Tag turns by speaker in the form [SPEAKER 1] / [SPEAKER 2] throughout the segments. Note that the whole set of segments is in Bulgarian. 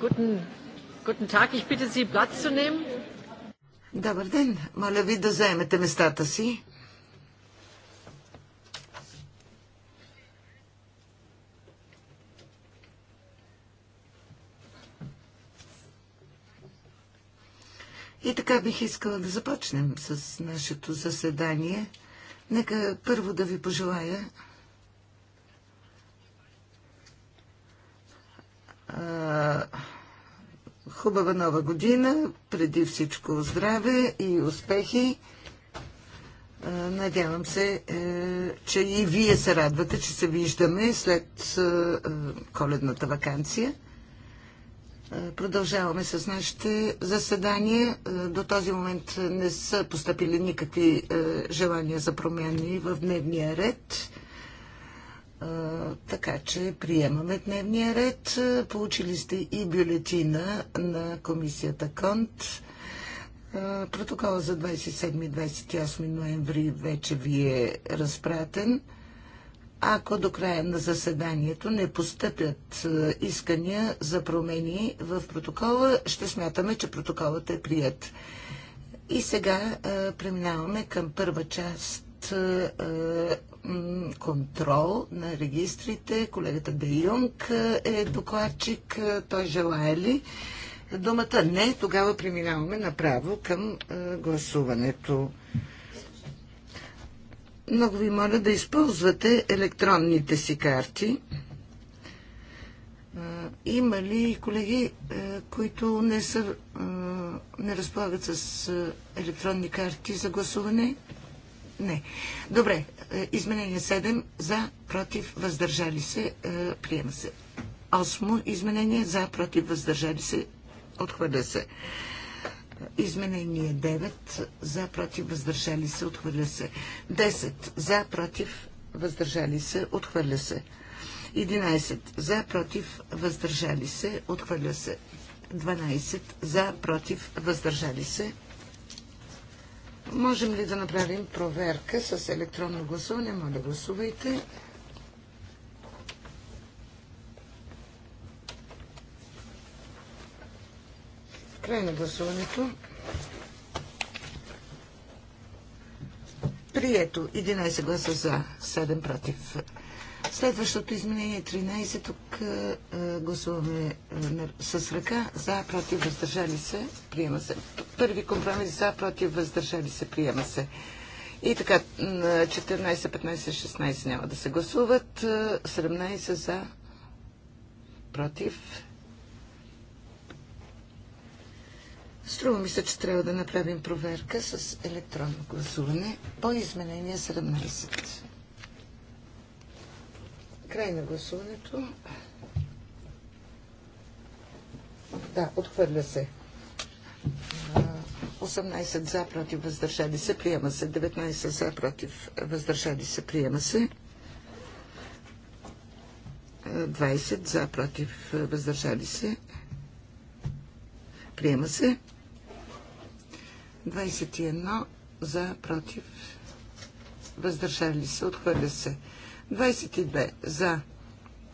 [SPEAKER 1] Guten, guten Tag, ich bitte Sie, Platz zu nehmen.
[SPEAKER 2] Добър ден, моля ви да заемете местата си. И така бих искала да започнем с нашето заседание. Нека първо да ви пожелая Хубава нова година, преди всичко здраве и успехи. Надявам се, е, че и вие се радвате, че се виждаме след е, коледната вакансия. Продължаваме с нашите заседания. До този момент не са поступили никакви е, желания за промени в дневния ред така че приемаме дневния ред. Получили сте и бюлетина на комисията КОНТ. Протокола за 27-28 ноември вече ви е разпратен. Ако до края на заседанието не постъпят искания за промени в протокола, ще смятаме, че протоколът е прият. И сега преминаваме към първа част контрол на регистрите. Колегата Де Юнг е, е докладчик. Е, той желая ли думата? Не, тогава преминаваме направо към е, гласуването. Много ви моля да използвате електронните си карти. Има ли колеги, които не, са, не разполагат с електронни карти за гласуване? Не. Добре. Е, изменение 7 за, против, въздържали се, е, приема се. Осмо изменение за, против, въздържали се, отхвърля се. Изменение 9 за, против, въздържали се, отхвърля се. 10 за, против, въздържали се, отхвърля се. 11 за, против, въздържали се, отхвърля се. 12 за, против, въздържали се, Можем ли да направим проверка с електронно гласуване? Моля, гласувайте. Край на гласуването. Прието 11 гласа за, 7 против. Следващото изменение 13. Е Тук е, е, гласуваме с ръка. За, против, въздържали се. Приема се. Първи компромис. За, против, въздържали се. Приема се. И така, 14, 15, 16 няма да се гласуват. 17 за, против. Струва ми се, че трябва да направим проверка с електронно гласуване по изменение 17. Край на гласуването. Да, отхвърля се. 18 за, против, въздържали се, приема се. 19 за, против, въздържали се, приема се. 20 за, против, въздържали се. Приема се. 21 за, против, въздържали се, отхвърля се. 22 за,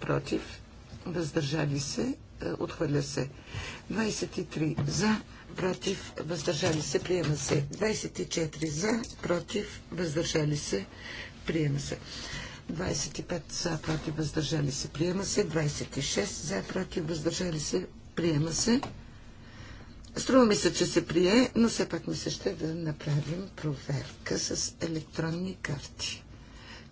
[SPEAKER 2] против, въздържали се, е, отхвърля се. 23 за, против, въздържали се, приема се. 24 за, против, въздържали се, приема се. 25 за, против, въздържали се, приема се. 26 за, против, въздържали се, приема се. Струва ми се, че се прие, но все пак ми се ще да направим проверка с електронни карти.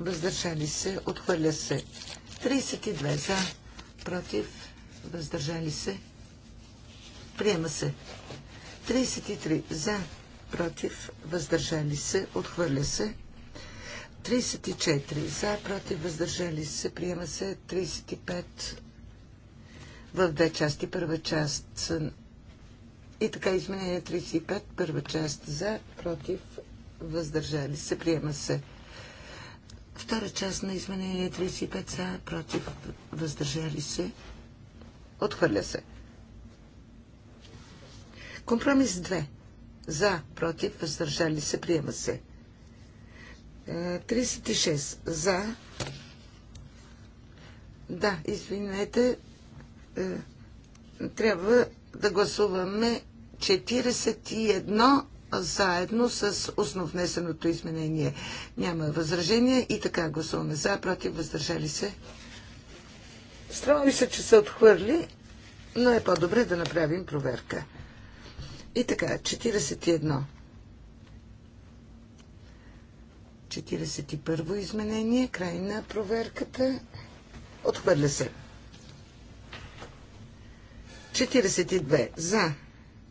[SPEAKER 2] въздържали се, отхвърля се. 32 за, против, въздържали се, приема се. 33 за, против, въздържали се, отхвърля се. 34 за, против, въздържали се, приема се. 35 в две части, първа част и така изменение 35, първа част за, против, въздържали се, приема се. Втора част на изменение 35 за, против, въздържали се. Отхвърля се. Компромис 2. За, против, въздържали се, приема се. 36. Е, за. Да, извинете. Е, трябва да гласуваме 41 заедно с основнесеното изменение. Няма възражение и така гласуваме за, против, въздържали се. Струва ми се, че се отхвърли, но е по-добре да направим проверка. И така, 41. 41 изменение, край на проверката. Отхвърля се. 42. За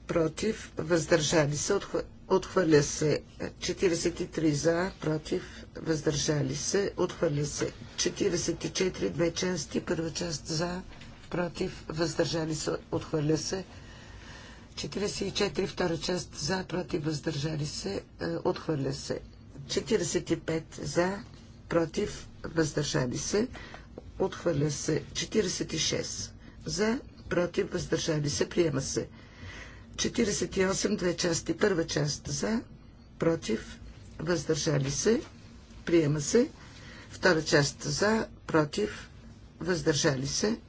[SPEAKER 2] против, въздържали се, отхвърля се. 43 за, против, въздържали се, отхвърля се. 44, две части, първа част за, против, въздържали се, отхвърля се. 44, втора част за, против, въздържали се, е, отхвърля се. 45 за, против, въздържали се, отхвърля се. 46 за, против, въздържали се, приема се. 48, две части. Първа част за, против, въздържали се, приема се. Втора част за, против, въздържали се,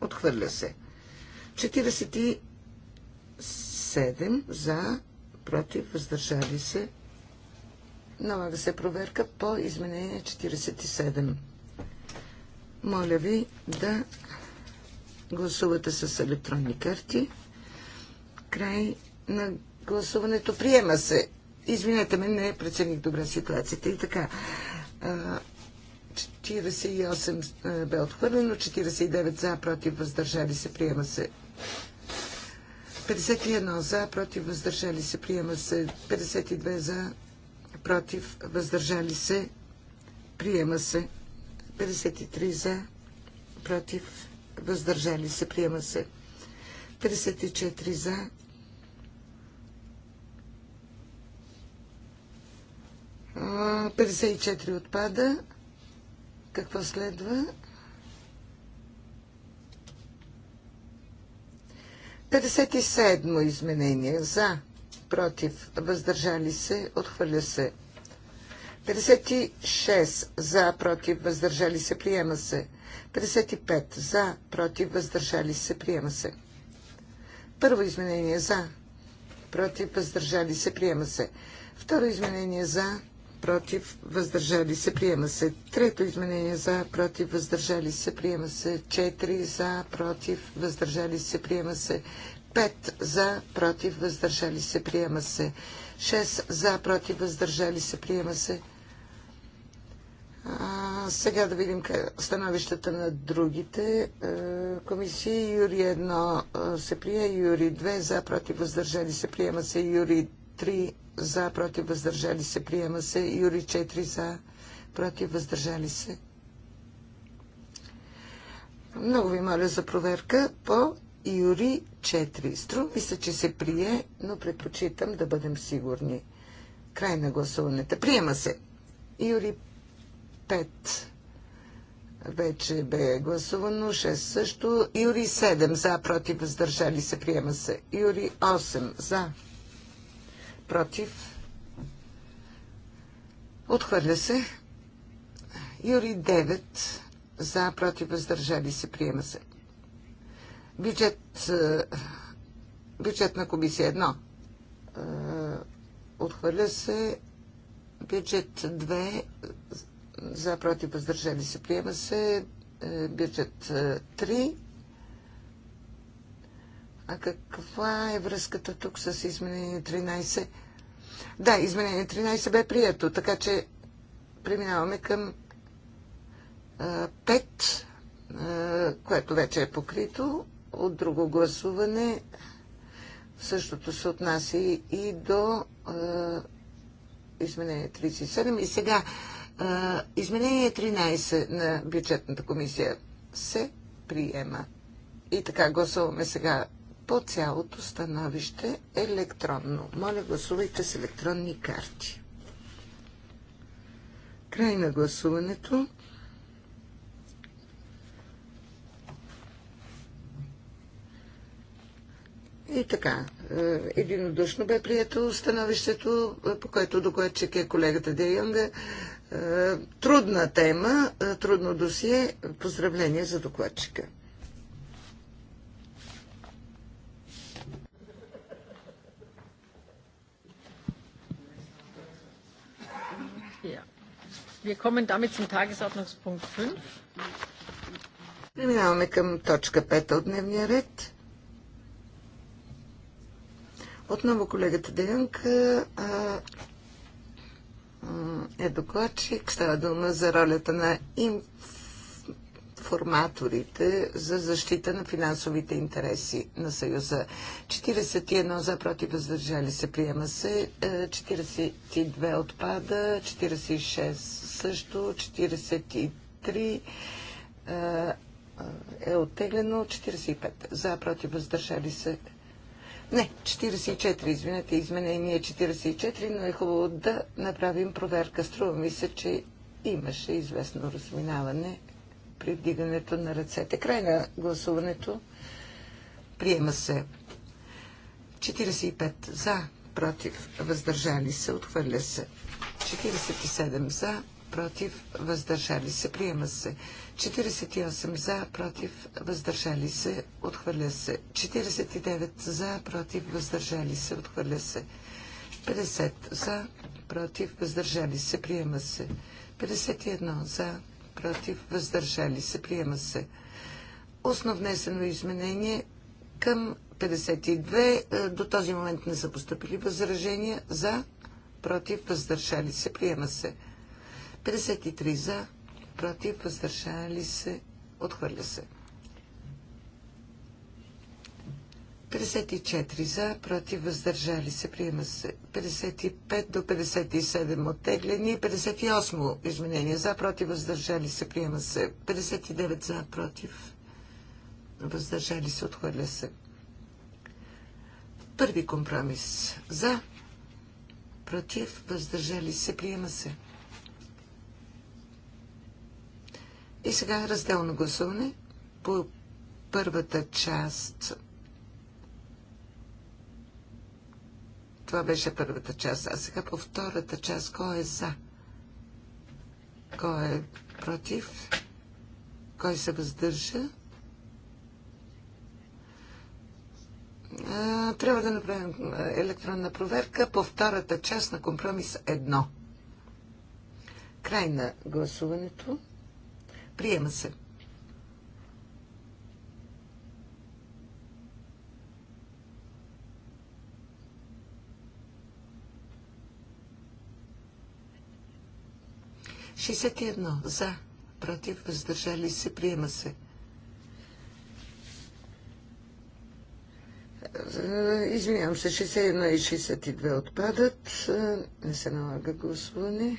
[SPEAKER 2] отхвърля се. 47 за, против, въздържали се. Налага се проверка по изменение 47. Моля ви да гласувате с електронни карти. Край на гласуването. Приема се. Извинете ме, не прецених добре ситуацията. И така. 48 бе отхвърлено, 49 за, против, въздържали се, приема се. 51 за, против, въздържали се, приема се. 52 за, против, въздържали се, приема се. 53 за, против, въздържали се, приема се. 54 за. А, 54 отпада. Какво следва? 57 изменение за, против, въздържали се, отхвърля се. 56 за, против, въздържали се, приема се. 55 за, против, въздържали се, приема се. Първо изменение за, против, въздържали се, приема се. Второ изменение за, против, въздържали се, приема се. Трето изменение за, против, въздържали се, приема се. Четири за, против, въздържали се, приема се. Пет за, против, въздържали се, приема се. Шест за, против, въздържали се, приема се. А, сега да видим становищата на другите е, комисии. Юри 1 е, се прие, Юри 2 за, против, въздържали се, приема се, Юри 3 за, против, въздържали се, приема се, Юри 4 за, против, въздържали се. Много ви моля за проверка по Юри 4. Струм ми се, че се прие, но предпочитам да бъдем сигурни. Край на гласуването. Приема се. Юри 5 вече бе гласувано. 6 също. Юри 7 за, против, въздържали се, приема се. Юри 8 за, против, отхвърля се. Юри 9 за, против, въздържали се, приема се. Бюджет, Бюджет на комисия 1. Отхвърля се бюджет 2 за против въздържали се приема се е, бюджет 3. Е, а каква е връзката тук с изменение 13? Да, изменение 13 бе прието, така че преминаваме към 5, е, което вече е покрито от друго гласуване. Същото се отнася и до изменение 37. И сега Изменение 13 на бюджетната комисия се приема. И така гласуваме сега по цялото становище електронно. Моля, гласувайте с електронни карти. Край на гласуването. И така, е, единодушно бе прието становището, по което докладчик е колегата Де Йонга. Е, трудна тема, е, трудно досие. Поздравление за докладчика.
[SPEAKER 1] 5.
[SPEAKER 2] Преминаваме към точка 5 от дневния ред. Отново колегата Деянка е докладчик. Става дума за ролята на информаторите за защита на финансовите интереси на Съюза. 41 за против въздържали се приема се, 42 е, отпада, 46 също, 43 е, е оттеглено, 45 за против въздържали се не, 44, извинете, изменение 44, е но е хубаво да направим проверка. Струва ми се, че имаше известно разминаване при вдигането на ръцете. Край на гласуването приема се 45 за, против, въздържали се, отхвърля се. 47 за, против, въздържали се, приема се. 48 за, против, въздържали се, отхвърля се. 49 за, против, въздържали се, отхвърля се. 50 за, против, въздържали се, приема се. 51 за, против, въздържали се, приема се. Основнесено изменение към 52. Е, до този момент не са поступили възражения за, против, въздържали се, приема се. 53 за, против, въздържали се, отхвърля се. 54 за, против, въздържали се, приема се. 55 до 57 оттеглени. 58 изменение за, против, въздържали се, приема се. 59 за, против, въздържали се, отхвърля се. Първи компромис за, против, въздържали се, приема се. И сега разделно гласуване по първата част. Това беше първата част. А сега по втората част. Кой е за? Кой е против? Кой се въздържа? трябва да направим електронна проверка по втората част на компромис 1. Край на гласуването. Приема се. Шестдесет едно. За. Против. Въздържали се. Приема се. Е, извинявам се, 61 и 62 отпадат. Е, не се налага гласуване.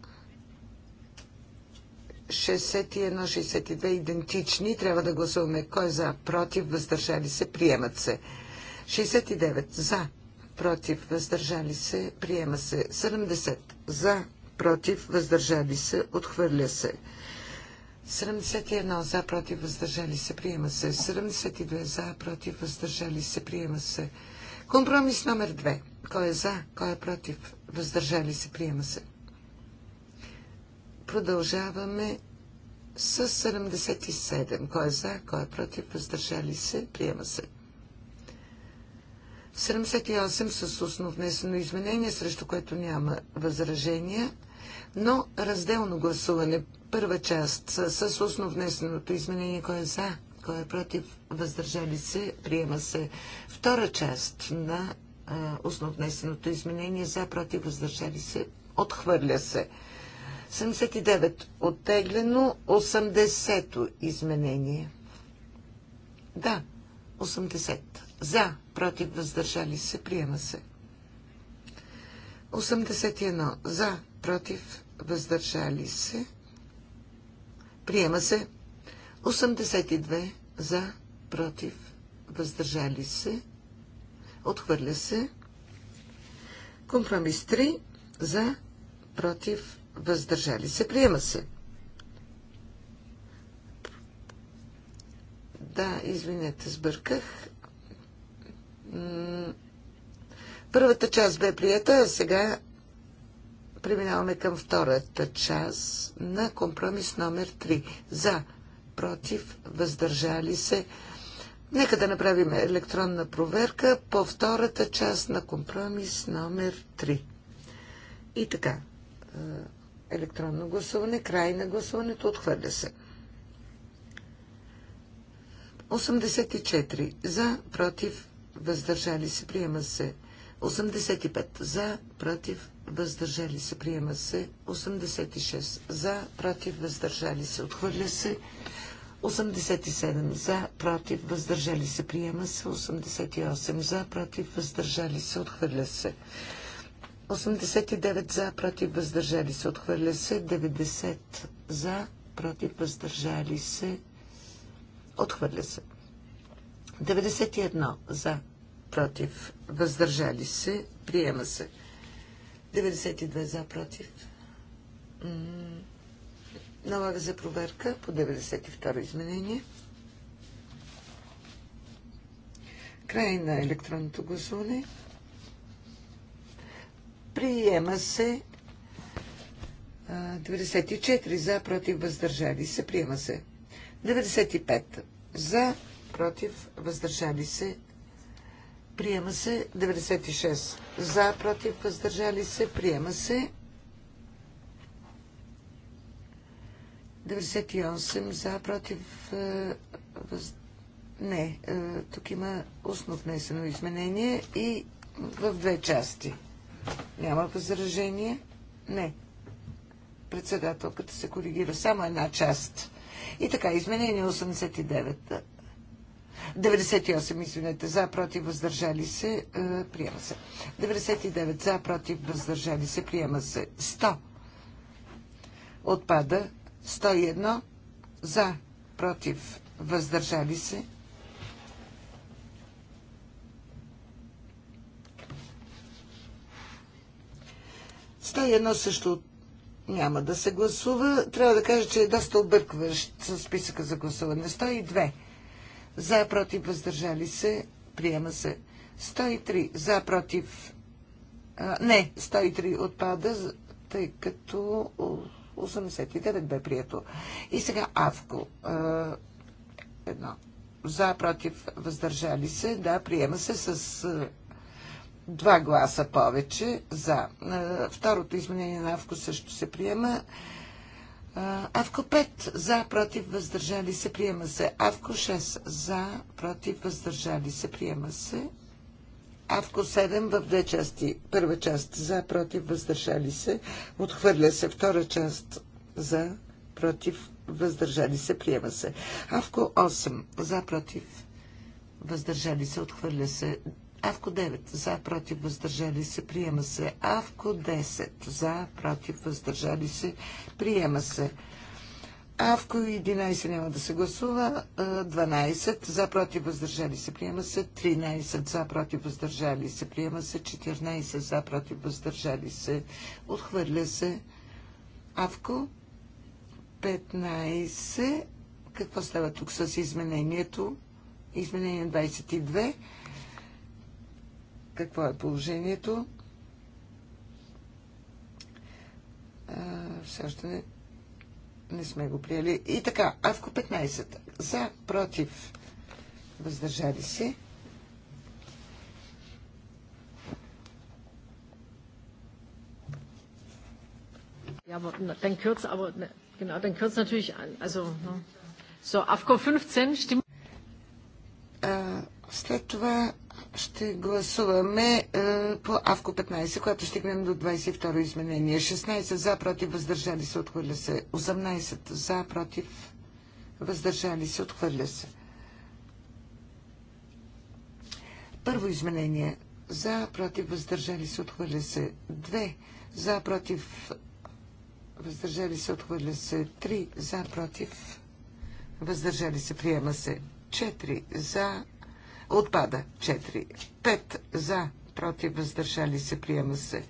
[SPEAKER 2] 61, 62 идентични. Трябва да гласуваме кой е за, против, въздържали се, приемат се. 69 за, против, въздържали се, приема се. 70 за, против, въздържали се, отхвърля се. 71 за, против, въздържали се, приема се. 72 за, против, въздържали се, приема се. Компромис номер 2. Кой е за, кой е против, въздържали се, приема се. Продължаваме с 77. Кой е за, кой е против, въздържали се, приема се. 78 с устно внесено изменение, срещу което няма възражения, но разделно гласуване. Първа част с устно внесеното изменение, кой е за, кой е против, въздържали се, приема се. Втора част на а, устно внесеното изменение, за, против, въздържали се, отхвърля се. 79 оттеглено, 80-то изменение. Да, 80. За, против, въздържали се, приема се. 81. За, против, въздържали се. Приема се. 82. За, против, въздържали се. Отхвърля се. Компромис 3. За, против, въздържали се, приема се. Да, извинете, сбърках. Първата част бе прията, а сега преминаваме към втората част на компромис номер 3. За, против, въздържали се. Нека да направим електронна проверка по втората част на компромис номер 3. И така, Електронно гласуване, край на гласуването, отхвърля се. 84 за, против, въздържали се, приема се. 85 за, против, въздържали се, приема се. 86 за, против, въздържали се, отхвърля се. 87 за, против, въздържали се, приема се. 88 за, против, въздържали се, отхвърля се. 89 за, против, въздържали се. Отхвърля се. 90 за, против, въздържали се. Отхвърля се. 91 за, против, въздържали се. Приема се. 92 за, против. Налага за проверка по 92 изменение. Край на електронното гласуване. Приема се 94 за, против, въздържали се. Приема се 95 за, против, въздържали се. Приема се 96 за, против, въздържали се. Приема се 98 за, против, въз... не, тук има устно внесено изменение и в две части. Няма възражение? Не. Председателката се коригира само една част. И така, изменение 89. 98, извинете, за, против, въздържали се, е, приема се. 99 за, против, въздържали се, приема се. 100 отпада. 101 за, против, въздържали се, 101 е също няма да се гласува. Трябва да кажа, че е доста объркващ с списъка за гласуване. 102. За, против, въздържали се. Приема се. 103. За, против. А, не, 103 отпада, тъй като 89 бе прието. И сега Авко. А, едно. За, против, въздържали се. Да, приема се с два гласа повече за. Второто изменение на Авко също се приема. Авко 5 за, против, въздържали се, приема се. Авко 6 за, против, въздържали се, приема се. Авко 7 в две части. Първа част за, против, въздържали се, отхвърля се. Втора част за, против, въздържали се, приема се. Авко 8 за, против, въздържали се, отхвърля се. Авко 9 за, против, въздържали се, приема се. Авко 10 за, против, въздържали се, приема се. Авко 11 няма да се гласува. 12 за, против, въздържали се, приема се. 13 за, против, въздържали се, приема се. 14 за, против, въздържали се, отхвърля се. Авко 15. Какво става тук с изменението? Изменение 22 какво е положението. Все още не, не сме го приели. И така, Авко 15. За, против, въздържали се.
[SPEAKER 1] Ja, aber dann kürzt aber genau, dann kürzt natürlich an. Also ne? so 15
[SPEAKER 2] stimmt. След това ще гласуваме е, по АВКО 15, когато стигнем до 22 изменение. 16 за, против, въздържали се, отхвърля се. 18 за, против, въздържали се, отхвърля се. Първо изменение. За, против, въздържали се, отхвърля се. 2. За, против, въздържали се, отхвърля се. 3. За, против, въздържали се, приема се. 4. За, Отпада. 4. 5 за, против, въздържали се, приема се.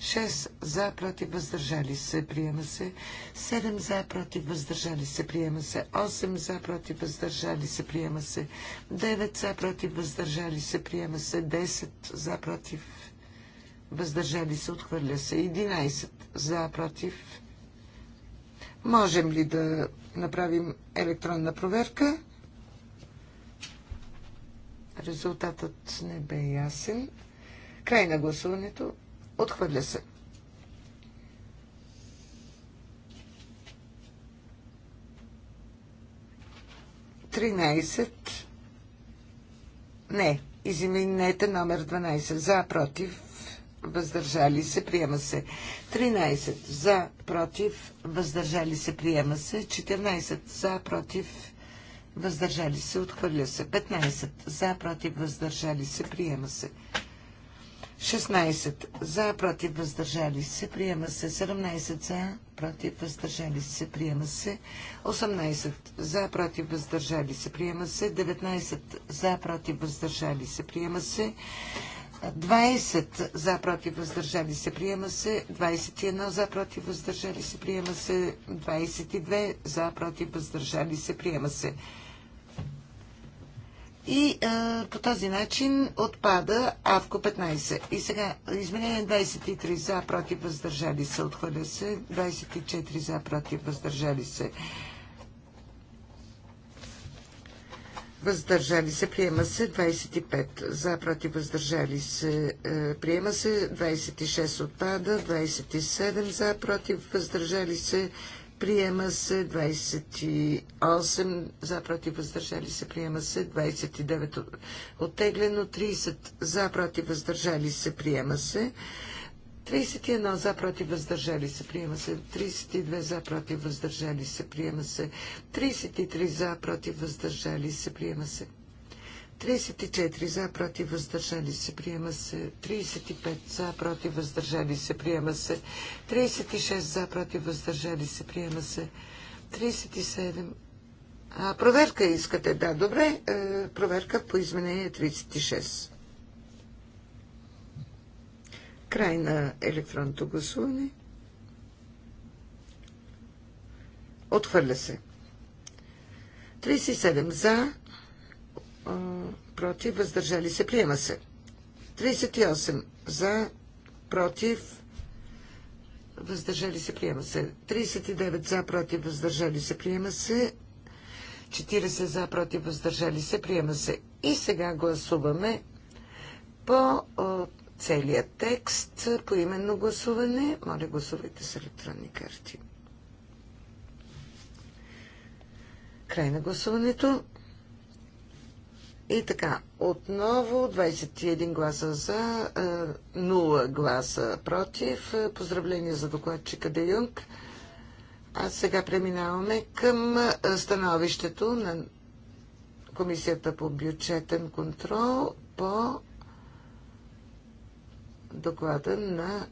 [SPEAKER 2] 6 за, против, въздържали се, приема се. 7 за, против, въздържали се, приема се. 8 за, против, въздържали се, приема се. 9 за, против, въздържали се, приема се. 10 за, против, въздържали се, отхвърля се. 11 за, против. Можем ли да направим електронна проверка? Резултатът не бе ясен. Край на гласуването. Отхвърля се. Тринайсет. Не. Изименете е номер 12. За, против, въздържали се, приема се. 13. За, против, въздържали се, приема се. 14. За, против, въздържали се, отхвърля се. 15 за, против, въздържали се, приема се. 16 за, против, въздържали се, приема се. 17 за, против, въздържали се, приема се. 18 за, против, въздържали се, приема се. 19 за, против, въздържали се, приема се. 20 за против въздържали се приема се, 21 за против въздържали се приема се, 22 за против въздържали се приема се. И а, по този начин отпада АВКО 15. И сега изменение 23 за, против, въздържали се, отхвърля се. 24 за, против, въздържали се. Въздържали се, приема се 25. За, против, въздържали се, е, приема се 26 отпада, 27 за, против, въздържали се, Приема се 28 за против въздържали се. Приема се 29 оттеглено. 30 за против въздържали се. Приема се. 31 за против въздържали се. Приема се. 32 за против въздържали се. Приема се. 33 за против въздържали се. Приема се. 34 за, против, въздържали се, приема се. 35 за, против, въздържали се, приема се. 36 за, против, въздържали се, приема се. 37. А, проверка искате, да, добре. Е, проверка по изменение 36. Край на електронното гласуване. Отхвърля се. 37 за, против, въздържали се, приема се. 38 за, против, въздържали се, приема се. 39 за, против, въздържали се, приема се. 40 за, против, въздържали се, приема се. И сега гласуваме по целия текст, по именно гласуване. Моля, гласувайте с електронни карти. Край на гласуването. И така, отново 21 гласа за, 0 е, гласа против. Е, Поздравление за докладчика Де Юнг. А сега преминаваме към е, становището на Комисията по бюджетен контрол по доклада на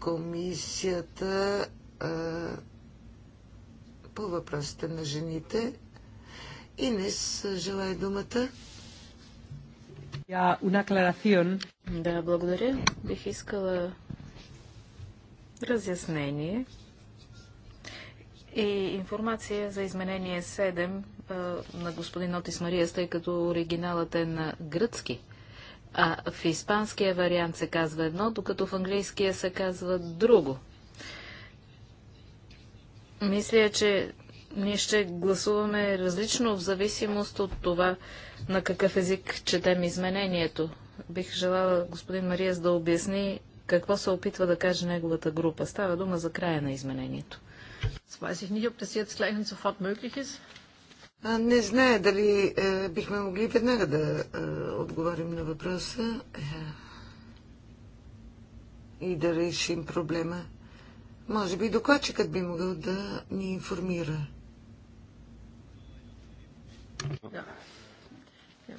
[SPEAKER 2] Комисията по въпросите на жените. Инес желая думата. Да,
[SPEAKER 3] благодаря. Бих искала разяснение и информация за изменение 7 на господин Отис Мария, тъй като оригиналът е на гръцки. А в испанския вариант се казва едно, докато в английския се казва друго. Мисля, че ние ще гласуваме различно в зависимост от това на какъв език четем изменението. Бих желала господин Мариес да обясни какво се опитва да каже неговата група. Става дума за края на изменението.
[SPEAKER 2] Не знае дали е, бихме могли веднага да е, отговорим на въпроса е, и да решим проблема. Може би докладчикът би могъл да ни информира.
[SPEAKER 1] Ja. Ja.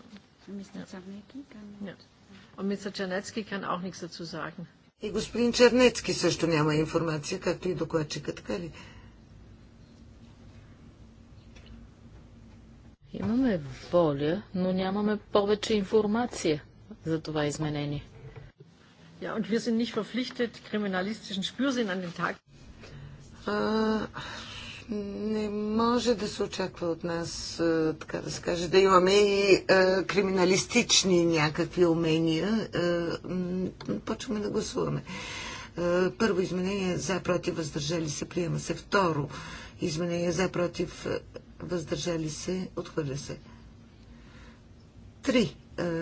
[SPEAKER 1] Mr. Czarnecki kann... Ja. Und Mr. Czarnecki kann auch nichts dazu sagen.
[SPEAKER 2] И господин Чернецки също няма информация, както и докладчика, така ли?
[SPEAKER 3] Имаме воля, но нямаме повече информация за това изменение.
[SPEAKER 1] Ja, und wir sind nicht verpflichtet, kriminalistischen Spürsinn an den Tag.
[SPEAKER 2] А, не може да се очаква от нас, така да се каже, да имаме и криминалистични някакви умения. Почваме да гласуваме. Първо изменение за против въздържали се приема се. Второ изменение за против въздържали се отхвърля се. Три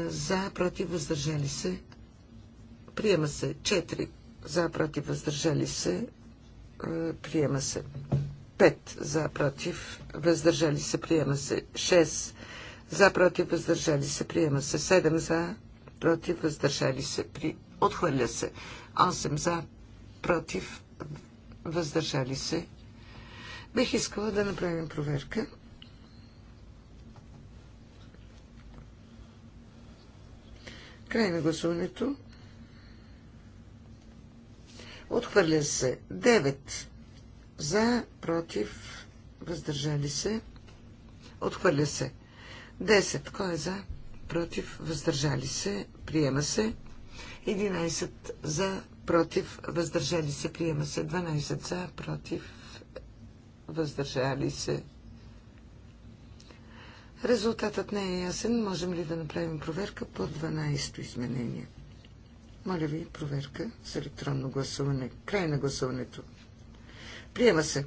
[SPEAKER 2] за против въздържали се приема се. Четири за против въздържали се приема се. 5 за против, въздържали се, приема се 6 за против, въздържали се, приема се 7 за против, въздържали се, при... отхвърля се 8 за против, въздържали се. Бих искала да направим проверка. Край на гласуването. Отхвърля се 9 за, против, въздържали се, отхвърля се. 10. Кой е за? Против, въздържали се, приема се. 11. За, против, въздържали се, приема се. 12. За, против, въздържали се. Резултатът не е ясен. Можем ли да направим проверка по 12-то изменение? Моля ви, проверка с електронно гласуване. Край на гласуването. 12. Приема се.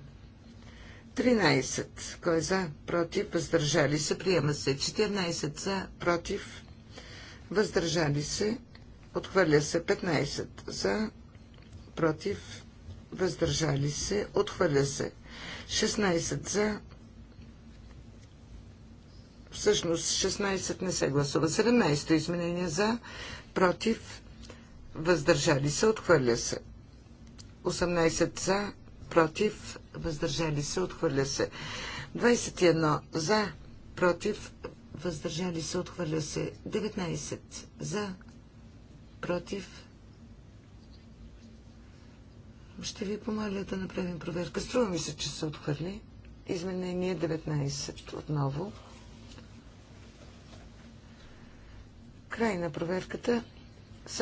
[SPEAKER 2] 13. Кой е за? Против. Въздържали се. Приема се. 14. За. Против. Въздържали се. Отхвърля се. 15. За. Против. Въздържали се. Отхвърля се. 16. За. Всъщност 16 не се гласува. 17. Изменение за. Против. Въздържали се. Отхвърля се. 18. За против, въздържали се, отхвърля се. 21 за, против, въздържали се, отхвърля се. 19 за, против. Ще ви помоля да направим проверка. Струва ми се, че се отхвърли. Изменение 19 отново. Край на проверката. С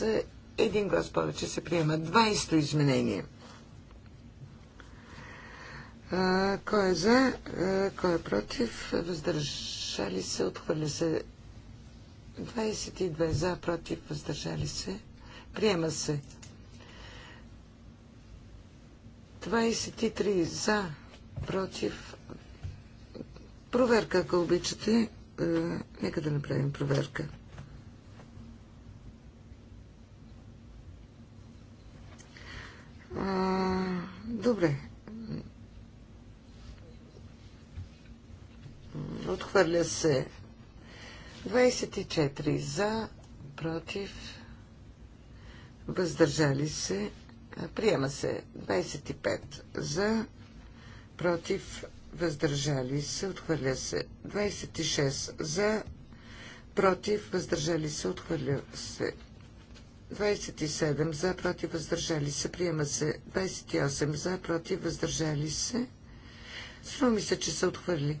[SPEAKER 2] е, един глас повече се приема 20 изменение кой е за? кой е против? Въздържали се? Отхвърля се. 22 за, против, въздържали се. Приема се. 23 за, против. Проверка, ако обичате. нека да направим проверка. добре, Отхвърля се. 24 за, против, въздържали се. Приема се 25 за, против, въздържали се, отхвърля се. 26 за, против, въздържали се, отхвърля се. 27 за, против, въздържали се, приема се. 28 за, против, въздържали се. Струва ми се, че се отхвърли.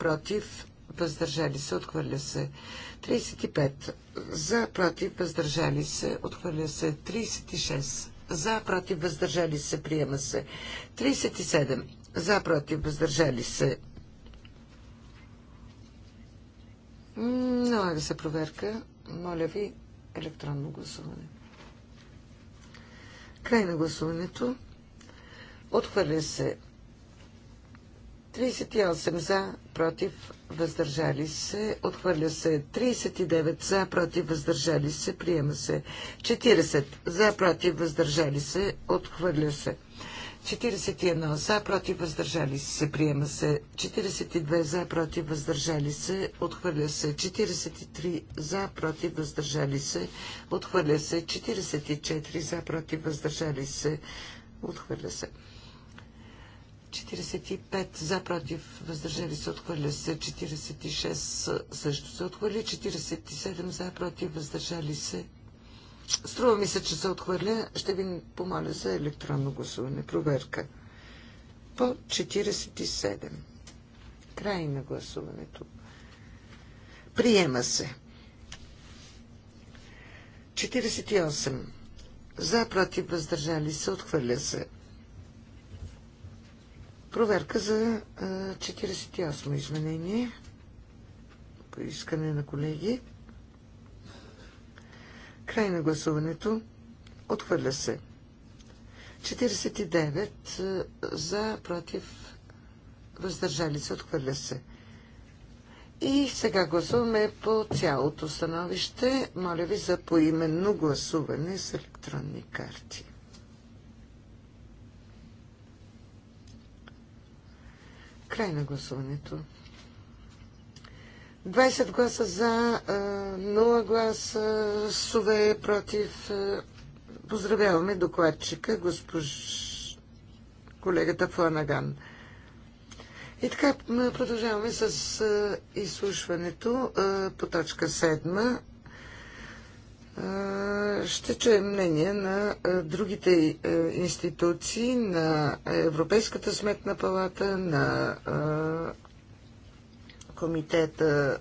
[SPEAKER 2] против, въздържали се, отхвърля се. 35. За, против, въздържали се, отхвърля се. 36. За, против, въздържали се, приема се. 37. За, против, въздържали се. Налага се проверка. Моля ви, електронно гласуване. Край на гласуването. Отхвърля се 38 за, против, въздържали се, отхвърля се 39 за, против, въздържали се, приема се 40 за, против, въздържали се, отхвърля се 41 за, против, въздържали се, приема се 42 за, против, въздържали се, отхвърля се 43 за, против, въздържали се, отхвърля се 44 за, против, въздържали се, отхвърля се. 45 за, против, въздържали се, отхвърля се. 46 също се отхвърли. 47 за, против, въздържали се. Струва ми се, че се отхвърля. Ще ви помоля за електронно гласуване. Проверка. По 47. Край на гласуването. Приема се. 48. За, против, въздържали се, отхвърля се. Проверка за 48 изменение по искане на колеги. Край на гласуването. Отхвърля се. 49 за, против, въздържали се, отхвърля се. И сега гласуваме по цялото становище. Моля ви за поименно гласуване с електронни карти. Край на гласуването. 20 гласа за, 0 гласа суве против. Поздравяваме докладчика, госпож колегата Фланаган. И така, продължаваме с изслушването по точка 7. Ще чуем мнение на другите институции, на Европейската сметна палата, на комитета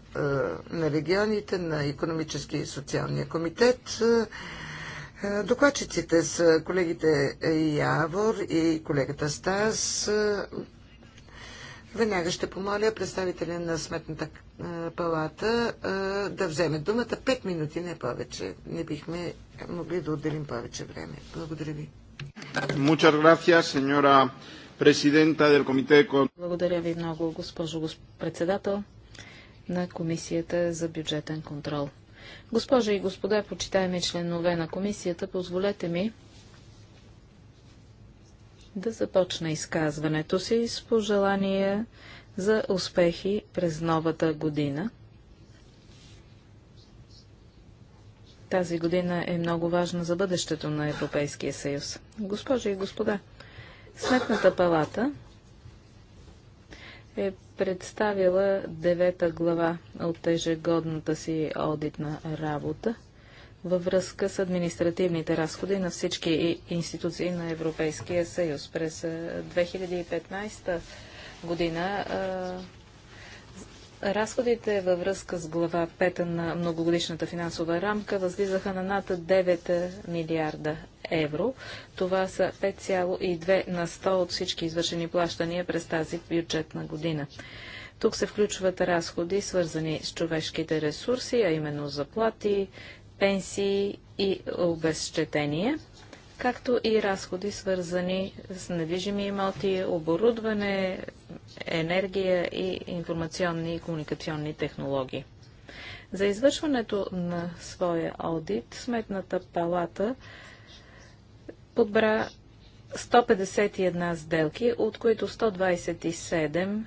[SPEAKER 2] на регионите, на економически и социалния комитет. Докладчиците са колегите Явор и колегата Стас. Веднага ще помоля представителя на Сметната палата да вземе думата. Пет минути, не повече. Не бихме могли да отделим повече време. Благодаря ви.
[SPEAKER 3] Благодаря ви много, госпожо председател на Комисията за бюджетен контрол. Госпожа и господа, почитаеми членове на комисията, позволете ми да започна изказването си с пожелания за успехи през новата година. Тази година е много важна за бъдещето на Европейския съюз. Госпожи и господа, Сметната палата е представила девета глава от ежегодната си одитна работа – във връзка с административните разходи на всички институции на Европейския съюз. През 2015 година Разходите във връзка с глава 5 на многогодишната финансова рамка възлизаха на над 9 милиарда евро. Това са 5,2 на 100 от всички извършени плащания през тази бюджетна година. Тук се включват разходи, свързани с човешките ресурси, а именно заплати, пенсии и обезщетения, както и разходи свързани с недвижими имоти, оборудване, енергия и информационни и комуникационни технологии. За извършването на своя аудит Сметната палата подбра 151 сделки, от които 127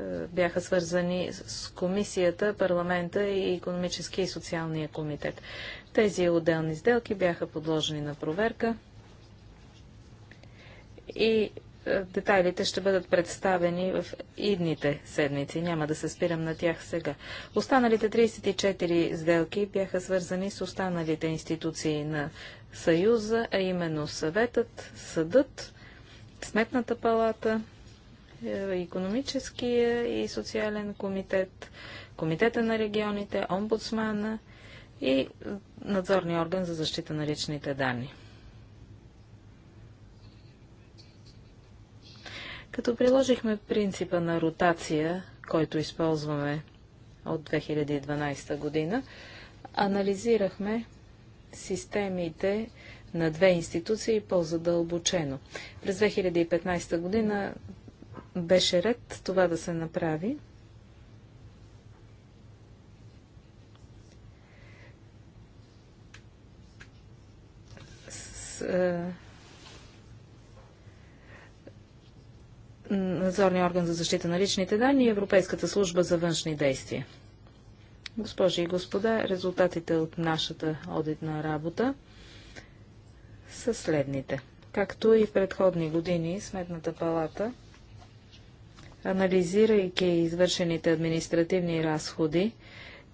[SPEAKER 3] е, бяха свързани с комисията, парламента и економическия и социалния комитет. Тези отделни сделки бяха подложени на проверка и е, детайлите ще бъдат представени в идните седмици. Няма да се спирам на тях сега. Останалите 34 сделки бяха свързани с останалите институции на Съюза, а именно съветът, съдът, Сметната палата, е, економическия и социален комитет, комитета на регионите, омбудсмана и надзорния орган за защита на личните данни. Като приложихме принципа на ротация, който използваме от 2012 година, анализирахме системите на две институции по-задълбочено. През 2015 година беше ред това да се направи. С, е, надзорния орган за защита на личните данни и Европейската служба за външни действия. Госпожи и господа, резултатите от нашата одитна работа са следните. Както и в предходни години, Сметната палата Анализирайки извършените административни разходи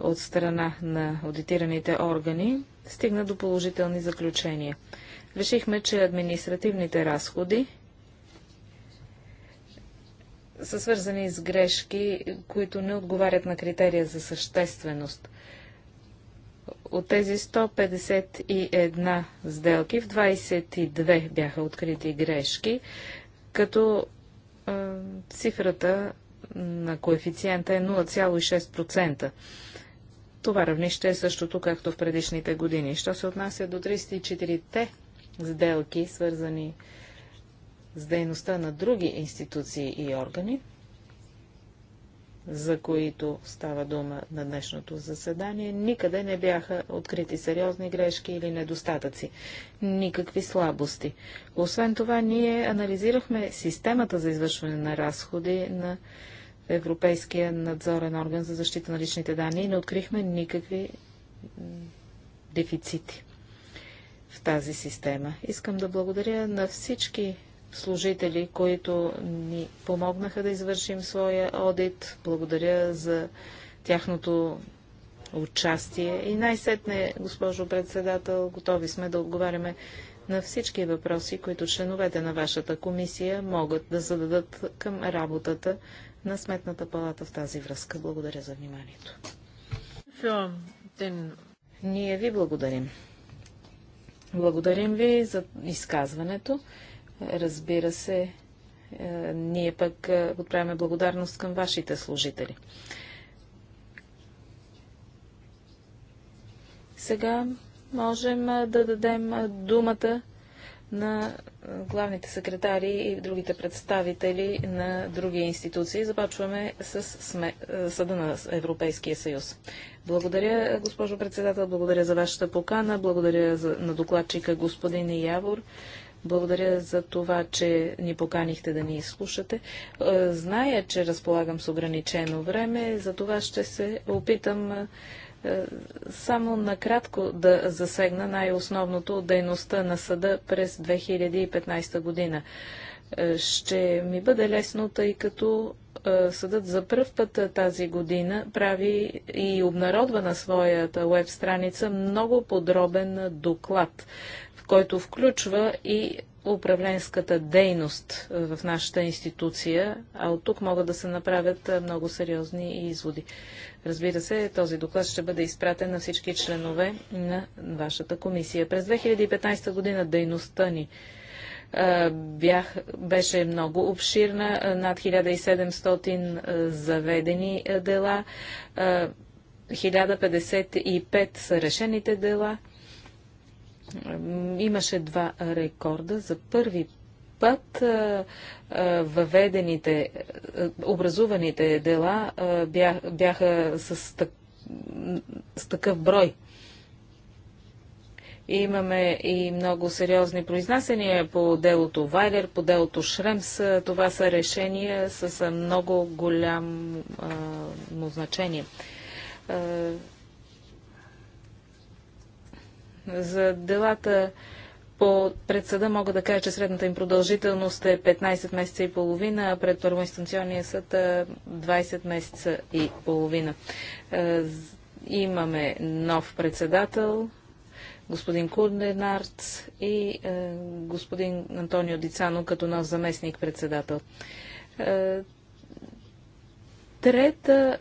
[SPEAKER 3] от страна на аудитираните органи, стигна до положителни заключения. Решихме, че административните разходи са свързани с грешки, които не отговарят на критерия за същественост. От тези 151 сделки в 22 бяха открити грешки, като е, цифрата на коефициента е 0,6%. Това равнище е същото, както в предишните години. Що се отнася до 34-те сделки, свързани с дейността на други институции и органи, за които става дума на днешното заседание, никъде не бяха открити сериозни грешки или недостатъци, никакви слабости. Освен това, ние анализирахме системата за извършване на разходи на Европейския надзорен орган за защита на личните данни и не открихме никакви дефицити в тази система. Искам да благодаря на всички служители, които ни помогнаха да извършим своя одит. Благодаря за тяхното участие. И най-сетне, госпожо председател, готови сме да отговаряме на всички въпроси, които членовете на вашата комисия могат да зададат към работата на Сметната палата в тази връзка. Благодаря за вниманието. Ние ви благодарим. Благодарим ви за изказването. Разбира се, е, ние пък е, отправяме благодарност към вашите служители. Сега можем е, да дадем думата на главните секретари и другите представители на други институции. Започваме с сме... Съда на Европейския съюз. Благодаря, госпожо председател, благодаря за вашата покана, благодаря за... на докладчика господин Явор благодаря за това, че ни поканихте да ни изслушате. Е, зная, че разполагам с ограничено време, за това ще се опитам е, само накратко да засегна най-основното от дейността на съда през 2015 година. Е, ще ми бъде лесно, тъй като съдът за първ път тази година прави и обнародва на своята веб страница много подробен доклад който включва и управленската дейност в нашата институция, а от тук могат да се направят много сериозни изводи. Разбира се, този доклад ще бъде изпратен на всички членове на вашата комисия. През 2015 година дейността ни бях, беше много обширна, над 1700 заведени дела, 1055 са решените дела, Имаше два рекорда. За първи път въведените, образуваните дела бяха с, так, с такъв брой. Имаме и много сериозни произнасяния по делото Вайлер, по делото Шремс. Това са решения с много голямо значение. За делата по предсъда мога да кажа, че средната им продължителност е 15 месеца и половина, а пред първоинстанционния съд 20 месеца и половина. Имаме нов председател, господин Курденарц и господин Антонио Дицано като нов заместник председател. Трета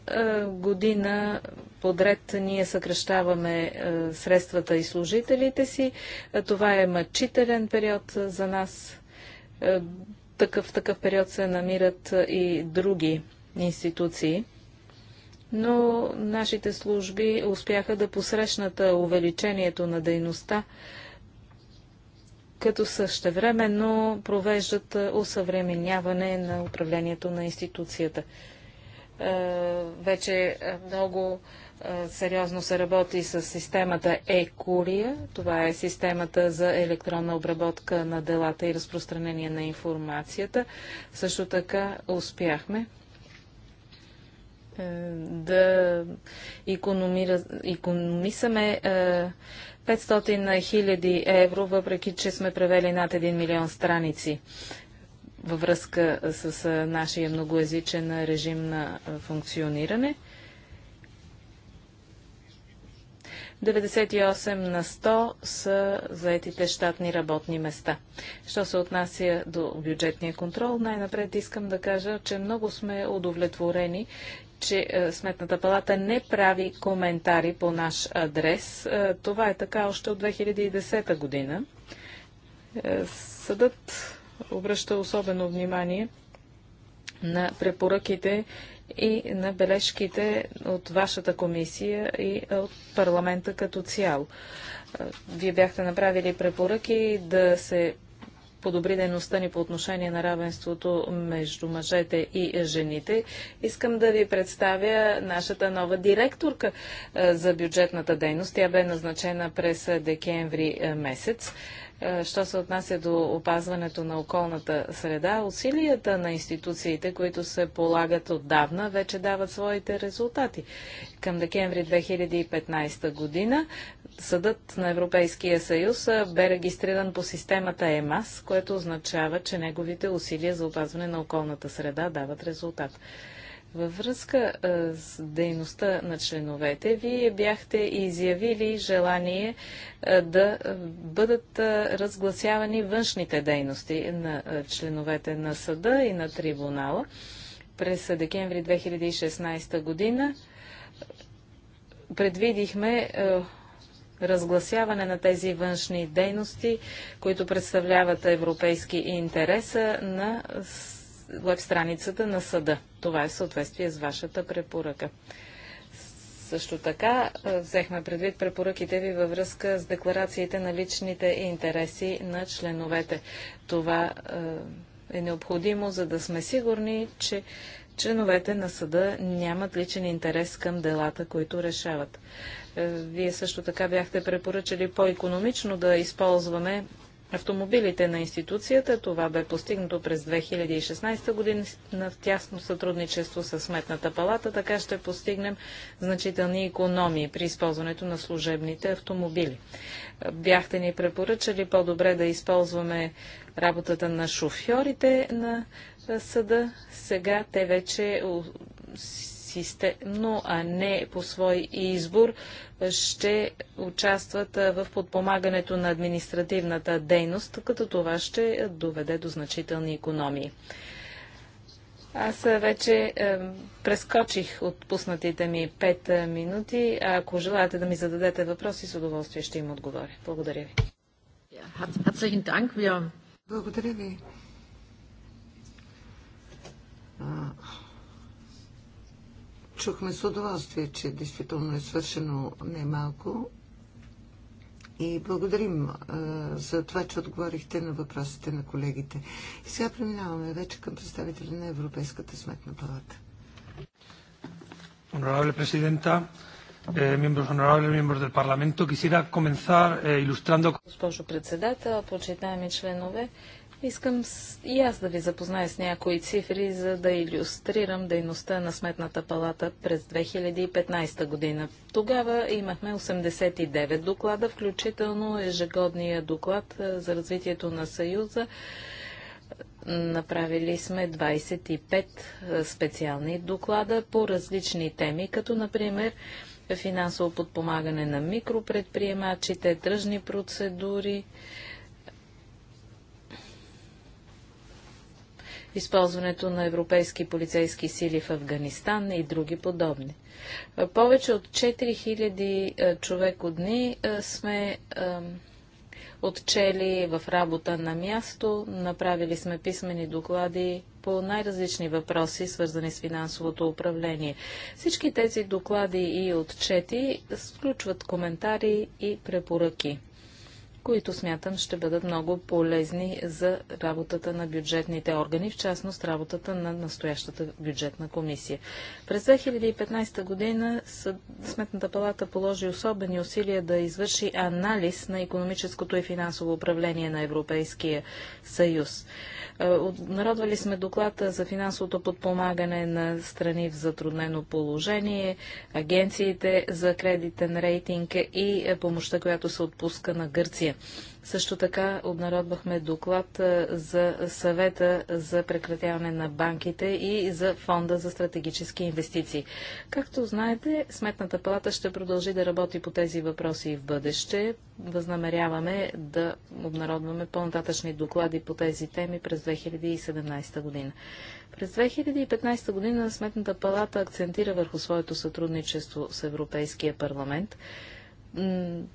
[SPEAKER 3] година подред ние съкръщаваме средствата и служителите си. Това е мъчителен период за нас. Е, такъв, такъв период се намират и други институции. Но нашите служби успяха да посрещнат увеличението на дейността, като същевременно провеждат усъвременяване на управлението на институцията. Е, вече е, много е, сериозно се работи с системата Екурия. Това е системата за електронна обработка на делата и разпространение на информацията. Също така успяхме да економисаме 500 хиляди евро, въпреки че сме превели над 1 милион страници във връзка с нашия многоязичен режим на функциониране. 98 на 100 са заетите щатни работни места. Що се отнася до бюджетния контрол, най-напред искам да кажа, че много сме удовлетворени че Сметната палата не прави коментари по наш адрес. това е така още от 2010 година. Е, съдът обръща особено внимание на препоръките и на бележките от вашата комисия и от парламента като цяло. Вие бяхте направили препоръки да се подобри дейността ни по отношение на равенството между мъжете и жените. Искам да ви представя нашата нова директорка за бюджетната дейност. Тя бе назначена през декември месец. Е, що се отнася до опазването на околната среда, усилията на институциите, които се полагат отдавна, вече дават своите резултати. Към декември 2015 година Съдът на Европейския съюз е, бе регистриран по системата ЕМАС, което означава, че неговите усилия за опазване на околната среда дават резултат. Във връзка с дейността на членовете, вие бяхте изявили желание да бъдат разгласявани външните дейности на членовете на съда и на трибунала. През декември 2016 година предвидихме разгласяване на тези външни дейности, които представляват европейски интереса на веб страницата на съда. Това е в съответствие с вашата препоръка. Също така взехме предвид препоръките ви във връзка с декларациите на личните интереси на членовете. Това е необходимо, за да сме сигурни, че членовете на съда нямат личен интерес към делата, които решават. Е, вие също така бяхте препоръчали по-економично да използваме автомобилите на институцията. Това бе постигнато през 2016 година в тясно сътрудничество с Сметната палата. Така ще постигнем значителни економии при използването на служебните автомобили. Бяхте ни препоръчали по-добре да използваме работата на шофьорите на съда. Сега те вече системно, а не по свой избор, ще участват в подпомагането на административната дейност, като това ще доведе до значителни економии. Аз вече е, прескочих отпуснатите ми 5 минути. ако желаете да ми зададете въпроси, с удоволствие ще им отговоря. Благодаря ви.
[SPEAKER 1] Благодаря ви.
[SPEAKER 2] Чухме с удоволствие, че действително е свършено немалко. И благодарим а, за това, че отговорихте на въпросите на колегите. И сега преминаваме вече към представителя на Европейската сметна
[SPEAKER 4] палата. Honorable Presidenta, eh, miembros honorables, miembros del Parlamento, quisiera comenzar eh, ilustrando...
[SPEAKER 3] Госпожо председател, почитаеми членове, Искам и аз да ви запозная с някои цифри, за да иллюстрирам дейността на Сметната палата през 2015 година. Тогава имахме 89 доклада, включително ежегодния доклад за развитието на Съюза. Направили сме 25 специални доклада по различни теми, като например финансово подпомагане на микропредприемачите, тръжни процедури, използването на европейски полицейски сили в Афганистан и други подобни. Повече от 4000 от дни сме отчели в работа на място, направили сме писмени доклади по най-различни въпроси, свързани с финансовото управление. Всички тези доклади и отчети включват коментари и препоръки които смятам ще бъдат много полезни за работата на бюджетните органи, в частност работата на настоящата бюджетна комисия. През 2015 година Сметната палата положи особени усилия да извърши анализ на економическото и финансово управление на Европейския съюз. Е, нарадвали сме доклада за финансовото подпомагане на страни в затруднено положение, агенциите за кредитен рейтинг и е, помощта, която се отпуска на Гърция. Също така обнародвахме доклад за съвета за прекратяване на банките и за фонда за стратегически инвестиции. Както знаете, Сметната палата ще продължи да работи по тези въпроси и в бъдеще. Възнамеряваме да обнародваме по-нататъчни доклади по тези теми през 2017 година. През 2015 година Сметната палата акцентира върху своето сътрудничество с Европейския парламент.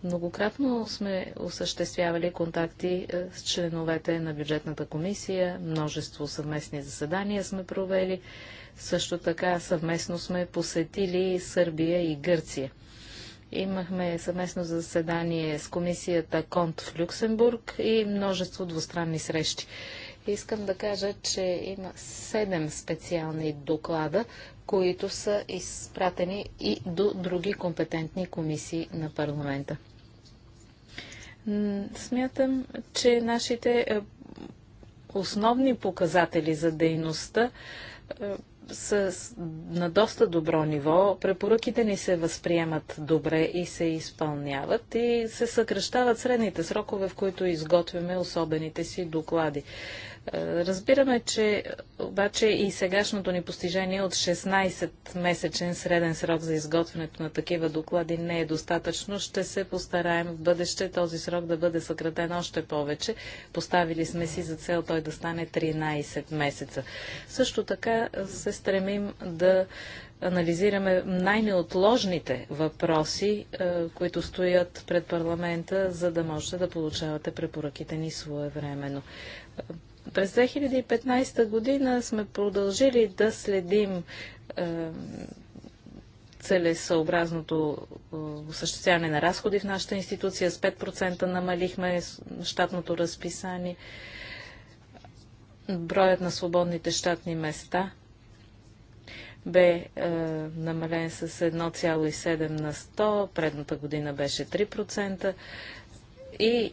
[SPEAKER 3] Многократно сме осъществявали контакти е, с членовете на бюджетната комисия, множество съвместни заседания сме провели, също така съвместно сме посетили Сърбия и Гърция. Имахме съвместно заседание с комисията Конт в Люксембург и множество двустранни срещи. Искам да кажа, че има седем специални доклада, които са изпратени и до други компетентни комисии на парламента. Смятам, че нашите е, основни показатели за дейността е, са на доста добро ниво. Препоръките ни се възприемат добре и се изпълняват и се съкръщават средните срокове, в които изготвяме особените си доклади. Е, разбираме, че обаче и сегашното ни постижение от 16-месечен среден срок за изготвянето на такива доклади не е достатъчно. Ще се постараем в бъдеще този срок да бъде съкратен още повече. Поставили сме си за цел той да стане 13 месеца. Също така се стремим да анализираме най-неотложните въпроси, е, които стоят пред парламента, за да можете да получавате препоръките ни своевременно. През 2015 година сме продължили да следим е, целесъобразното осъществяване на разходи в нашата институция. С 5% намалихме щатното разписание, броят на свободните щатни места бе е, намален с 1,7 на 100, предната година беше 3% и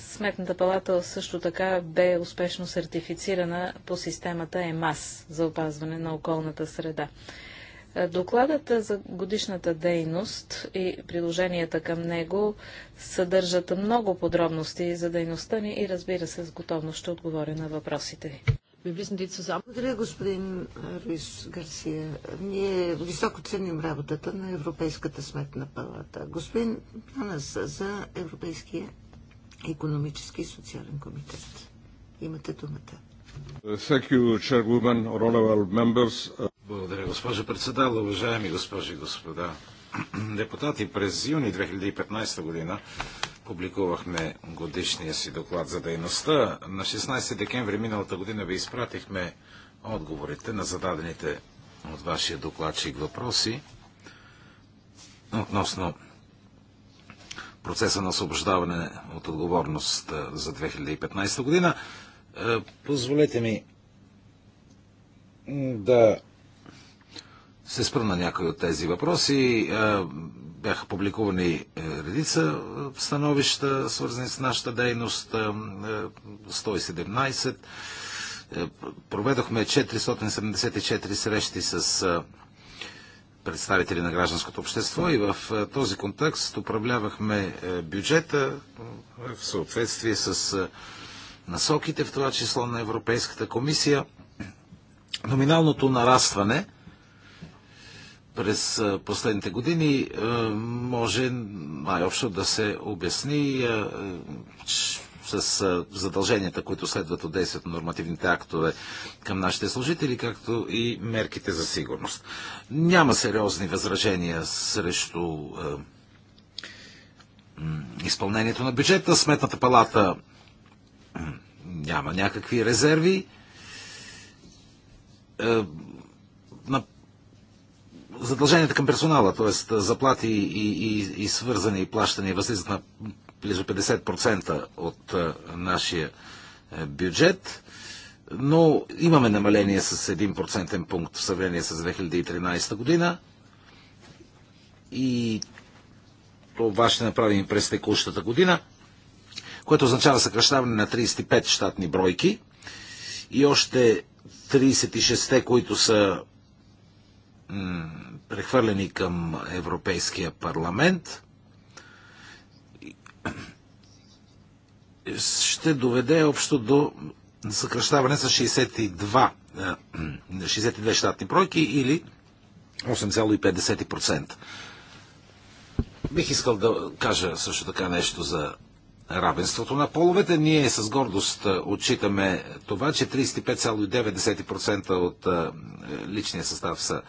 [SPEAKER 3] Сметната палата също така бе успешно сертифицирана по системата ЕМАС за опазване на околната среда. Е, докладът за годишната дейност и приложенията към него съдържат много подробности за дейността ни и разбира се с готовност ще отговоря на
[SPEAKER 2] въпросите ви. Благодаря, господин Руис Гарсия. Ние високо ценим работата на Европейската сметна палата. Господин Панас за Европейския економически и социален комитет. Имате думата.
[SPEAKER 4] Благодаря, госпожо председател, уважаеми госпожи и господа депутати. През юни 2015 година публикувахме годишния си доклад за дейността. На 16 декември миналата година ви изпратихме отговорите на зададените от вашия докладчик въпроси относно процеса на освобождаване от отговорност за 2015 година. Позволете ми да се спра на някои от тези въпроси. Бяха публикувани е, редица е, становища, свързани с нашата дейност. 117. Е, проведохме 474 срещи с представители на гражданското общество и в е, този контекст управлявахме е, бюджета е, в съответствие с насоките, в това число на Европейската комисия. Номиналното нарастване през последните години може най-общо да се обясни с задълженията, които следват от действието на нормативните актове към нашите служители, както и мерките за сигурност. Няма сериозни възражения срещу изпълнението на бюджета. Сметната палата няма някакви резерви. На задълженията към персонала, т.е. заплати и, и, и свързани плащания възлизат на близо 50% от нашия е, бюджет, но имаме намаление с 1% пункт в сравнение с 2013 година и това ще направим през текущата година, което означава съкръщаване на 35 щатни бройки и още 36-те, които са прехвърлени към Европейския парламент – ще доведе общо до съкръщаване с 62, 62 е, щатни пройки или 8,5%. Бих искал да кажа също така нещо за равенството на половете. Ние с гордост е, отчитаме това, че 35,9% от е, личния състав са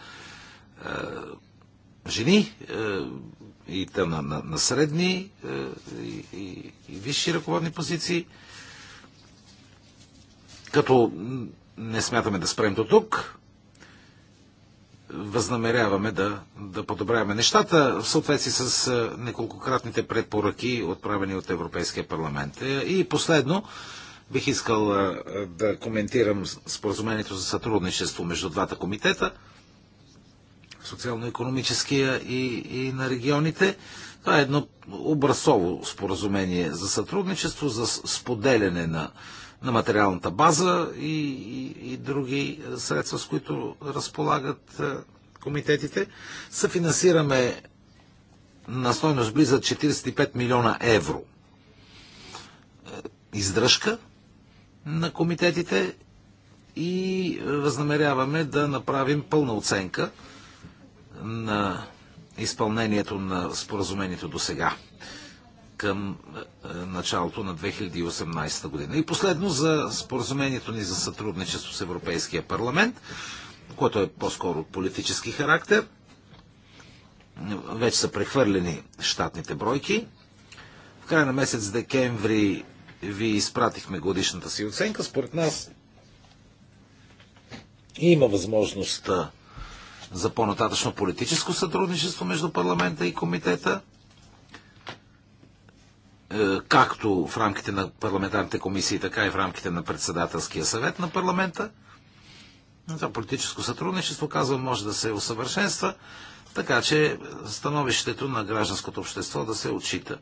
[SPEAKER 4] жени, и на, на, на средни е, и, и, и висши ръководни позиции. Като не смятаме да спрем до тук, възнамеряваме да, да подобряваме нещата в съответствие с е, неколкократните предпоръки, отправени от Европейския парламент. Е, и последно, бих искал да коментирам споразумението за сътрудничество между двата комитета – социално-економическия и, и на регионите. Това е едно образцово споразумение за сътрудничество, за споделяне на, на материалната база и, и, и други е, средства, с които разполагат е, комитетите. Съфинансираме на стойност близо 45 милиона евро е, издръжка на комитетите и възнамеряваме да направим пълна оценка на изпълнението на споразумението до сега към е, е, началото на 2018 година. И последно за споразумението ни за сътрудничество с Европейския парламент, което е по-скоро политически характер. Вече са прехвърлени щатните бройки. В края на месец декември ви изпратихме годишната си оценка. Според нас има възможността за по-нататъчно политическо сътрудничество между парламента и комитета, е, както в рамките на парламентарните комисии, така и в рамките на председателския съвет на парламента. Това политическо сътрудничество, казвам, може да се усъвършенства, така че становището на гражданското общество да се отчита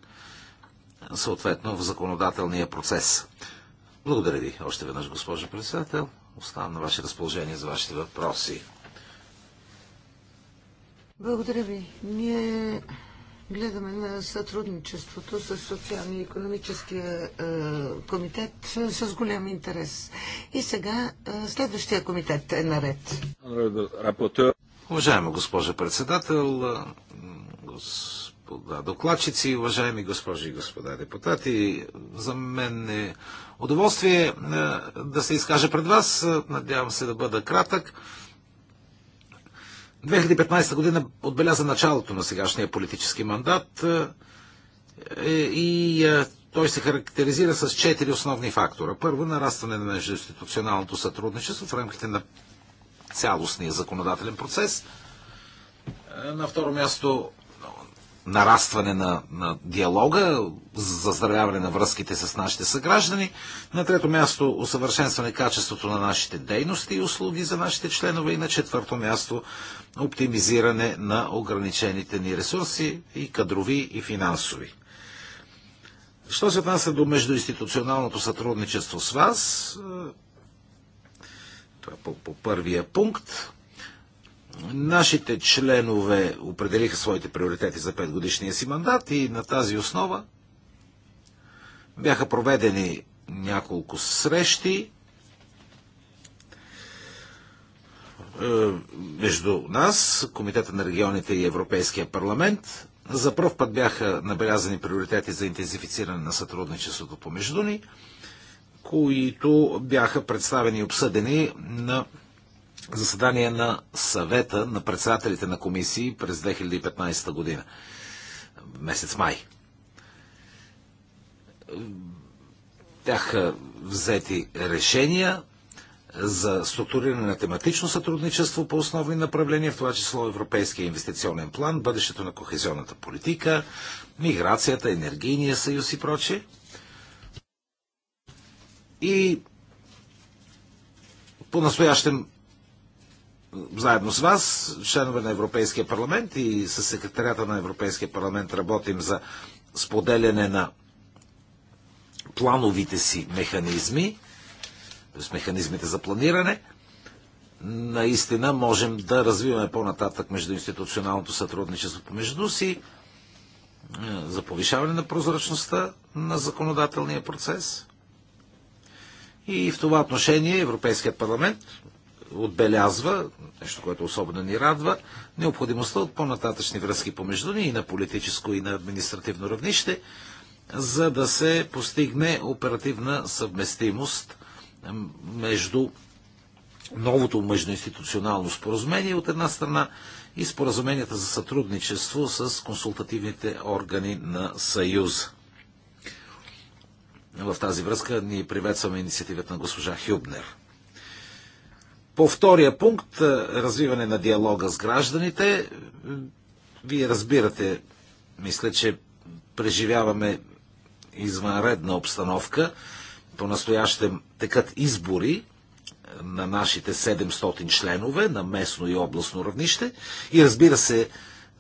[SPEAKER 4] съответно в законодателния процес. Благодаря ви още веднъж, госпожо председател. Оставам на ваше разположение за вашите въпроси.
[SPEAKER 2] Благодаря ви. Ние гледаме на сътрудничеството с Социално и економическия е, комитет с голям интерес. И сега е, следващия комитет е наред.
[SPEAKER 4] Уважаема госпожа председател, е, господа докладчици, уважаеми госпожи и господа депутати, за мен е удоволствие да се изкажа пред вас. Надявам се да бъда кратък. 2015 година отбеляза началото на сегашния политически мандат е, е, и е, той се характеризира с четири основни фактора. Първо, нарастване на междуинституционалното сътрудничество в рамките на цялостния законодателен процес. На второ място, нарастване на, на диалога, заздравяване на връзките с нашите съграждани. На трето място усъвършенстване качеството на нашите дейности и услуги за нашите членове. И на четвърто място оптимизиране на ограничените ни ресурси и кадрови и финансови. Що се отнася до междуинституционалното сътрудничество с вас, е, това е по, по първия пункт, Нашите членове определиха своите приоритети за 5 годишния си мандат и на тази основа бяха проведени няколко срещи е, между нас, Комитета на регионите и Европейския парламент. За първ път бяха набелязани приоритети за интензифициране на сътрудничеството помежду ни, които бяха представени и обсъдени на заседание на съвета на председателите на комисии през 2015 година, месец май. Бяха взети решения за структуриране на тематично сътрудничество по основни направления, в това число Европейския инвестиционен план, бъдещето на кохезионната политика, миграцията, енергийния съюз и прочее. И по-настоящем заедно с вас, членове на Европейския парламент и с секретарята на Европейския парламент работим за споделяне на плановите си механизми, т.е. механизмите за планиране, наистина можем да развиваме по-нататък между институционалното сътрудничество помежду си е, за повишаване на прозрачността на законодателния процес. И в това отношение Европейският парламент, отбелязва, нещо, което особено ни радва, необходимостта от по-нататъчни връзки помежду ни и на политическо и на административно равнище, за да се постигне оперативна съвместимост между новото междуинституционално споразумение от една страна и споразуменията за сътрудничество с консултативните органи на съюз. В тази връзка ние приветстваме инициативата на госпожа Хюбнер. По втория пункт, е, развиване на диалога с гражданите, е, вие разбирате, мисля, че преживяваме извънредна обстановка. По-настоящем текат избори е, на нашите 700 членове на местно и областно равнище и разбира се,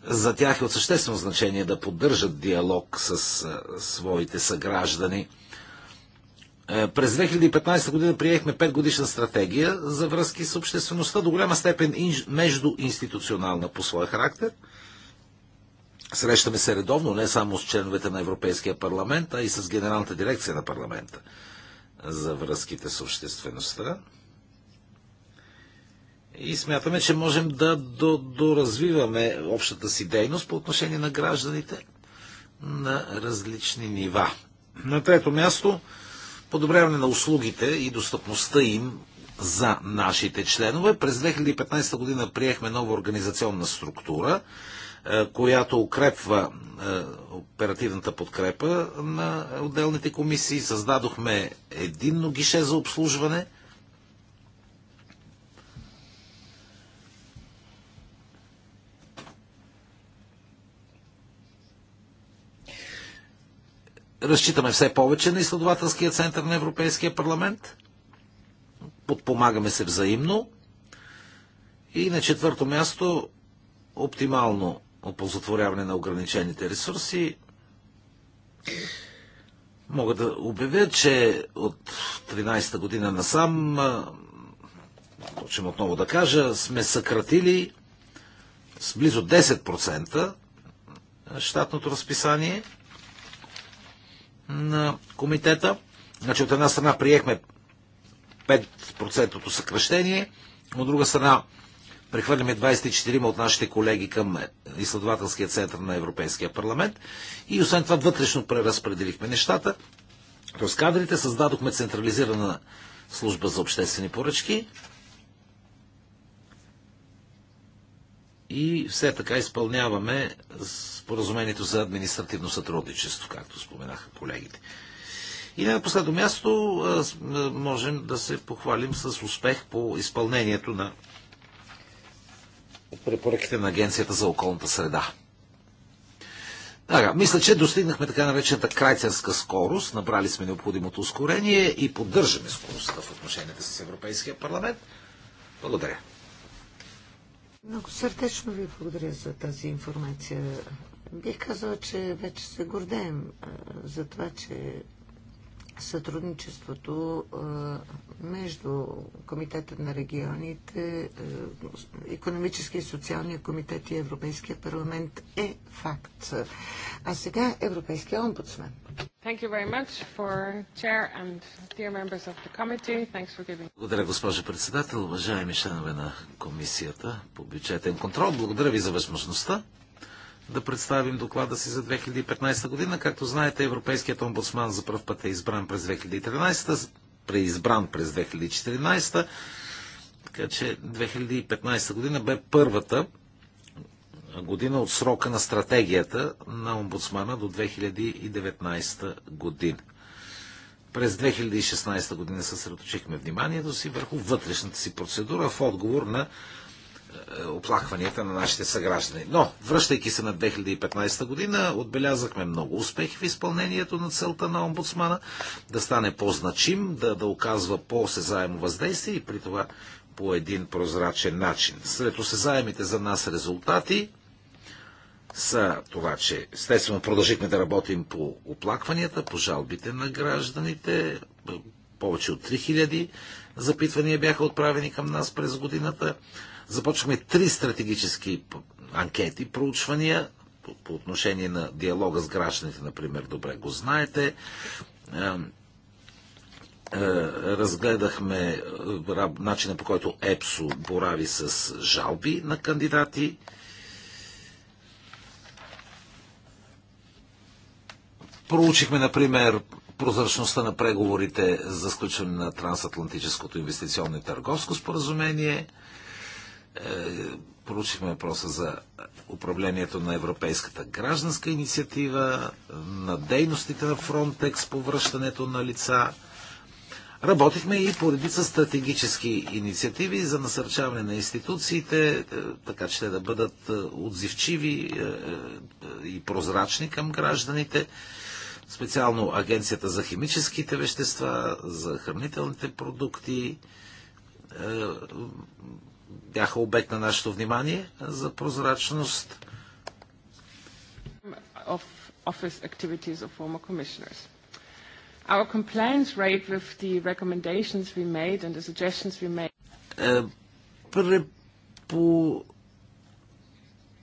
[SPEAKER 4] за тях е от съществено значение да поддържат диалог с своите съграждани е, през 2015 година приехме 5 годишна стратегия за връзки с обществеността, до голяма степен междуинституционална по своя характер. Срещаме се редовно не само с членовете на Европейския парламент, а и с Генералната дирекция на парламента за връзките с обществеността. И смятаме, че можем да доразвиваме общата си дейност по отношение на гражданите на различни нива. На трето място подобряване на услугите и достъпността им за нашите членове. През 2015 година приехме нова организационна структура, е, която укрепва е, оперативната подкрепа на отделните комисии. Създадохме единно гише за обслужване – разчитаме все повече на изследователския център на Европейския парламент, подпомагаме се взаимно и на четвърто място оптимално оползотворяване на ограничените ресурси. Мога да обявя, че от 13-та година насам, почвам отново да кажа, сме съкратили с близо 10% щатното разписание – на комитета. Значи от една страна приехме 5% съкръщение, от друга страна прехвърляме 24 от нашите колеги към изследователския център на Европейския парламент и освен това вътрешно преразпределихме нещата. Тоест кадрите създадохме централизирана служба за обществени поръчки, и все така изпълняваме споразумението за административно сътрудничество, както споменаха колегите. И на последно място можем да се похвалим с успех по изпълнението на препоръките на Агенцията за околната среда. Ага, мисля, че достигнахме така наречената крайцерска скорост, набрали сме необходимото ускорение и поддържаме скоростта в отношенията с Европейския парламент. Благодаря.
[SPEAKER 2] Много сърдечно ви благодаря за тази информация. Бих казала, че вече се гордеем за това, че сътрудничеството между Комитета на регионите, е, Економически и социалния комитет и Европейския парламент е факт. А сега Европейския омбудсмен.
[SPEAKER 4] Благодаря, госпожо председател, уважаеми членове на комисията по бюджетен контрол. Благодаря ви за възможността да представим доклада си за 2015 година. Както знаете, Европейският омбудсман за първ път е избран през 2013 преизбран през 2014. Така че 2015 година бе първата година от срока на стратегията на омбудсмана до 2019 година. През 2016 година съсредоточихме вниманието си върху вътрешната си процедура в отговор на е, оплакванията на нашите съграждани. Но, връщайки се на 2015 година, отбелязахме много успехи в изпълнението на целта на омбудсмана да стане по-значим, да, да оказва по-осезаемо въздействие и при това по един прозрачен начин. Сред осезаемите за нас резултати са това, че естествено продължихме да работим по оплакванията, по жалбите на гражданите. Повече от 3000 запитвания бяха отправени към нас през годината. Започваме три стратегически анкети, проучвания по, по отношение на диалога с гражданите, например, добре го знаете. Е, е, разгледахме е, начина по който ЕПСО борави с жалби на кандидати. Проучихме, например, прозрачността на преговорите за сключване на трансатлантическото инвестиционно и търговско споразумение – е, проучихме въпроса за управлението на Европейската гражданска инициатива, на дейностите на Фронтекс по връщането на лица. Работихме и по редица стратегически инициативи за насърчаване на институциите, е, така че те да бъдат е, отзивчиви и прозрачни към гражданите. Специално Агенцията за химическите вещества, за хранителните продукти, бяха обект на нашето внимание за прозрачност.
[SPEAKER 1] Of office activities of former commissioners. Our compliance rate with the recommendations we made and the
[SPEAKER 4] suggestions we made. По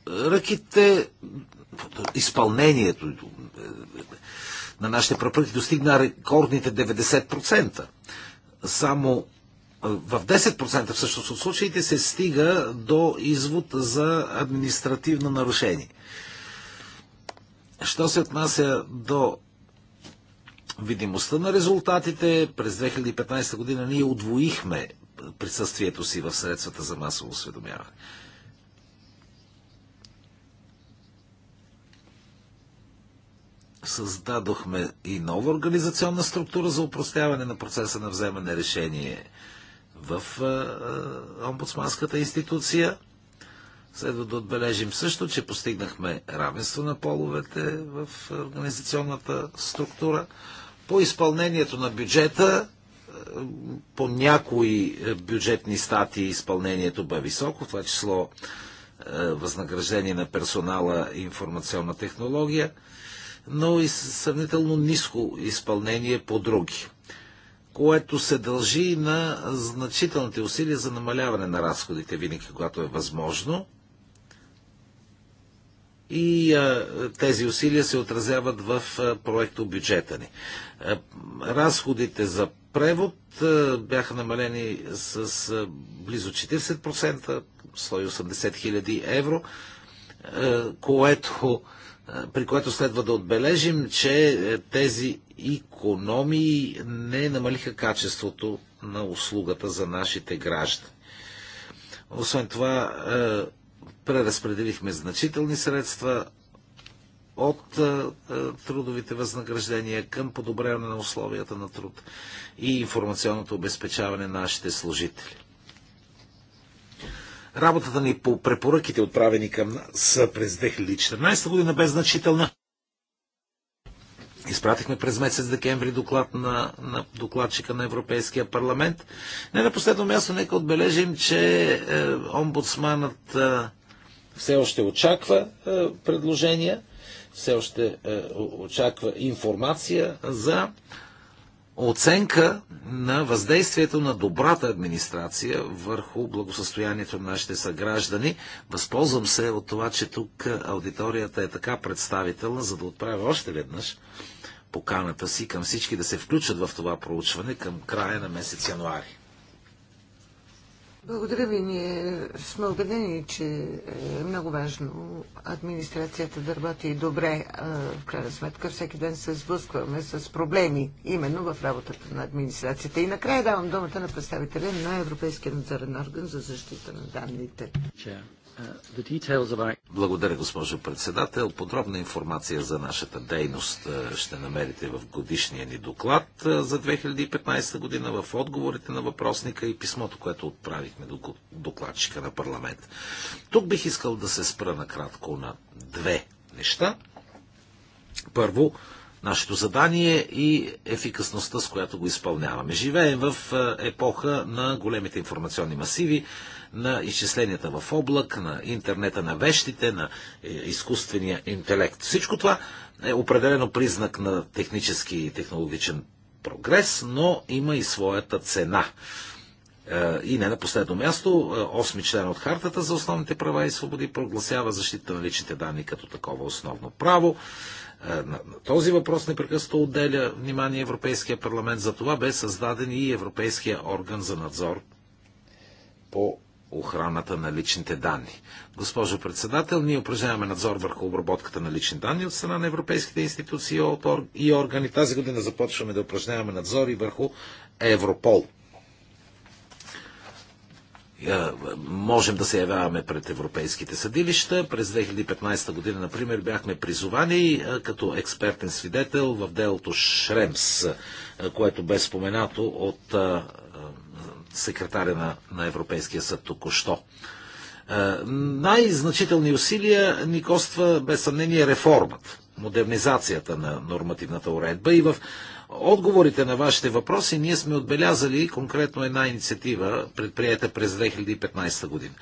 [SPEAKER 4] ръките изпълнението на нашите препоръки достигна рекордните 90%. Само в 10% всъщност от случаите се стига до извод за административно нарушение. Що се отнася до видимостта на резултатите, през 2015 година ние удвоихме присъствието си в средствата за масово осведомяване. Създадохме и нова организационна структура за упростяване на процеса на вземане решение в омбудсманската институция. Следва да отбележим също, че постигнахме равенство на половете в организационната структура. По изпълнението на бюджета, по някои бюджетни статии изпълнението бе високо, в това число възнаграждение на персонала и информационна технология, но и сравнително ниско изпълнение по други което се дължи на значителните усилия за намаляване на разходите винаги, когато е възможно. И а, тези усилия се отразяват в проекто бюджета ни. А, разходите за превод а, бяха намалени с а, близо 40%, 180 000 евро, а, което а, при което следва да отбележим, че е, тези икономии не намалиха качеството на услугата за нашите граждани. Освен това, е, преразпределихме значителни средства от е, трудовите възнаграждения към подобряване на условията на труд и информационното обезпечаване на нашите служители. Работата ни по препоръките, отправени към нас през 2014 година, бе значителна. Изпратихме през месец декември доклад на, на докладчика на Европейския парламент. Не на последно място, нека отбележим, че е, омбудсманът е, все още очаква е, предложения, все още е, очаква информация за оценка на въздействието на добрата администрация върху благосъстоянието на нашите съграждани. Възползвам се от това, че тук аудиторията е така представителна, за да отправя още веднъж поканата си към всички да се включат в това проучване към края на месец януари.
[SPEAKER 2] Благодаря ви. Ние сме убедени, че е много важно администрацията да работи добре. В крайна сметка всеки ден се сблъскваме с проблеми, именно в работата на администрацията. И накрая давам думата на представителя на Европейския надзорен орган за защита на данните.
[SPEAKER 4] Благодаря, госпожо председател. Подробна информация за нашата дейност е, ще намерите в годишния ни доклад е, за 2015 година в отговорите на въпросника и писмото, което отправихме до докладчика на парламент. Тук бих искал да се спра накратко на две неща. Първо, нашето задание и ефикасността, с която го изпълняваме. Живеем в е, епоха на големите информационни масиви, на изчисленията в облак, на интернета на вещите, на е, изкуствения интелект. Всичко това е определено признак на технически и технологичен прогрес, но има и своята цена. Е, и не на последно място, е, осми член от Хартата за основните права и свободи прогласява защита на личните данни като такова основно право. На този въпрос непрекъснато отделя внимание Европейския парламент. За това бе създаден и Европейския орган за надзор по охраната на личните данни. Госпожо председател, ние упражняваме надзор върху обработката на лични данни от страна на европейските институции и органи. Тази година започваме да упражняваме надзор и върху Европол. Е, можем да се явяваме пред европейските съдилища. През 2015 година, например, бяхме призовани е, като експертен свидетел в делото Шремс, е, което бе споменато от секретаря на, на Европейския съд току-що. Е, най-значителни усилия ни коства без съмнение реформата, модернизацията на нормативната уредба и в отговорите на вашите въпроси ние сме отбелязали конкретно една инициатива, предприета през 2015 година.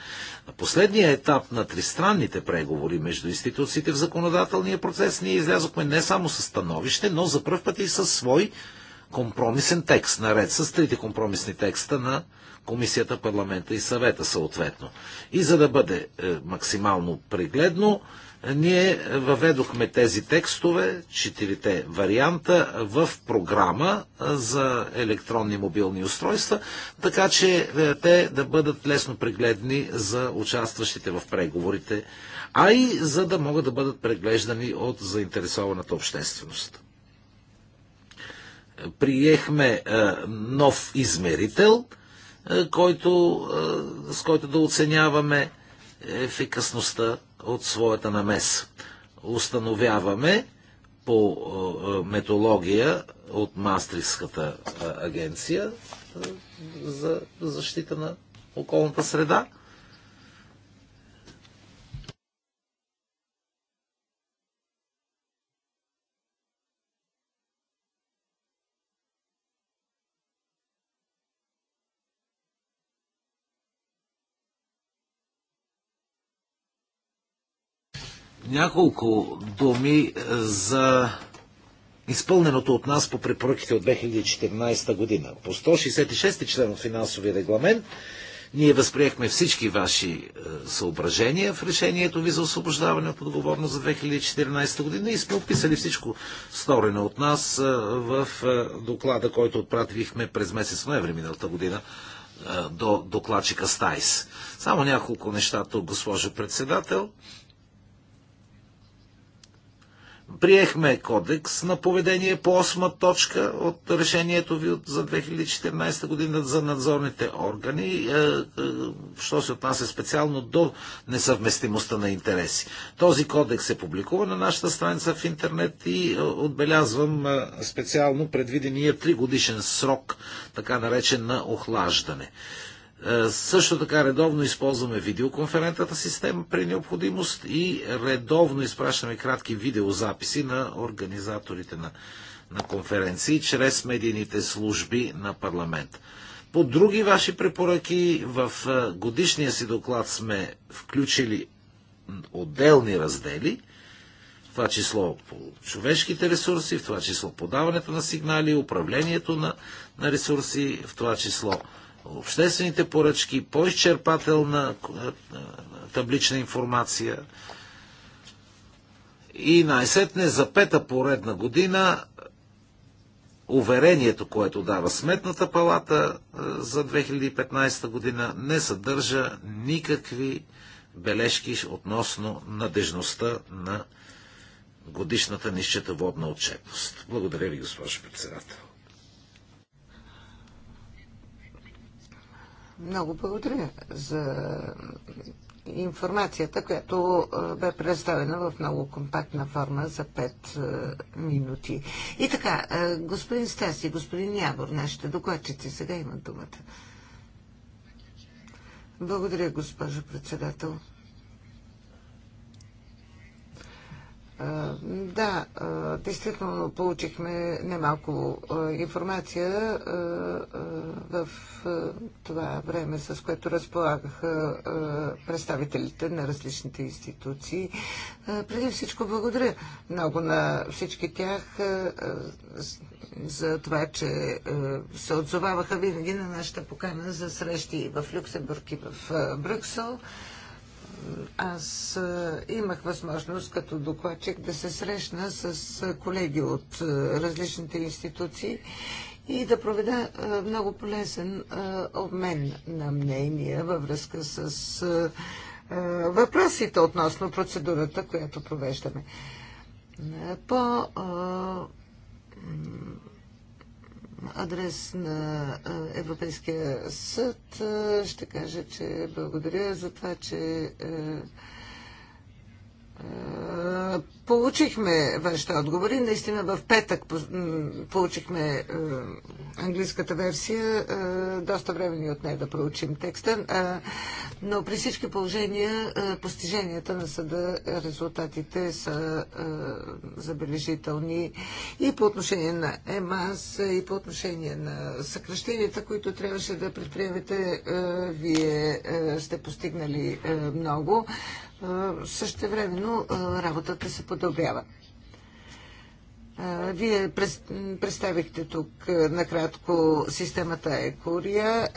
[SPEAKER 4] На последния етап на тристранните преговори между институциите в законодателния процес ние излязохме не само с становище, но за първ път и със свой компромисен текст, наред с трите компромисни текста на Комисията, парламента и съвета съответно. И за да бъде е, максимално пригледно, ние въведохме тези текстове, четирите варианта, в програма е, за електронни мобилни устройства, така че е, те да бъдат лесно пригледни за участващите в преговорите, а и за да могат да бъдат преглеждани от заинтересованата общественост приехме е, нов измерител, е, който, е, с който да оценяваме ефикасността от своята намеса. Установяваме по метология от Мастрихската агенция за защита на околната среда, Няколко думи е, за изпълненото от нас по препоръките от 2014 година. По 166 член от финансови регламент ние възприехме всички ваши е, съображения в решението ви за освобождаване от отговорност за 2014 година и сме описали всичко сторено от нас е, в доклада, който отпратихме през месец ноември миналата година до докладчика Стайс. Само няколко неща тук, госпожо председател. Приехме кодекс на поведение по осма точка от решението ви за 2014 година за надзорните органи, е, е, що се отнася специално до несъвместимостта на интереси. Този кодекс се публикува на нашата страница в интернет и е, отбелязвам специално предвидения 3 годишен срок, така наречен на охлаждане. Е, също така редовно използваме видеоконферентната система при необходимост и редовно изпращаме кратки видеозаписи на организаторите на, на конференции чрез медийните служби на парламент. По други ваши препоръки в е, годишния си доклад сме включили отделни раздели, в това число по човешките ресурси, в това число подаването на сигнали, управлението на, на ресурси, в това число обществените поръчки, по-изчерпателна е, е, таблична информация. И най-сетне за пета поредна година уверението, което дава Сметната палата е, за 2015 година, не съдържа никакви бележки относно надежността на годишната нищета водна отчетност. Благодаря ви, госпожо председател.
[SPEAKER 2] Много благодаря за информацията, която бе представена в много компактна форма за 5 минути. И така, господин Стаси, господин Явор, нашите докладчици сега имат думата. Благодаря, госпожо председател. Да, действително получихме немалко информация в това време, с което разполагаха представителите на различните институции. Преди всичко благодаря много на всички тях за това, че се отзоваваха винаги на нашата покана за срещи в Люксембург и в Брюксел. Аз имах възможност като докладчик да се срещна с колеги от различните институции и да проведа много полезен обмен на мнения във връзка с въпросите относно процедурата, която провеждаме. По адрес на Европейския съд ще кажа, че благодаря за това, че е, получихме вашите отговори. Наистина в петък получихме е, английската версия. Е, доста време ни от нея да проучим текста. Но при всички положения постиженията на съда, резултатите са забележителни и по отношение на ЕМАС, и по отношение на съкръщенията, които трябваше да предприемете. Вие сте постигнали много същевременно работата се подобрява. Вие представихте тук накратко системата Екория,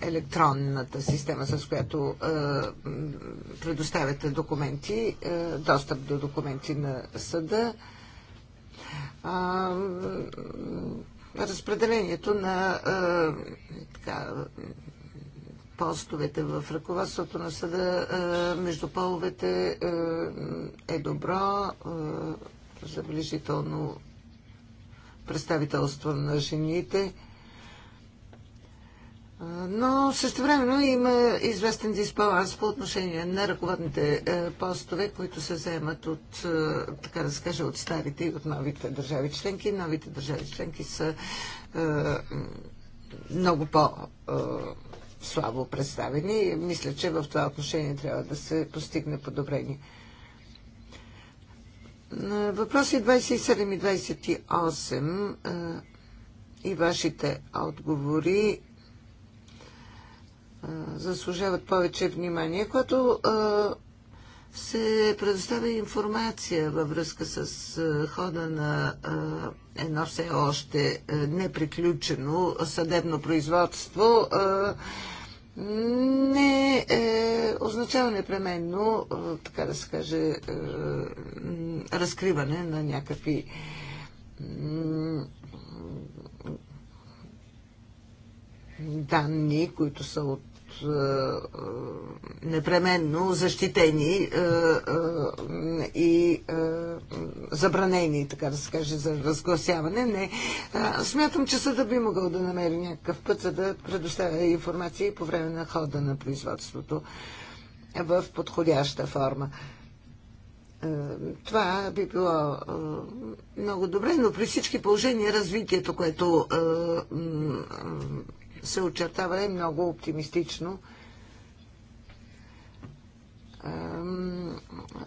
[SPEAKER 2] електронната система, с която предоставяте документи, достъп до документи на съда. Разпределението на така, постовете в ръководството на съда между половете е добро, забележително представителство на жените. Но също времено има известен дисбаланс по отношение на ръководните постове, които се вземат от, така да се каже, от старите и от новите държави членки. Новите държави членки са много по- слабо представени. Мисля, че в това отношение трябва да се постигне подобрение. Въпроси 27 и 28 и вашите отговори заслужават повече внимание, което се предоставя информация във връзка с хода на едно все още неприключено съдебно производство, не е, означава непременно, така да се каже, разкриване на някакви данни, които са от е, е, непременно защитени е, и забранени, така да се каже, за разгласяване. Не. Смятам, че съда би могъл да намери някакъв път, за да предоставя информация по време на хода на производството в подходяща форма. Това би било много добре, но при всички положения развитието, което се очертава е много оптимистично.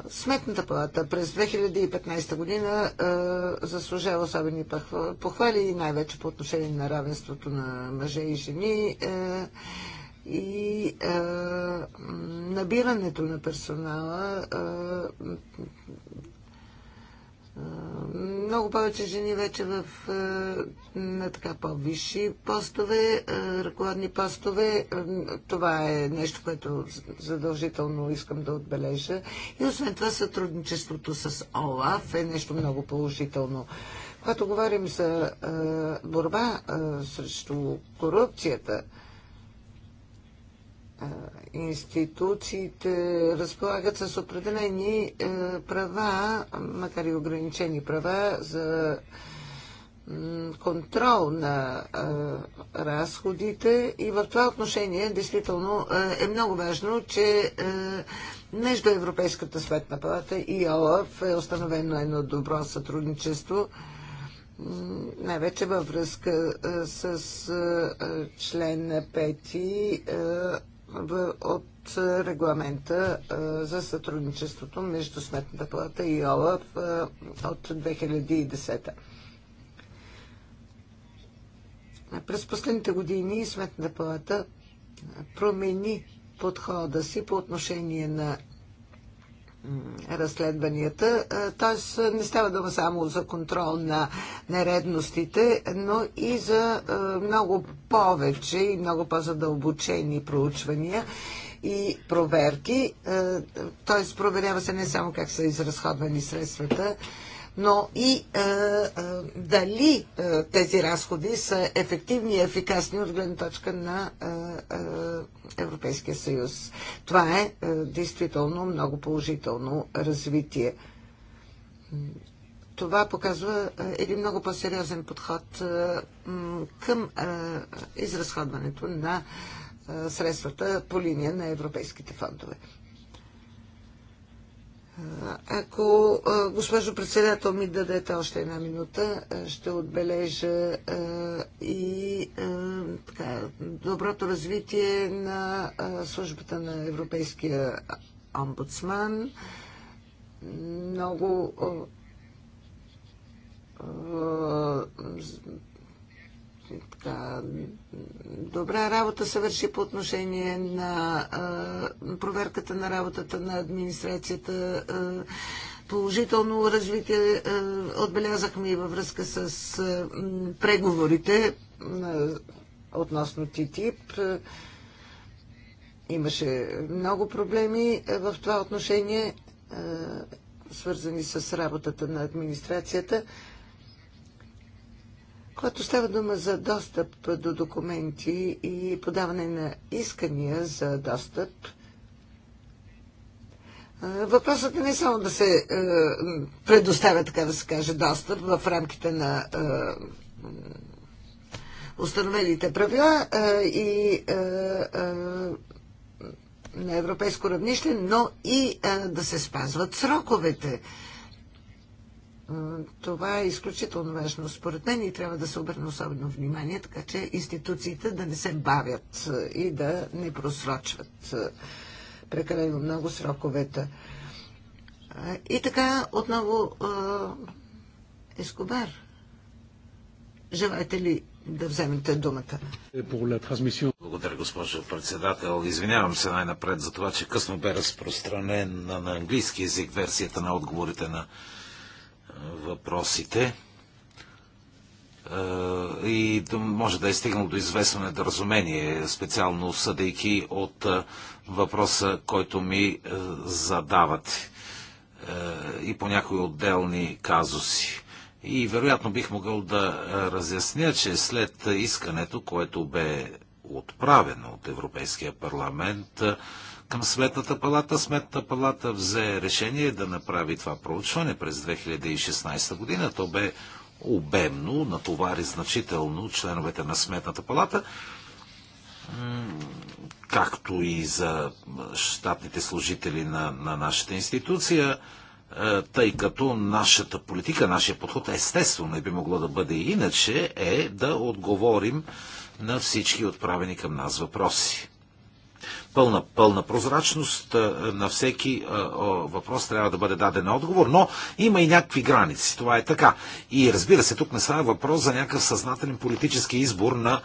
[SPEAKER 2] Сметната палата през 2015 година заслужава особени похвали, най-вече по отношение на равенството на мъже и жени и набирането на персонала много повече жени вече в е, на така по-висши постове, е, ръководни постове. Е, това е нещо, което задължително искам да отбележа. И освен това сътрудничеството с ОЛАФ е нещо много положително. Когато говорим за борба срещу корупцията, институциите разполагат с определени е, права, макар и ограничени права за контрол на е, разходите и в това отношение действително е, е много важно, че между Европейската светна палата и ОЛАФ е установено едно добро сътрудничество най-вече във връзка с член 5 от регламента за сътрудничеството между Сметната палата и ОЛАФ от 2010. През последните години Сметната палата промени подхода си по отношение на разследванията. Т.е. не става дума само за контрол на нередностите, но и за много повече и много по-задълбочени проучвания и проверки. Т.е. проверява се не само как са изразходвани средствата, но и е, е, дали е, тези разходи са ефективни и ефикасни от гледна точка на е, е, Европейския съюз. Това е, е действително много положително развитие. Това показва е, един много по-сериозен подход е, към е, изразходването на средствата по линия на европейските фондове. Ако, госпожо председател, ми дадете още една минута, ще отбележа и така, доброто развитие на службата на Европейския омбудсман. Много така, добра работа се върши по отношение на а, проверката на работата на администрацията. А, положително развитие а, отбелязахме и във връзка с а, преговорите а, относно ТТИП. Имаше много проблеми в това отношение, свързани с работата на администрацията. Когато става дума за достъп до документи и подаване на искания за достъп, Въпросът е не само да се предоставя, така да се каже, достъп в рамките на установените правила и на европейско равнище, но и да се спазват сроковете. Това е изключително важно. Според мен и трябва да се обърне особено внимание, така че институциите да не се бавят е, и да не просрочват е, прекалено много сроковете. Е, и така, отново Ескобар. Желаете ли да вземете думата.
[SPEAKER 4] Благодаря, госпожо председател. Извинявам се най-напред за това, че късно бе разпространен на английски язик версията на отговорите на въпросите е, и може да е стигнал до известно недоразумение, специално съдейки от е, въпроса, който ми е, задавате и по някои отделни казуси. И вероятно бих могъл да разясня, че след искането, което бе отправено от Европейския парламент, към Сметната палата. Сметната палата взе решение да направи това проучване през 2016 година. То бе обемно, натовари значително членовете на Сметната палата, както и за щатните служители на, на нашата институция, е, тъй като нашата политика, нашия подход, естествено не би могло да бъде иначе, е да отговорим на всички отправени към нас въпроси пълна, пълна прозрачност. На всеки въпрос трябва да бъде даден отговор, но има и някакви граници. Това е така. И разбира се, тук не става въпрос за някакъв съзнателен политически избор на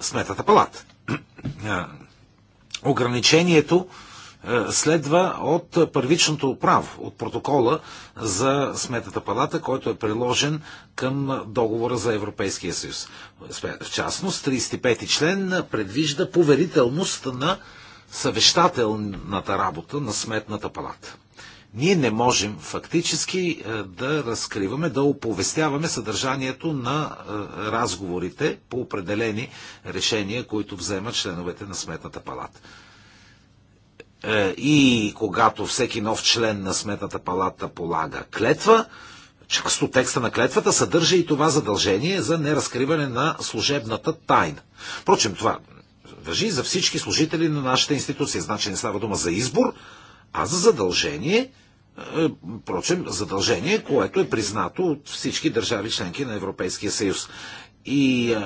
[SPEAKER 4] сметата палата. Ограничението следва от първичното право, от протокола за сметата палата, който е приложен към договора за Европейския съюз. В частност, 35 ти член предвижда поверителност на съвещателната работа на Сметната палата. Ние не можем фактически е, да разкриваме, да оповестяваме съдържанието на е, разговорите по определени решения, които вземат членовете на Сметната палата. Е, и когато всеки нов член на Сметната палата полага клетва, част текста на клетвата съдържа и това задължение за неразкриване на служебната тайна. Впрочем, това въжи за всички служители на нашата институция, Значи не става дума за избор, а за задължение, е, впрочем, задължение, което е признато от всички държави членки на Европейския съюз. И е, е,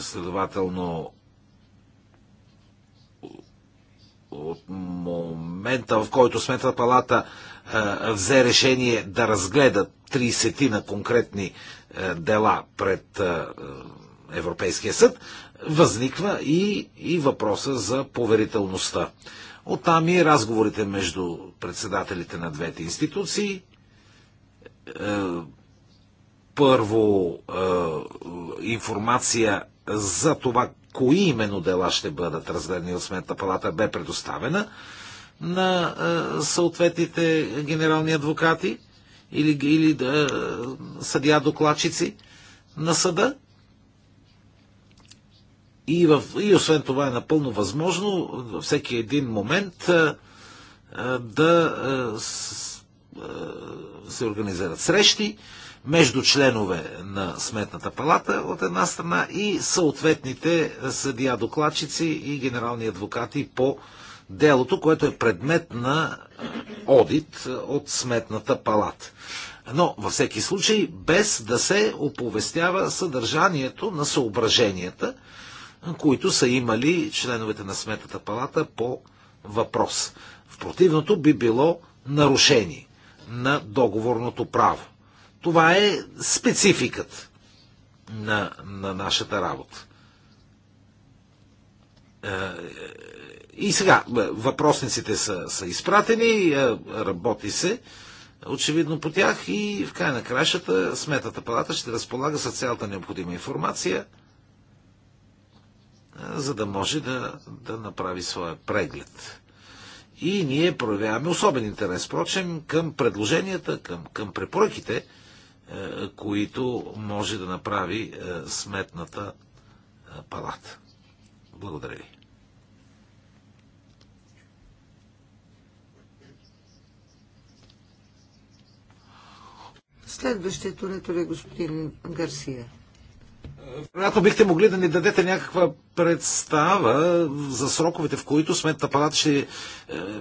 [SPEAKER 4] следователно от момента, в който Сметна палата е, взе решение да разгледа 30 на конкретни дела пред Европейския съд, възниква и, и въпроса за поверителността. Оттам и разговорите между председателите на двете институции. Е, първо е, информация за това, кои именно дела ще бъдат разгледани от сметната палата, бе предоставена на е, съответните генерални адвокати или, или съдя докладчици на съда. И, в, и освен това е напълно възможно във всеки един момент да се организират срещи между членове на Сметната палата от една страна и съответните съдия-докладчици и генерални адвокати по делото, което е предмет на одит от Сметната палата. Но във всеки случай без да се оповестява съдържанието на съображенията, които са имали членовете на Сметната палата по въпрос. В противното би било нарушение на договорното право. Това е спецификът на, на нашата работа. Е, е, и сега, въпросниците са, са изпратени, е, работи се, очевидно по тях и в край на кращата Сметата палата ще разполага с цялата необходима информация – за да може да, да направи своя преглед. И ние проявяваме особен интерес, впрочем, към предложенията, към, към препоръките, е, които може да направи е, сметната е, палата. Благодаря ви. Следващият
[SPEAKER 2] оратор е господин Гарсия.
[SPEAKER 4] Вероятно бихте могли да ни дадете някаква представа за сроковете, в които сметната палата ще е,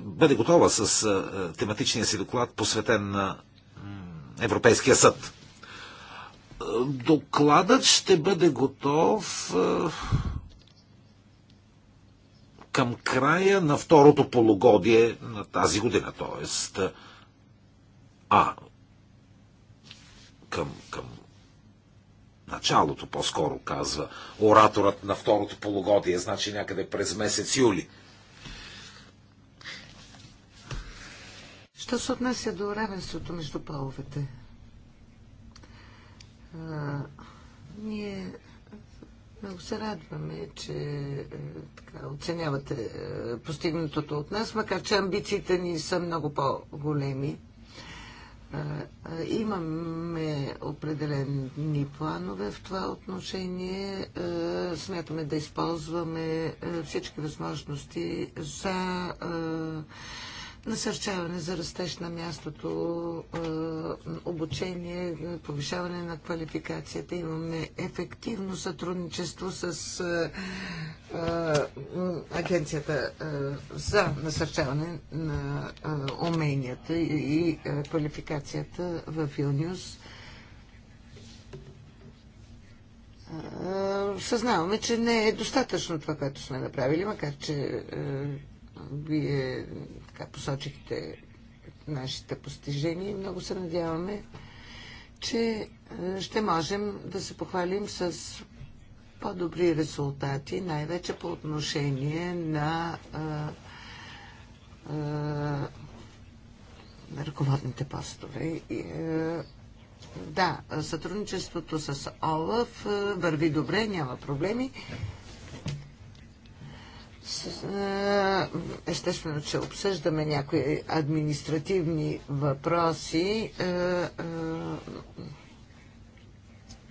[SPEAKER 4] бъде готова с е, тематичния си доклад, посветен на Европейския съд. Докладът ще бъде готов е, към края на второто полугодие на тази година, т.е. а към, към началото по-скоро, казва ораторът на второто полугодие, значи някъде през месец юли.
[SPEAKER 2] Що се отнася до равенството между половете? А, ние много се радваме, че е, така, оценявате е, постигнатото от нас, макар че амбициите ни са много по-големи. Имаме определени планове в това отношение. Смятаме да използваме всички възможности за насърчаване за растеж на мястото, е, обучение, повишаване на квалификацията. Имаме ефективно сътрудничество с е, е, Агенцията за насърчаване на уменията и квалификацията в Юниус. Съзнаваме, че не е достатъчно това, което сме направили, макар че вие така, посочихте нашите постижения и много се надяваме, че е, ще можем да се похвалим с по-добри резултати, най-вече по отношение на е, е, а, а, ръководните постове. И, а, да, сътрудничеството с ОЛАФ върви добре, няма проблеми, е, естествено, че обсъждаме някои административни въпроси е,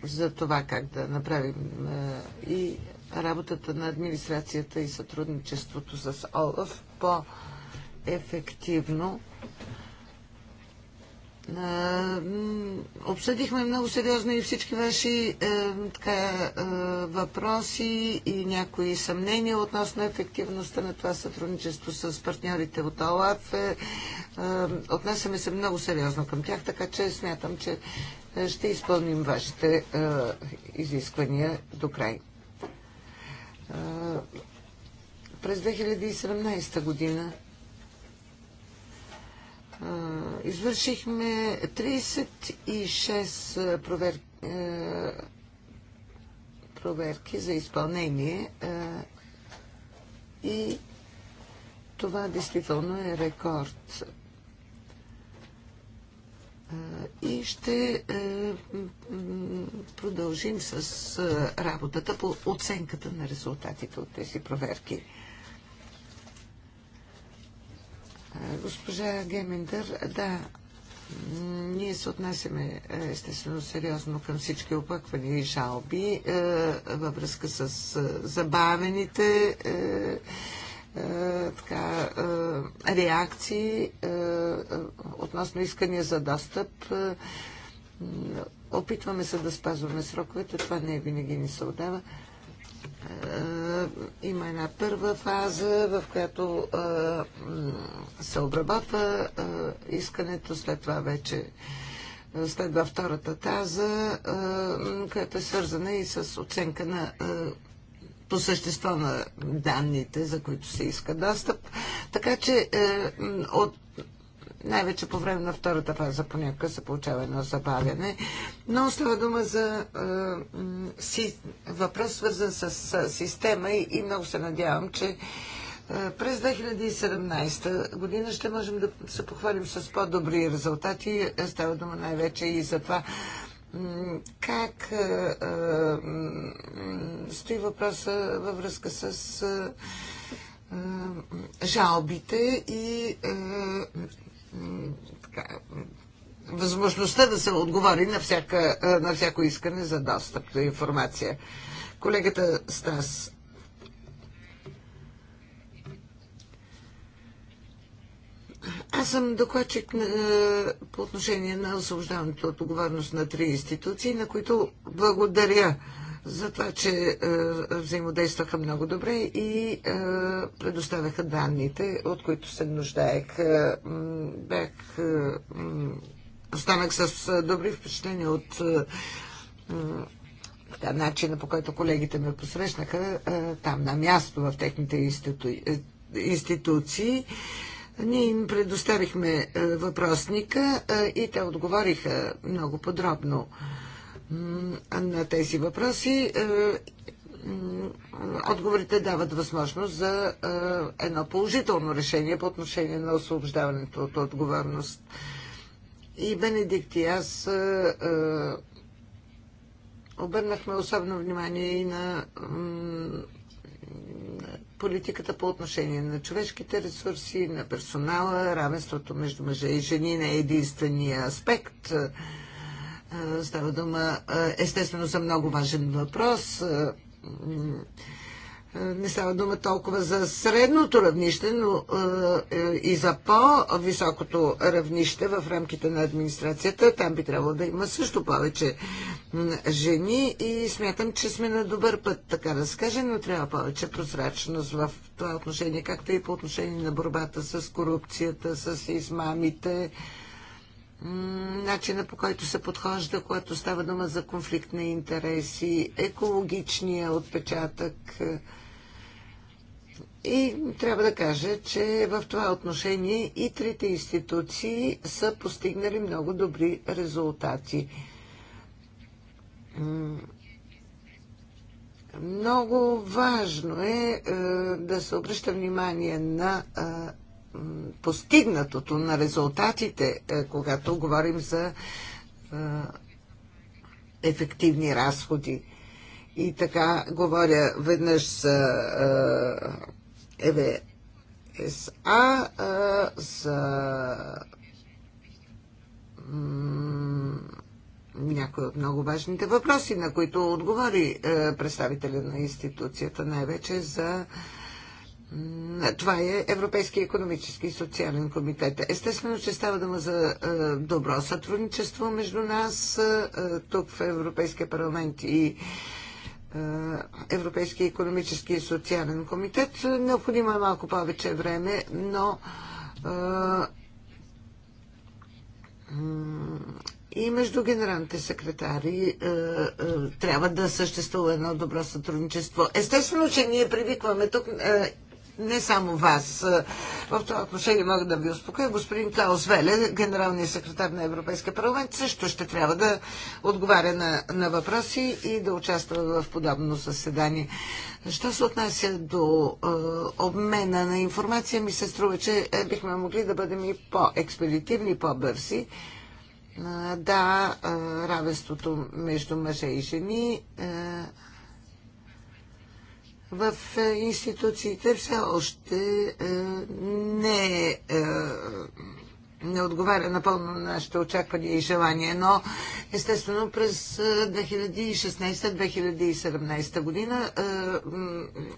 [SPEAKER 2] е, за това как да направим и работата на администрацията и сътрудничеството с ОЛАФ по-ефективно. Обсъдихме много сериозно и всички ваши е, така, е, въпроси и някои съмнения относно ефективността на това сътрудничество с партньорите от ОЛАФ. Е, е, отнасяме се много сериозно към тях, така че смятам, че е, ще изпълним вашите е, изисквания до край. Е, през 2017 година извършихме 36 проверки, проверки за изпълнение и това действително е рекорд. И ще продължим с работата по оценката на резултатите от тези проверки. Госпожа Гемендър, да, ние се отнасяме естествено сериозно към всички опъквани и жалби е, във връзка с е, забавените е, е, така, е, реакции е, относно искания за достъп. Опитваме се да спазваме сроковете, това не е винаги ни се отдава. Е, има една първа фаза, в която е, се обработва е, искането, след това вече следва втората таза, която е свързана и с оценка на по същество на данните, за които се иска достъп. Така че от най-вече по време на втората фаза понякога се получава едно забавяне. Но става дума за е, си, въпрос, свързан с, с система и, и много се надявам, че е, през 2017 година ще можем да се похвалим с по-добри резултати. Става дума най-вече и за това как е, е, стои въпроса във връзка с е, е жалбите и е, така, възможността да се отговори на, всяка, е, на всяко искане за достъп до информация. Колегата Стас. Аз съм докладчик на, е, по отношение на освобождаването от отговорност на три институции, на които благодаря за това, че е, взаимодействаха много добре и е, предоставяха данните, от които се нуждаех. Е, бях, останах с добри впечатления от така, начина по който колегите ме посрещнаха там на място в техните институ... институции. Ние им предоставихме въпросника и те отговориха много подробно на тези въпроси. Е, отговорите дават възможност за е, едно положително решение по отношение на освобождаването от отговорност. И Бенедикт и аз е, обърнахме особено внимание и на политиката по отношение на човешките ресурси, на персонала, равенството между мъже и жени не е единствения аспект. Става дума естествено за много важен въпрос. Не става дума толкова за средното равнище, но е, и за по-високото равнище в рамките на администрацията. Там би трябвало да има също повече жени и смятам, че сме на добър път, така да се каже, но трябва повече прозрачност в това отношение, както и по отношение на борбата с корупцията, с измамите начина по който се подхожда, когато става дума за конфликт на интереси, екологичния отпечатък. И трябва да кажа, че в това отношение и трите институции са постигнали много добри резултати. Много важно е, е да се обръща внимание на е, постигнатото, на резултатите, е, когато говорим за е, ефективни разходи. И така говоря веднъж за е, ЕВСА, за някои от много важните въпроси, на които отговори представителя на институцията, най-вече за това е Европейския економически и социален комитет. Естествено, че става дума за добро сътрудничество между нас тук в Европейския парламент и Европейския економически и социален комитет. Необходимо е малко повече време, но и между генералните секретари е, е, трябва да съществува едно добро сътрудничество. Естествено, че ние привикваме тук е, не само вас. В това отношение мога да ви успокоя. Господин Клаус Веле, генералният секретар на Европейския парламент, също ще трябва да отговаря на, на въпроси и да участва в подобно съседание. Що се отнася до е, обмена на информация, ми се струва, че е, бихме могли да бъдем и по-експедитивни, по-бързи. Е, да, е, равенството между мъже и жени е, в е, институциите все още е, не е не отговаря напълно на нашите очаквания и желания, но естествено през 2016-2017 е, година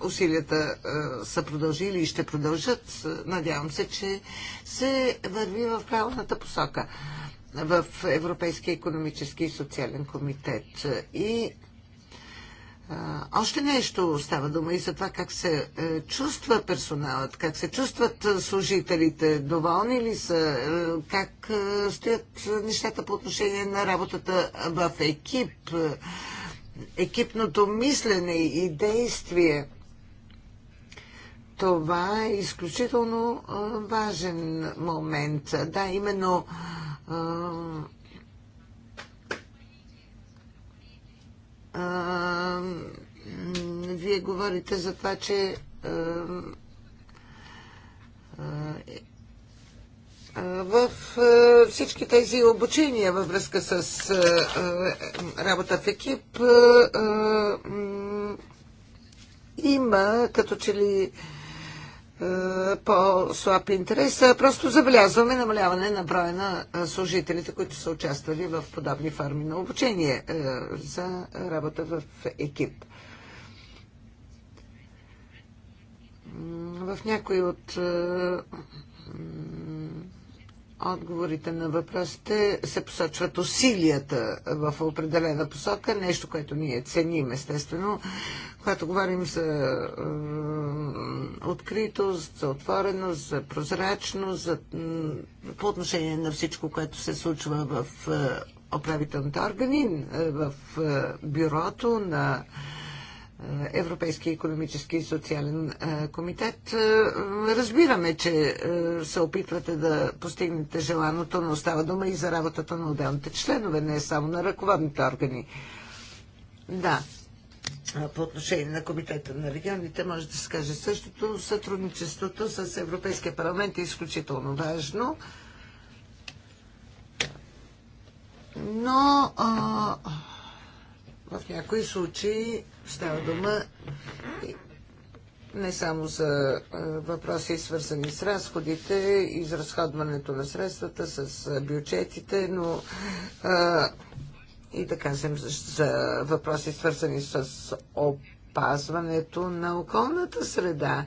[SPEAKER 2] усилията са продължили и ще продължат. Надявам се, че се върви в правилната посока в Европейския економически и социален комитет. И още нещо става дума и за това как се е, чувства персоналът, как се чувстват е, служителите, доволни ли са, е, как стоят нещата по отношение на работата в екип, екипното мислене и действие. Това е изключително важен момент. Да, именно вие говорите за това, че е, в всички тези обучения във връзка с работа в екип има като че ли е, по-слаб интерес. Просто забелязваме намаляване на броя на е, служителите, които са участвали в подобни форми на обучение е, за работа в екип. В някои от отговорите на въпросите се посочват усилията в определена посока, нещо, което ние ценим, естествено. Когато говорим за е, откритост, за отвореност, за прозрачност, за, по отношение на всичко, което се случва в е, управителните органи, е, в е, бюрото на Европейския економически и социален комитет. Разбираме, че се опитвате да постигнете желаното, но остава дума и за работата на отделните членове, не само на ръководните органи. Да, по отношение на Комитета на регионите може да се каже същото. Сътрудничеството с Европейския парламент е изключително важно. Но а, в някои случаи Става дума не само за въпроси, свързани с разходите, изразходването на средствата, с бюджетите, но а, и да кажем за, за въпроси, свързани с опазването на околната среда. А,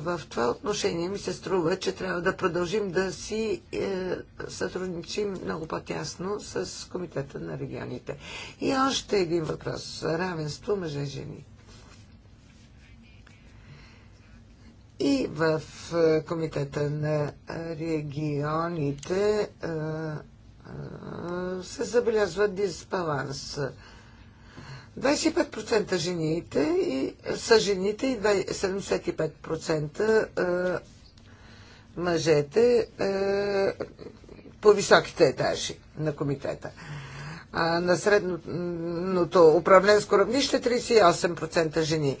[SPEAKER 2] в това отношение ми се струва, че трябва да продължим да си е, сътрудничим много по-тясно с Комитета на регионите. И още един въпрос. Равенство мъже и жени. И в е, Комитета на регионите е, се забелязва дисбаланс. 25% жените и, са жените и 75% мъжете по високите етажи на комитета. А на средното управленско равнище 38% жени.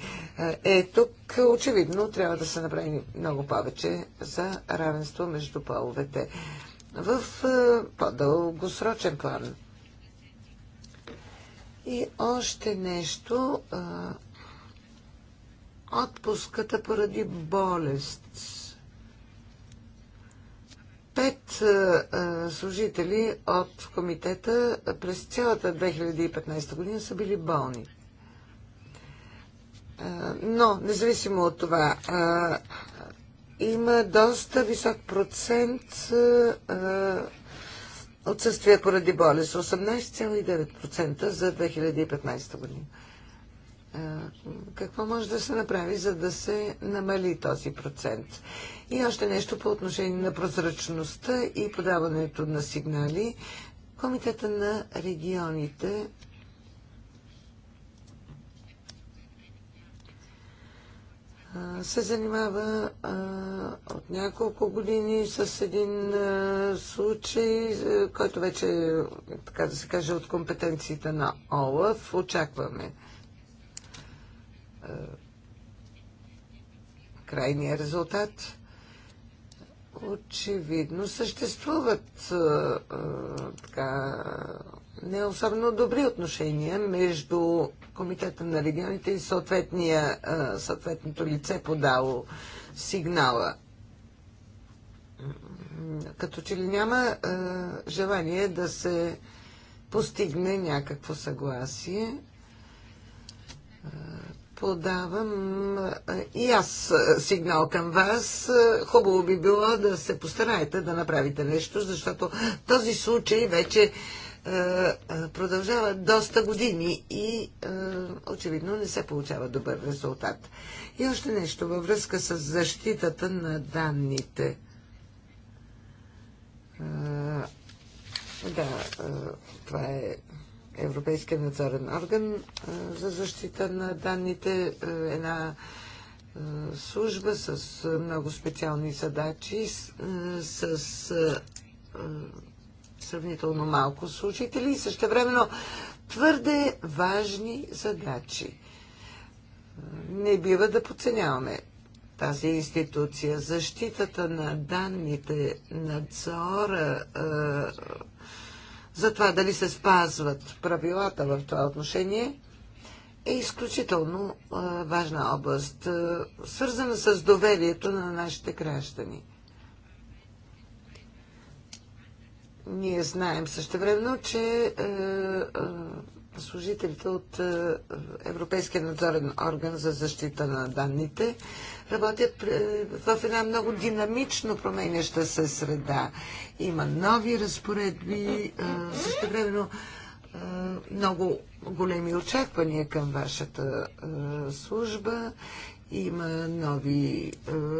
[SPEAKER 2] Е, тук очевидно трябва да се направи много повече за равенство между половете в по-дългосрочен план. И още нещо. Отпуската поради болест. Пет служители от комитета през цялата 2015 година са били болни. Но, независимо от това, има доста висок процент отсъствие поради болест 18,9% за 2015 година. Какво може да се направи, за да се намали този процент? И още нещо по отношение на прозрачността и подаването на сигнали. Комитета на регионите се занимава от няколко години с един случай, който вече, така да се каже, от компетенциите на ОЛАФ. Очакваме крайния резултат. Очевидно съществуват така, не особено добри отношения между комитета на регионите и съответното лице подало сигнала. Като че ли няма желание да се постигне някакво съгласие, подавам и аз сигнал към вас. Хубаво би било да се постараете да направите нещо, защото този случай вече е, е, продължава доста години и е, очевидно не се получава добър резултат. И още нещо във връзка с защитата на данните. Да, това е Европейския надзорен орган за защита на данните. Една служба с много специални задачи, с сравнително малко служители и същевременно твърде важни задачи. Не бива да подценяваме тази институция. Защитата на данните, надзора, е, за това дали се спазват правилата в това отношение, е изключително е, важна област, е, свързана с доверието на нашите граждани. Ние знаем също времено, че е, е, служителите от е, Европейския надзорен орган за защита на данните работят в една много динамично променяща се среда. Има нови разпоредби, също времено много големи очаквания към вашата служба има нови е,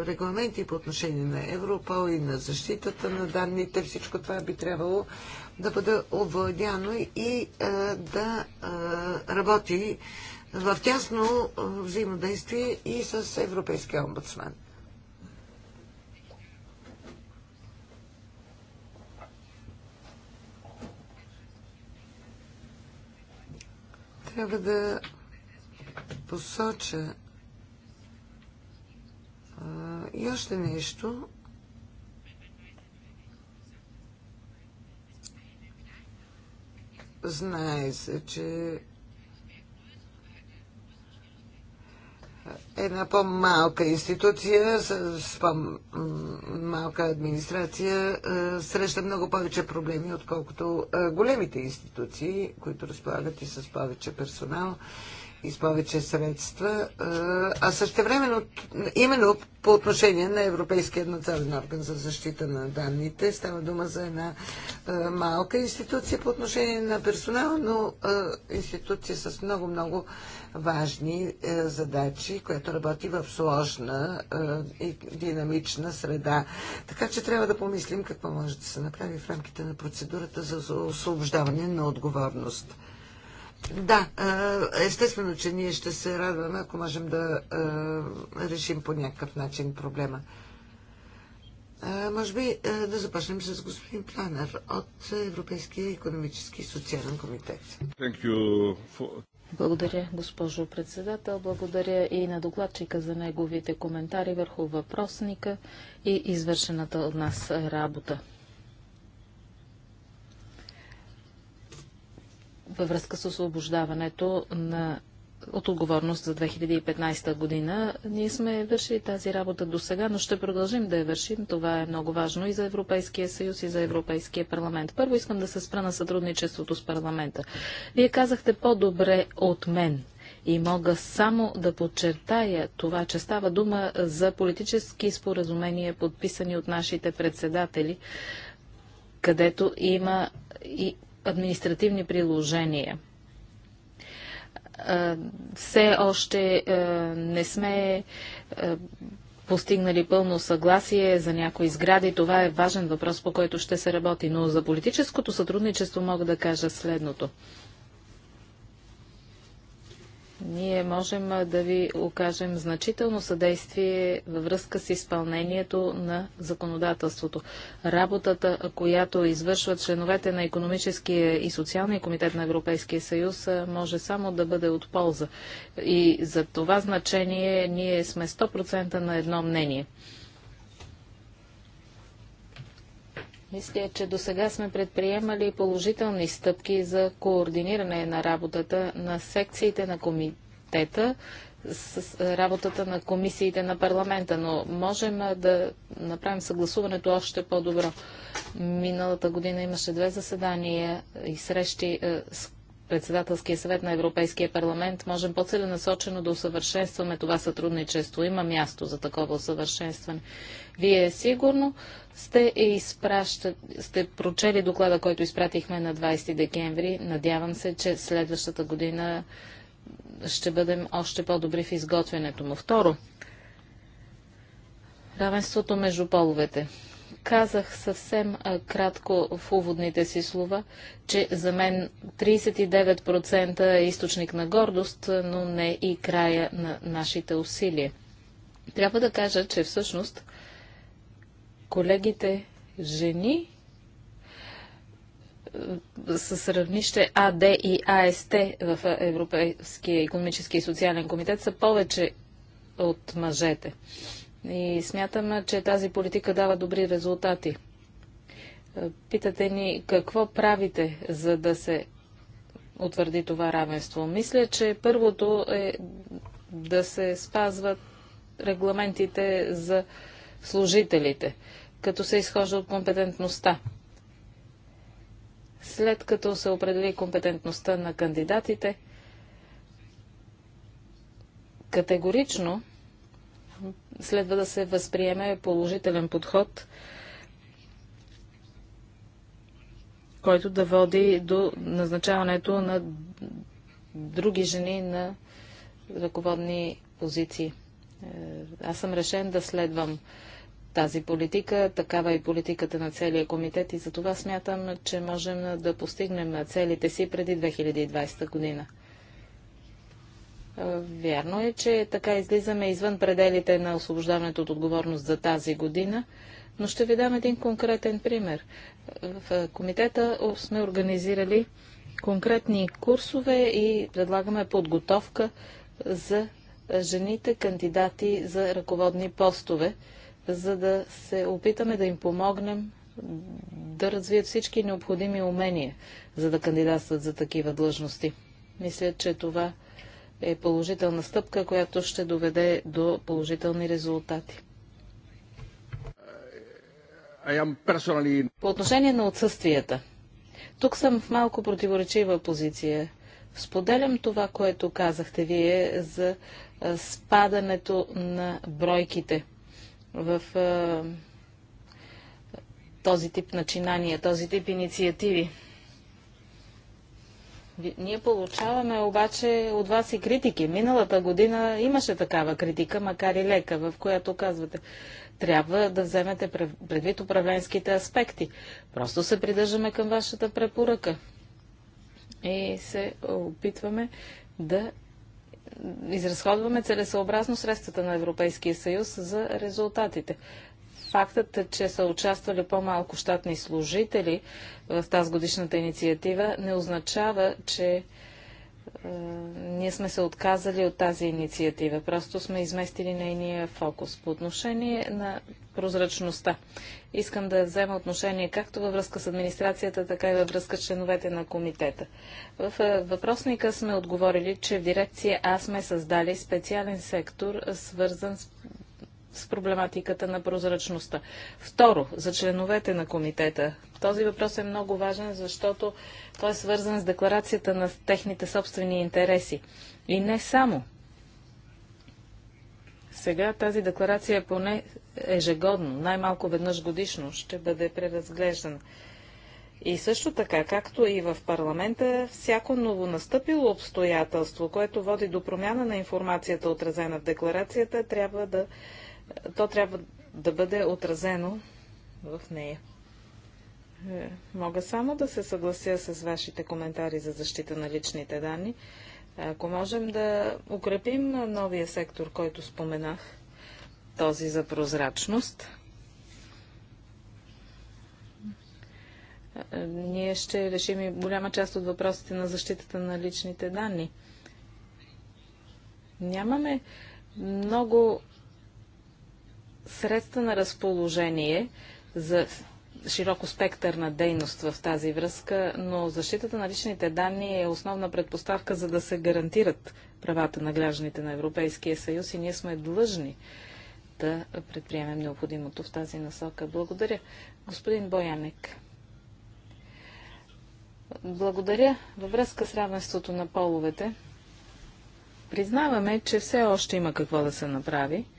[SPEAKER 2] регламенти по отношение на Европол и на защитата на данните. Всичко това би трябвало да бъде овладяно и е, да е, работи в тясно взаимодействие и с Европейския омбудсман. Трябва да посоча, и още нещо. Знае се, че една по-малка институция с, по-малка администрация среща много повече проблеми, отколкото големите институции, които разполагат и с повече персонал и с повече средства, а също времено, именно по отношение на Европейския национален орган за защита на данните, става дума за една малка институция по отношение на персонал, но институция с много-много важни задачи, която работи в сложна и динамична среда. Така че трябва да помислим какво може да се направи в рамките на процедурата за освобождаване на отговорност. Да, естествено, че ние ще се радваме, ако можем да решим по някакъв начин проблема. Може би да започнем с господин Планер от Европейския економически и социален комитет. For... Благодаря, госпожо председател. Благодаря и на
[SPEAKER 3] докладчика за неговите коментари върху въпросника и извършената от нас работа. във връзка с освобождаването на от отговорност за 2015 година. Ние сме вършили тази работа до сега, но ще продължим да я вършим. Това е много важно и за Европейския съюз, и за Европейския парламент. Първо искам да се спра на сътрудничеството с парламента. Вие казахте по-добре от мен. И мога само да подчертая това, че става дума за политически споразумения, подписани от нашите председатели, където има и административни приложения. Все още не сме постигнали пълно съгласие за някои сгради. Това е важен въпрос, по който ще се работи. Но за политическото сътрудничество мога да кажа следното. Ние можем да ви окажем значително съдействие във връзка с изпълнението на законодателството. Работата, която извършват членовете на економическия и социалния комитет на Европейския съюз, може само да бъде от полза. И за това значение ние сме 100% на едно мнение. Мисля, че до сега сме предприемали положителни стъпки за координиране на работата на секциите на комитета с е, работата на комисиите на парламента, но можем е, да направим съгласуването още по-добро. Миналата година имаше две заседания и срещи е, с председателския съвет на Европейския парламент можем по-целенасочено да усъвършенстваме това сътрудничество. Има място за такова усъвършенстване. Вие сигурно сте, изпраща... сте прочели доклада, който изпратихме на 20 декември. Надявам се, че следващата година ще бъдем още по-добри в изготвянето му. Второ, равенството между половете. Казах съвсем а, кратко в уводните си слова, че за мен 39% е източник на гордост, но не и края на нашите усилия. Трябва да кажа, че всъщност колегите жени с равнище АД и АСТ в Европейския економически и социален комитет са повече от мъжете. И смятаме, че тази политика дава добри резултати. Е, питате ни какво правите, за да се утвърди това равенство. Мисля, че първото е да се спазват регламентите за служителите, като се изхожда от компетентността. След като се определи компетентността на кандидатите, категорично следва да се възприеме положителен подход, който да води до назначаването на други жени на ръководни позиции. Е, аз съм решен да следвам тази политика, такава е и политиката на целия комитет и за това смятам, че можем да постигнем целите си преди 2020 година. Вярно е, че така излизаме извън пределите на освобождаването от отговорност за тази година, но ще ви дам един конкретен пример. В комитета сме организирали конкретни курсове и предлагаме подготовка за жените кандидати за ръководни постове, за да се опитаме да им помогнем да развият всички необходими умения, за да кандидатстват за такива длъжности. Мисля, че това е положителна стъпка, която ще доведе до положителни резултати.
[SPEAKER 1] Personally...
[SPEAKER 3] По отношение на отсъствията. Тук съм в малко противоречива позиция. Споделям това, което казахте вие за спадането на бройките в а, този тип начинания, този тип инициативи. Ние получаваме обаче от вас и критики. Миналата година имаше такава критика, макар и лека, в която казвате, трябва да вземете предвид управленските аспекти. Просто се придържаме към вашата препоръка. И се опитваме да изразходваме целесообразно средствата на Европейския съюз за резултатите фактът, че са участвали по-малко щатни служители в тази годишната инициатива, не означава, че е, ние сме се отказали от тази инициатива. Просто сме изместили нейния фокус. По отношение на прозрачността. Искам да взема отношение както във връзка с администрацията, така и във връзка с членовете на комитета. В е, въпросника сме отговорили, че в дирекция А сме създали специален сектор, свързан с с проблематиката на прозрачността. Второ, за членовете на комитета. Този въпрос е много важен, защото той е свързан с декларацията на техните собствени интереси. И не само. Сега тази декларация е поне ежегодно, най-малко веднъж годишно, ще бъде преразглеждана. И също така, както и в парламента, всяко новонастъпило обстоятелство, което води до промяна на информацията, отразена в декларацията, трябва да то трябва да бъде отразено в нея. Е, мога само да се съглася с вашите коментари за защита на личните данни. Ако можем да укрепим новия сектор, който споменах, този за прозрачност, е, ние ще решим и голяма част от въпросите на защитата на личните данни. Нямаме много средства на разположение за широко спектър на дейност в тази връзка, но защитата на личните данни е основна предпоставка за да се гарантират правата на гражданите на Европейския съюз и ние сме длъжни да предприемем необходимото в тази насока. Благодаря. Господин Боянек. Благодаря. Във връзка с равенството на половете, признаваме, че все още има какво да се направи –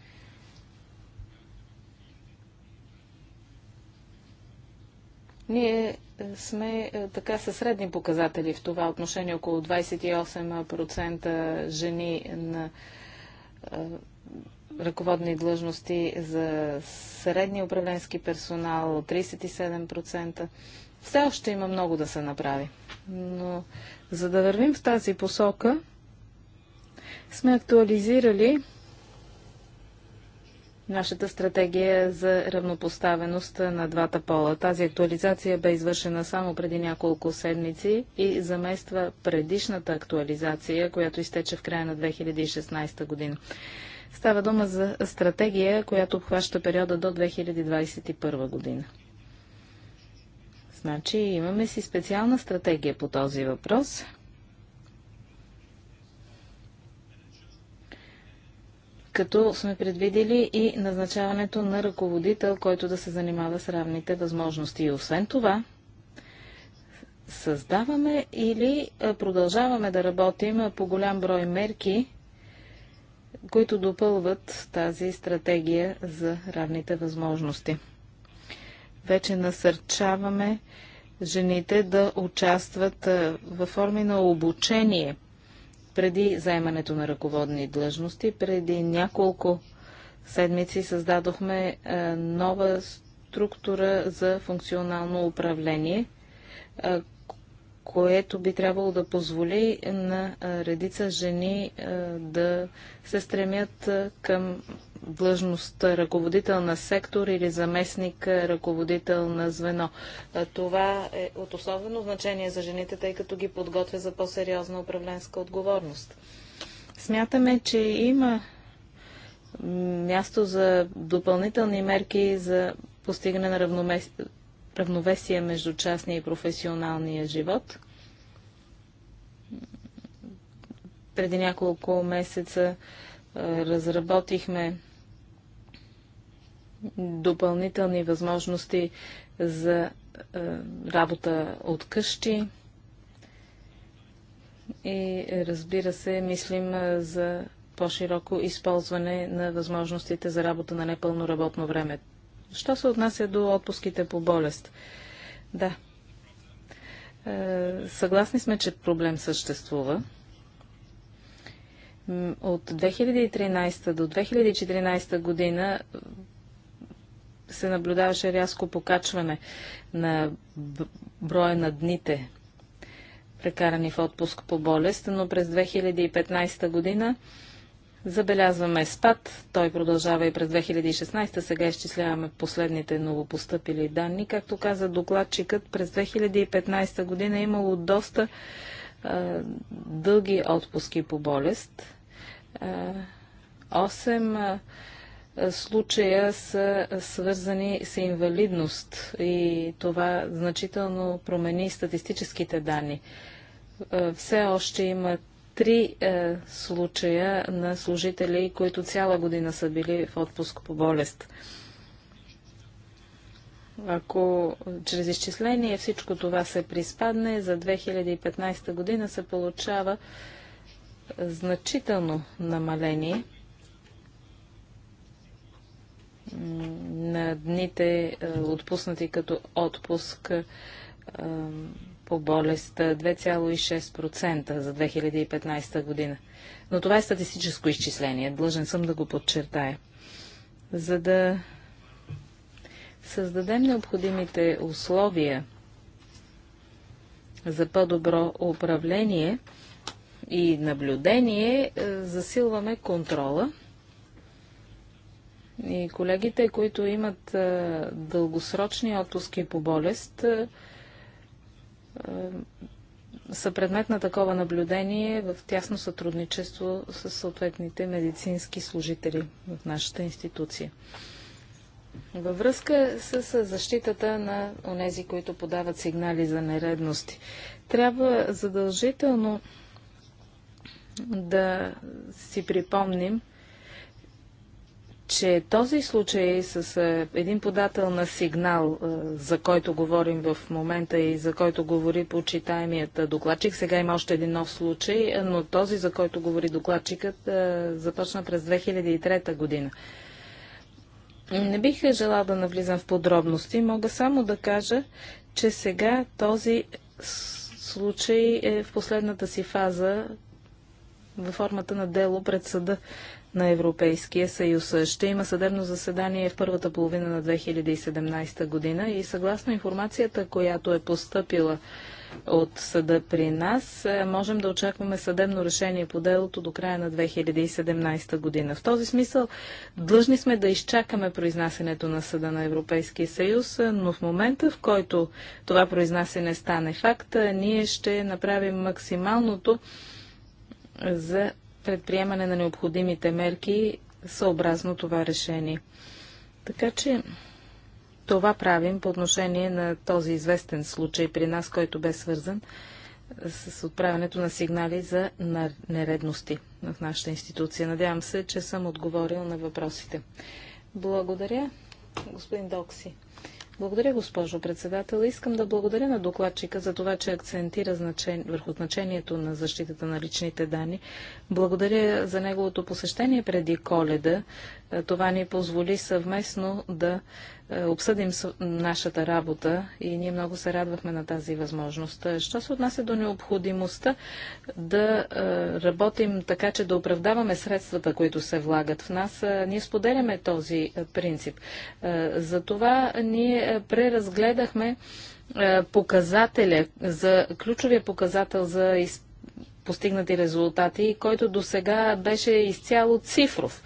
[SPEAKER 3] Ние е, сме е, така със средни показатели в това отношение, около 28% жени на е, ръководни длъжности за средния управленски персонал 37%. Все още има много да се направи. Но за да вървим в тази посока, сме актуализирали нашата стратегия е за равнопоставеност на двата пола. Тази актуализация бе извършена само преди няколко седмици и замества предишната актуализация, която изтече в края на 2016 година. Става дума за стратегия, която обхваща периода до 2021 година. Значи имаме си специална стратегия по този въпрос – като сме предвидели и назначаването на ръководител, който да се занимава с равните възможности. И освен това, създаваме или продължаваме да работим по голям брой мерки, които допълват тази стратегия за равните възможности. Вече насърчаваме жените да участват във форми на обучение преди заемането на ръководни длъжности. Преди няколко седмици създадохме е, нова структура за функционално управление, е, което би трябвало да позволи на е, редица жени да се стремят към Длъжност ръководител на сектор или заместник ръководител на звено. Това е от особено значение за жените, тъй като ги подготвя за по-сериозна управленска отговорност. Смятаме, че има място за допълнителни мерки за постигане на равномес... равновесие между частния и професионалния живот. Преди няколко месеца разработихме допълнителни възможности за е, работа от къщи. И разбира се, мислим е, за по-широко използване на възможностите за работа на непълно работно време. Що се отнася до отпуските по болест? Да. Е, съгласни сме, че проблем съществува. От 2013 до 2014 година се наблюдаваше рязко покачване на броя на дните, прекарани в отпуск по болест, но през 2015 година Забелязваме спад. Той продължава и през 2016. Сега изчисляваме последните новопостъпили данни. Както каза докладчикът, през 2015 година е имало доста а, дълги отпуски по болест. А, 8 а, случая са свързани с инвалидност и това значително промени статистическите данни. Е, все още има три е, случая на служители, които цяла година са били в отпуск по болест. Ако чрез изчисление всичко това се приспадне, за 2015 година се получава значително намаление на дните отпуснати като отпуск по болест 2,6% за 2015 година. Но това е статистическо изчисление, длъжен съм да го подчертая. За да създадем необходимите условия за по-добро управление и наблюдение, засилваме контрола – и колегите, които имат дългосрочни отпуски по болест, са предмет на такова наблюдение в тясно сътрудничество с съответните медицински служители в нашата институция. Във връзка с защитата на онези, които подават сигнали за нередности, трябва задължително да си припомним, че този случай с е, един подател на сигнал, е, за който говорим в момента и за който говори почитаемият е, докладчик, сега има още един нов случай, но този, за който говори докладчикът, започна през 2003 година. Не бих желал да навлизам в подробности, мога само да кажа, че сега този случай е в последната си фаза във формата на дело пред съда на Европейския съюз. Ще има съдебно заседание в първата половина на 2017 година и съгласно информацията, която е поступила от съда при нас, е, можем да очакваме съдебно решение по делото до края на 2017 година. В този смисъл, длъжни сме да изчакаме произнасенето на съда на Европейския съюз, е, но в момента, в който това произнасене стане факт, е, ние ще направим максималното за предприемане на необходимите мерки съобразно това решение. Така че това правим по отношение на този известен случай при нас, който бе свързан с отправянето на сигнали за нередности в нашата институция. Надявам се, че съм отговорил на въпросите. Благодаря, господин Докси. Благодаря, госпожо председател. Искам да благодаря на докладчика за това, че акцентира значен... върху значението на защитата на личните данни благодаря за неговото посещение преди коледа. Е, това ни позволи съвместно да е, обсъдим нашата работа и ние много се радвахме на тази възможност. Е, що се отнася до необходимостта да работим така, че да оправдаваме средствата, които се влагат в нас, ние споделяме този принцип. Затова ние преразгледахме показателя за ключовия показател за изпълнение постигнати резултати, който до сега беше изцяло цифров.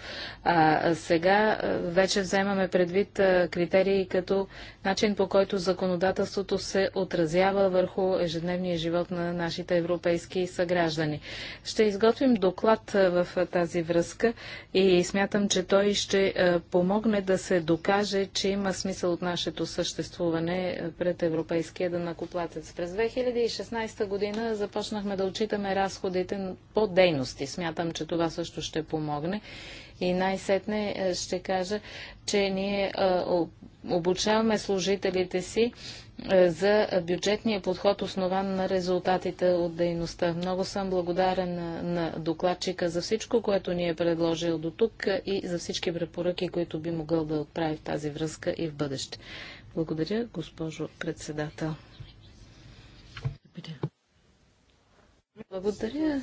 [SPEAKER 3] А сега вече вземаме предвид критерии като начин по който законодателството се отразява върху ежедневния живот на нашите европейски съграждани. Ще изготвим доклад в тази връзка и смятам, че той ще помогне да се докаже, че има смисъл от нашето съществуване пред европейския данакоплатец. През 2016 година започнахме да отчитаме разходите по дейности. Смятам, че това също ще помогне и най най-сетне е, ще кажа, че ние е, обучаваме служителите си е, за бюджетния подход, основан на резултатите от дейността. Много съм благодарен на, на докладчика за всичко, което ни е предложил до тук и за всички препоръки, които би могъл да отправи в тази връзка и в бъдеще. Благодаря, госпожо председател. Благодаря,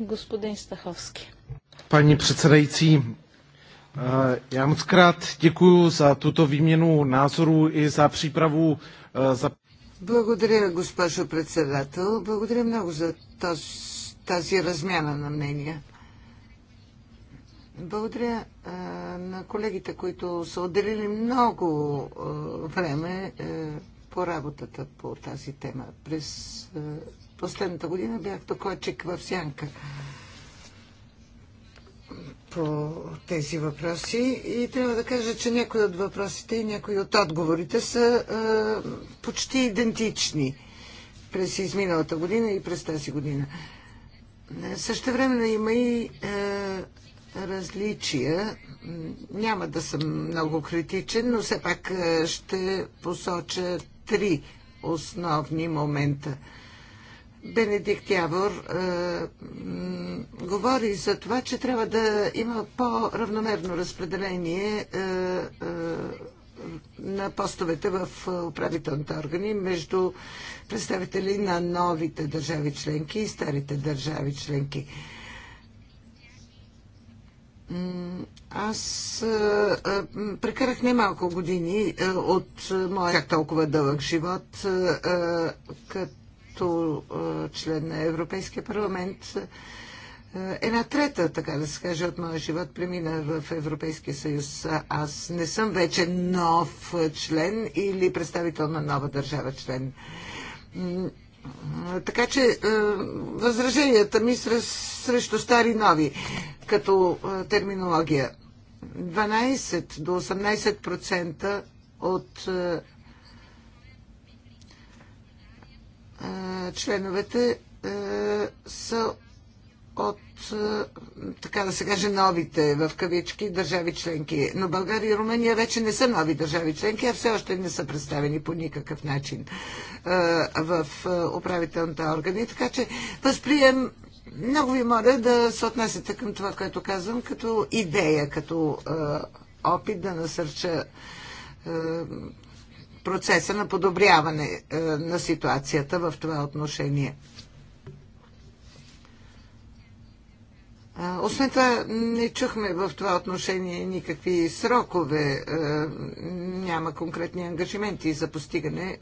[SPEAKER 3] господин Стаховски.
[SPEAKER 4] Paní předsedající, eh, já moc krát děkuji za tuto výměnu názorů i za přípravu eh, za... Благодаря, госпожо председател. Благодаря много за
[SPEAKER 2] този, тази размяна на мнения. Благодаря на колегите, които са отделили много време по работата по тази тема. През последната година бях чек в Сянка по тези въпроси и трябва да кажа, че някои от въпросите и някои от отговорите са а, е, почти идентични през изминалата година и през тази година. Също време има и а, е, различия. Няма да съм много критичен, но все пак е, ще посоча три основни момента. Бенедикт Явор е, говори за това, че трябва да има по-равномерно разпределение е, е, на постовете в управителните органи между представители на новите държави членки и старите държави членки. Аз а, е, е, прекарах немалко години а, е, от моя толкова дълъг живот а, като като член на Европейския парламент. Една трета, така да се каже, от моя живот премина в Европейския съюз. Аз не съм вече нов член или представител на нова държава член. Така че възраженията ми срещу стари нови като терминология. 12 до 18% от членовете са от, така да се каже, новите в кавички държави членки. Но България и Румъния вече не са нови държави членки, а все още не са представени по никакъв начин в управителните органи. Така че възприем много ви моля да се отнесете към това, което казвам, като идея, като опит да насърча процеса на подобряване е, на ситуацията в това отношение. Е, освен това, не чухме в това отношение никакви срокове, е, няма конкретни ангажименти за постигане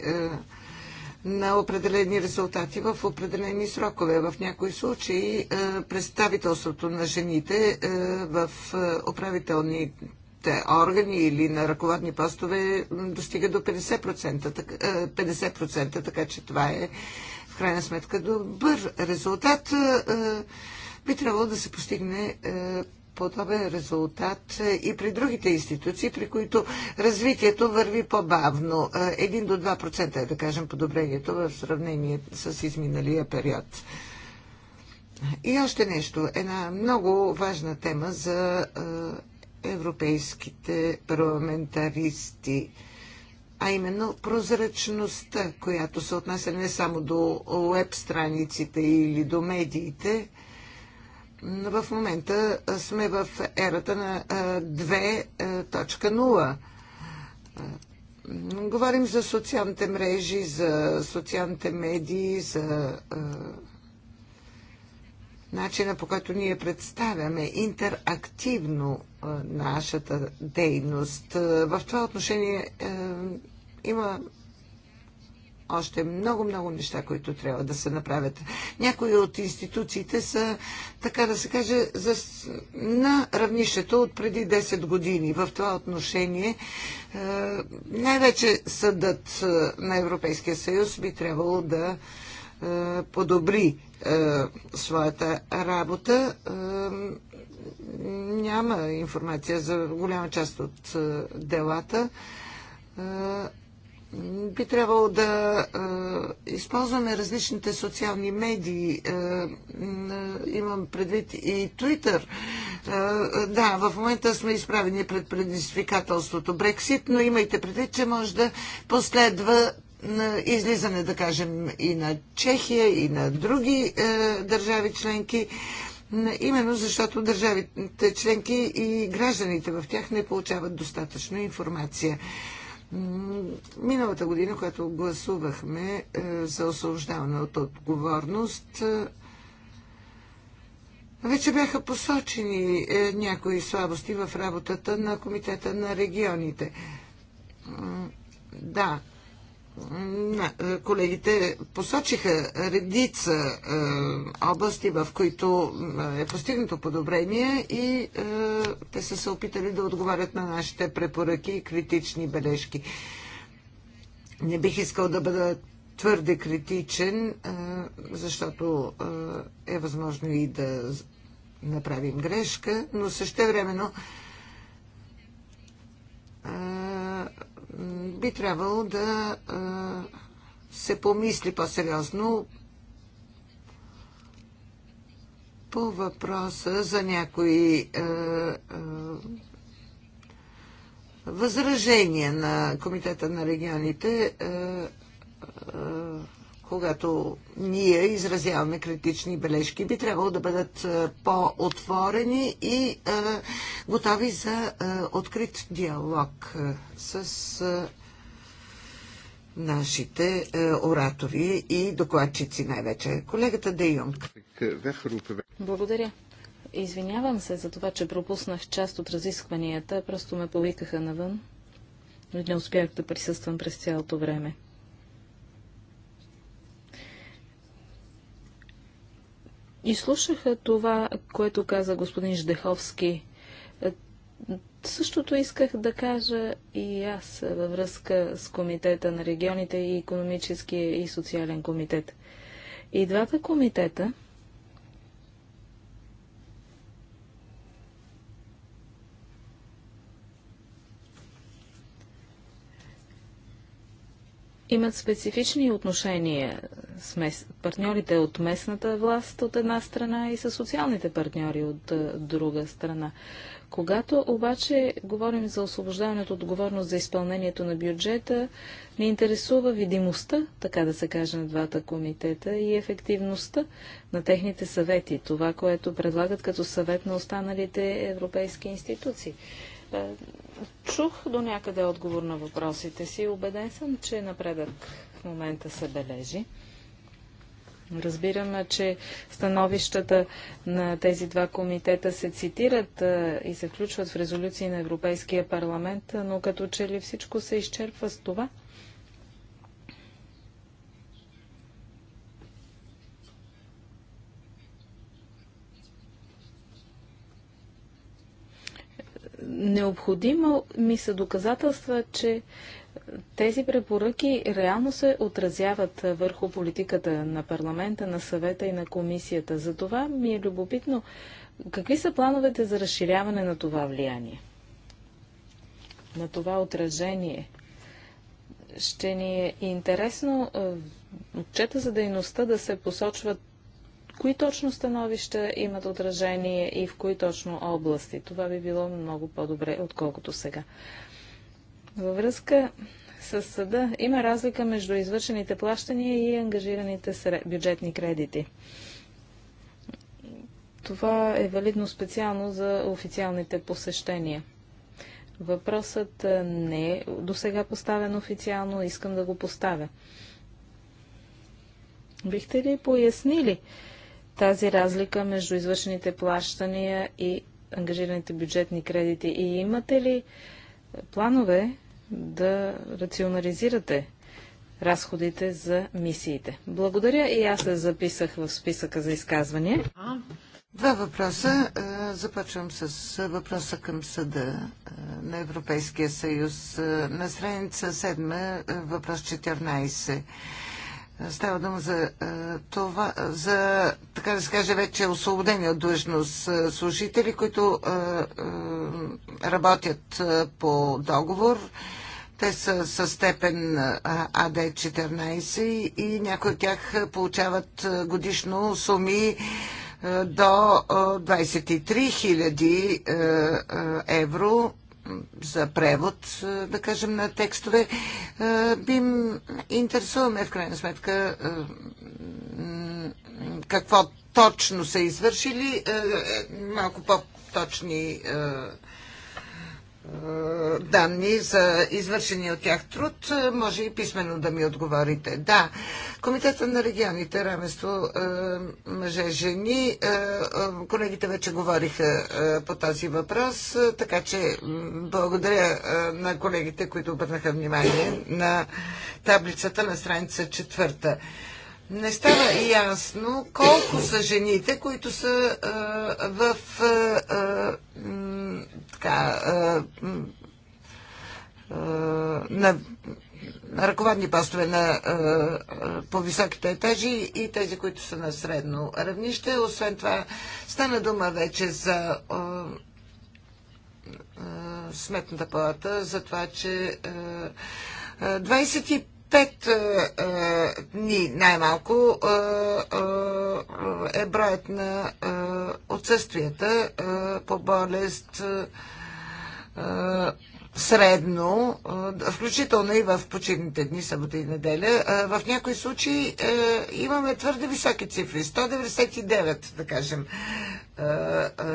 [SPEAKER 2] на определени резултати в определени срокове. В някои случаи представителството на жените в управителните органи или на ръководни постове достига до 50%, 50% е, така че това е в крайна сметка добър резултат. Е, е, би трябвало да се постигне подобен резултат и при другите институции, при които развитието върви по-бавно. 1 до 2% е, да кажем, подобрението в сравнение с изминалия период. И още нещо, една много важна тема за европейските парламентаристи, а именно прозрачността, която се отнася не само до веб страниците или до медиите. Но в момента сме в ерата на 2.0. Говорим за социалните мрежи, за социалните медии, за е, начина по който ние представяме интерактивно нашата дейност. В това отношение е, има още много-много неща, които трябва да се направят. Някои от институциите са, така да се каже, за, на равнището от преди 10 години. В това отношение е, най-вече съдът е, на Европейския съюз би трябвало да е, подобри е, своята работа. Е, няма информация за голяма част от делата. Би трябвало да използваме различните социални медии. Имам предвид и Twitter. Да, в момента сме изправени пред предизвикателството Брексит, но имайте предвид, че може да последва на излизане, да кажем, и на Чехия, и на други е, държави членки. Е, именно защото държавите членки и гражданите в тях не получават достатъчно информация. Миналата година, когато гласувахме е, за освобождаване от отговорност, е, вече бяха посочени е, някои слабости в работата на Комитета на регионите. Да, е, колегите посочиха редица е, области, в които е, е постигнато подобрение и те са се опитали да отговарят на нашите препоръки и критични бележки. Не бих искал да бъда твърде критичен, защото е възможно и да направим грешка, но също времено би трябвало да се помисли по-сериозно по въпроса за някои а, а, възражения на Комитета на регионите. А, а, когато ние изразяваме критични бележки, би трябвало да бъдат е, по-отворени и е, готови за е, открит диалог с нашите оратори и докладчици най-вече. Колегата Де Йонг.
[SPEAKER 3] Благодаря. Извинявам се за това, че пропуснах част от разискванията. Просто ме повикаха навън. Не успях да присъствам през цялото време. И слушаха това, което каза господин Ждеховски. Е, същото исках да кажа и аз във връзка с Комитета на регионите и Економическия и социален комитет. И двата комитета – имат специфични отношения с мес... партньорите от местната власт от една страна и с социалните партньори от друга страна. Когато обаче говорим за освобождаването от отговорност за изпълнението на бюджета, ни интересува видимостта, така да се каже, на двата комитета и ефективността на техните съвети, това, което предлагат като съвет на останалите европейски институции. Е, чух до някъде отговор на въпросите си. Обеден съм, че напредък в момента се бележи. Разбираме, че становищата на тези два комитета се цитират е, и се включват в резолюции на Европейския парламент, но като че ли всичко се изчерпва с това – Необходимо ми са доказателства, че тези препоръки реално се отразяват върху политиката на парламента, на съвета и на комисията. За това ми е любопитно какви са плановете за разширяване на това влияние, на това отражение. Ще ни е интересно е, отчета за дейността да се посочват кои точно становища имат отражение и в кои точно области. Това би било много по-добре, отколкото сега. Във връзка с съда има разлика между извършените плащания и ангажираните бюджетни кредити. Това е валидно специално за официалните посещения. Въпросът не е до сега поставен официално, искам да го поставя. Бихте ли пояснили тази разлика между извършените плащания и ангажираните бюджетни кредити? И имате ли планове да рационализирате разходите за мисиите? Благодаря и аз се записах в списъка за
[SPEAKER 2] изказвания. Два въпроса. Е, започвам с въпроса към съда е, на Европейския съюз. Е, на страница 7, въпрос 14. Става дума за е, това, за, така да се каже, вече освободени от длъжност е, служители, които е, работят по договор. Те са със степен АД-14 и някои от тях получават годишно суми до 23 000 евро за превод, е, да кажем, на текстове, е, би интересуваме в крайна сметка е, какво точно са извършили, малко по-точни е, данни за извършения от тях труд, е, може и писменно да ми отговорите. Да, Комитета на регионите, равенство е, мъже-жени, колегите вече говориха по този въпрос, така че благодаря на колегите, които обърнаха внимание на таблицата на страница четвърта не става ясно колко са жените, които са а, в а, така, а, а, на ръководни постове на, а, по високите етажи и тези, които са на средно равнище. Освен това, стана дума вече за а, а, сметната палата, за това, че а, 25 пет дни е, е, най-малко е, е броят на отсъствията по болест средно, включително и в почивните дни, събота и неделя. В някои случаи имаме твърде високи цифри, 199, да кажем,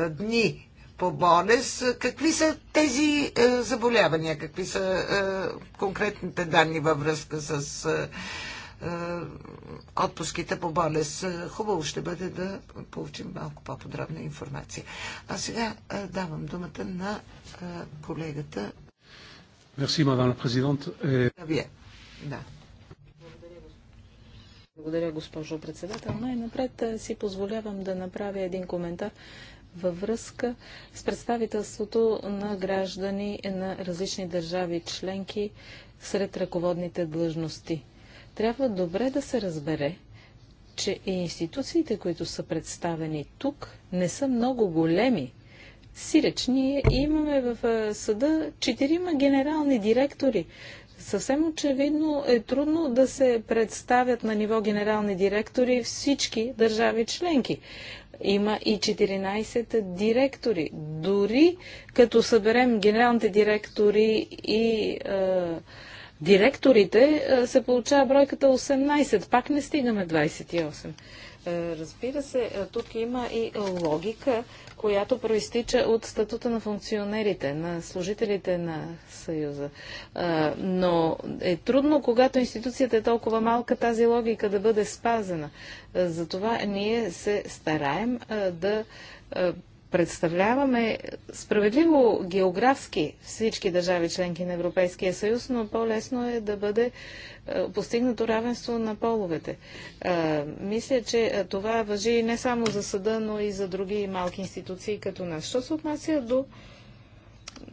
[SPEAKER 2] дни по болест. Какви са тези е, заболявания? Какви са е, конкретните данни във връзка с е, е, отпуските по болест? Хубаво ще бъде да получим малко по-подробна информация. А сега е, давам думата на е, колегата.
[SPEAKER 4] Мерси, мадам президент. Вие.
[SPEAKER 2] Да.
[SPEAKER 3] Благодаря, госпожо председател. Най-напред е, си позволявам да направя един коментар във връзка с представителството на граждани на различни държави членки сред ръководните длъжности. Трябва добре да се разбере, че и институциите, които са представени тук, не са много големи. Сиреч, ние имаме в съда четирима генерални директори. Съвсем очевидно е трудно да се представят на ниво генерални директори всички държави членки. Има и 14 директори. Дори като съберем генералните директори и е, директорите, е, се получава бройката 18. Пак не стигаме 28. Е, разбира се, е, тук има и логика, която проистича от статута на функционерите, на служителите на Съюза. Е, но е трудно, когато институцията е толкова малка, тази логика да бъде спазена. Затова ние се стараем да представляваме справедливо географски всички държави членки на Европейския съюз, но по-лесно е да бъде е, постигнато равенство на половете. Е, мисля, че е, това въжи не само за съда, но и за други малки институции като нас. Що се отнася до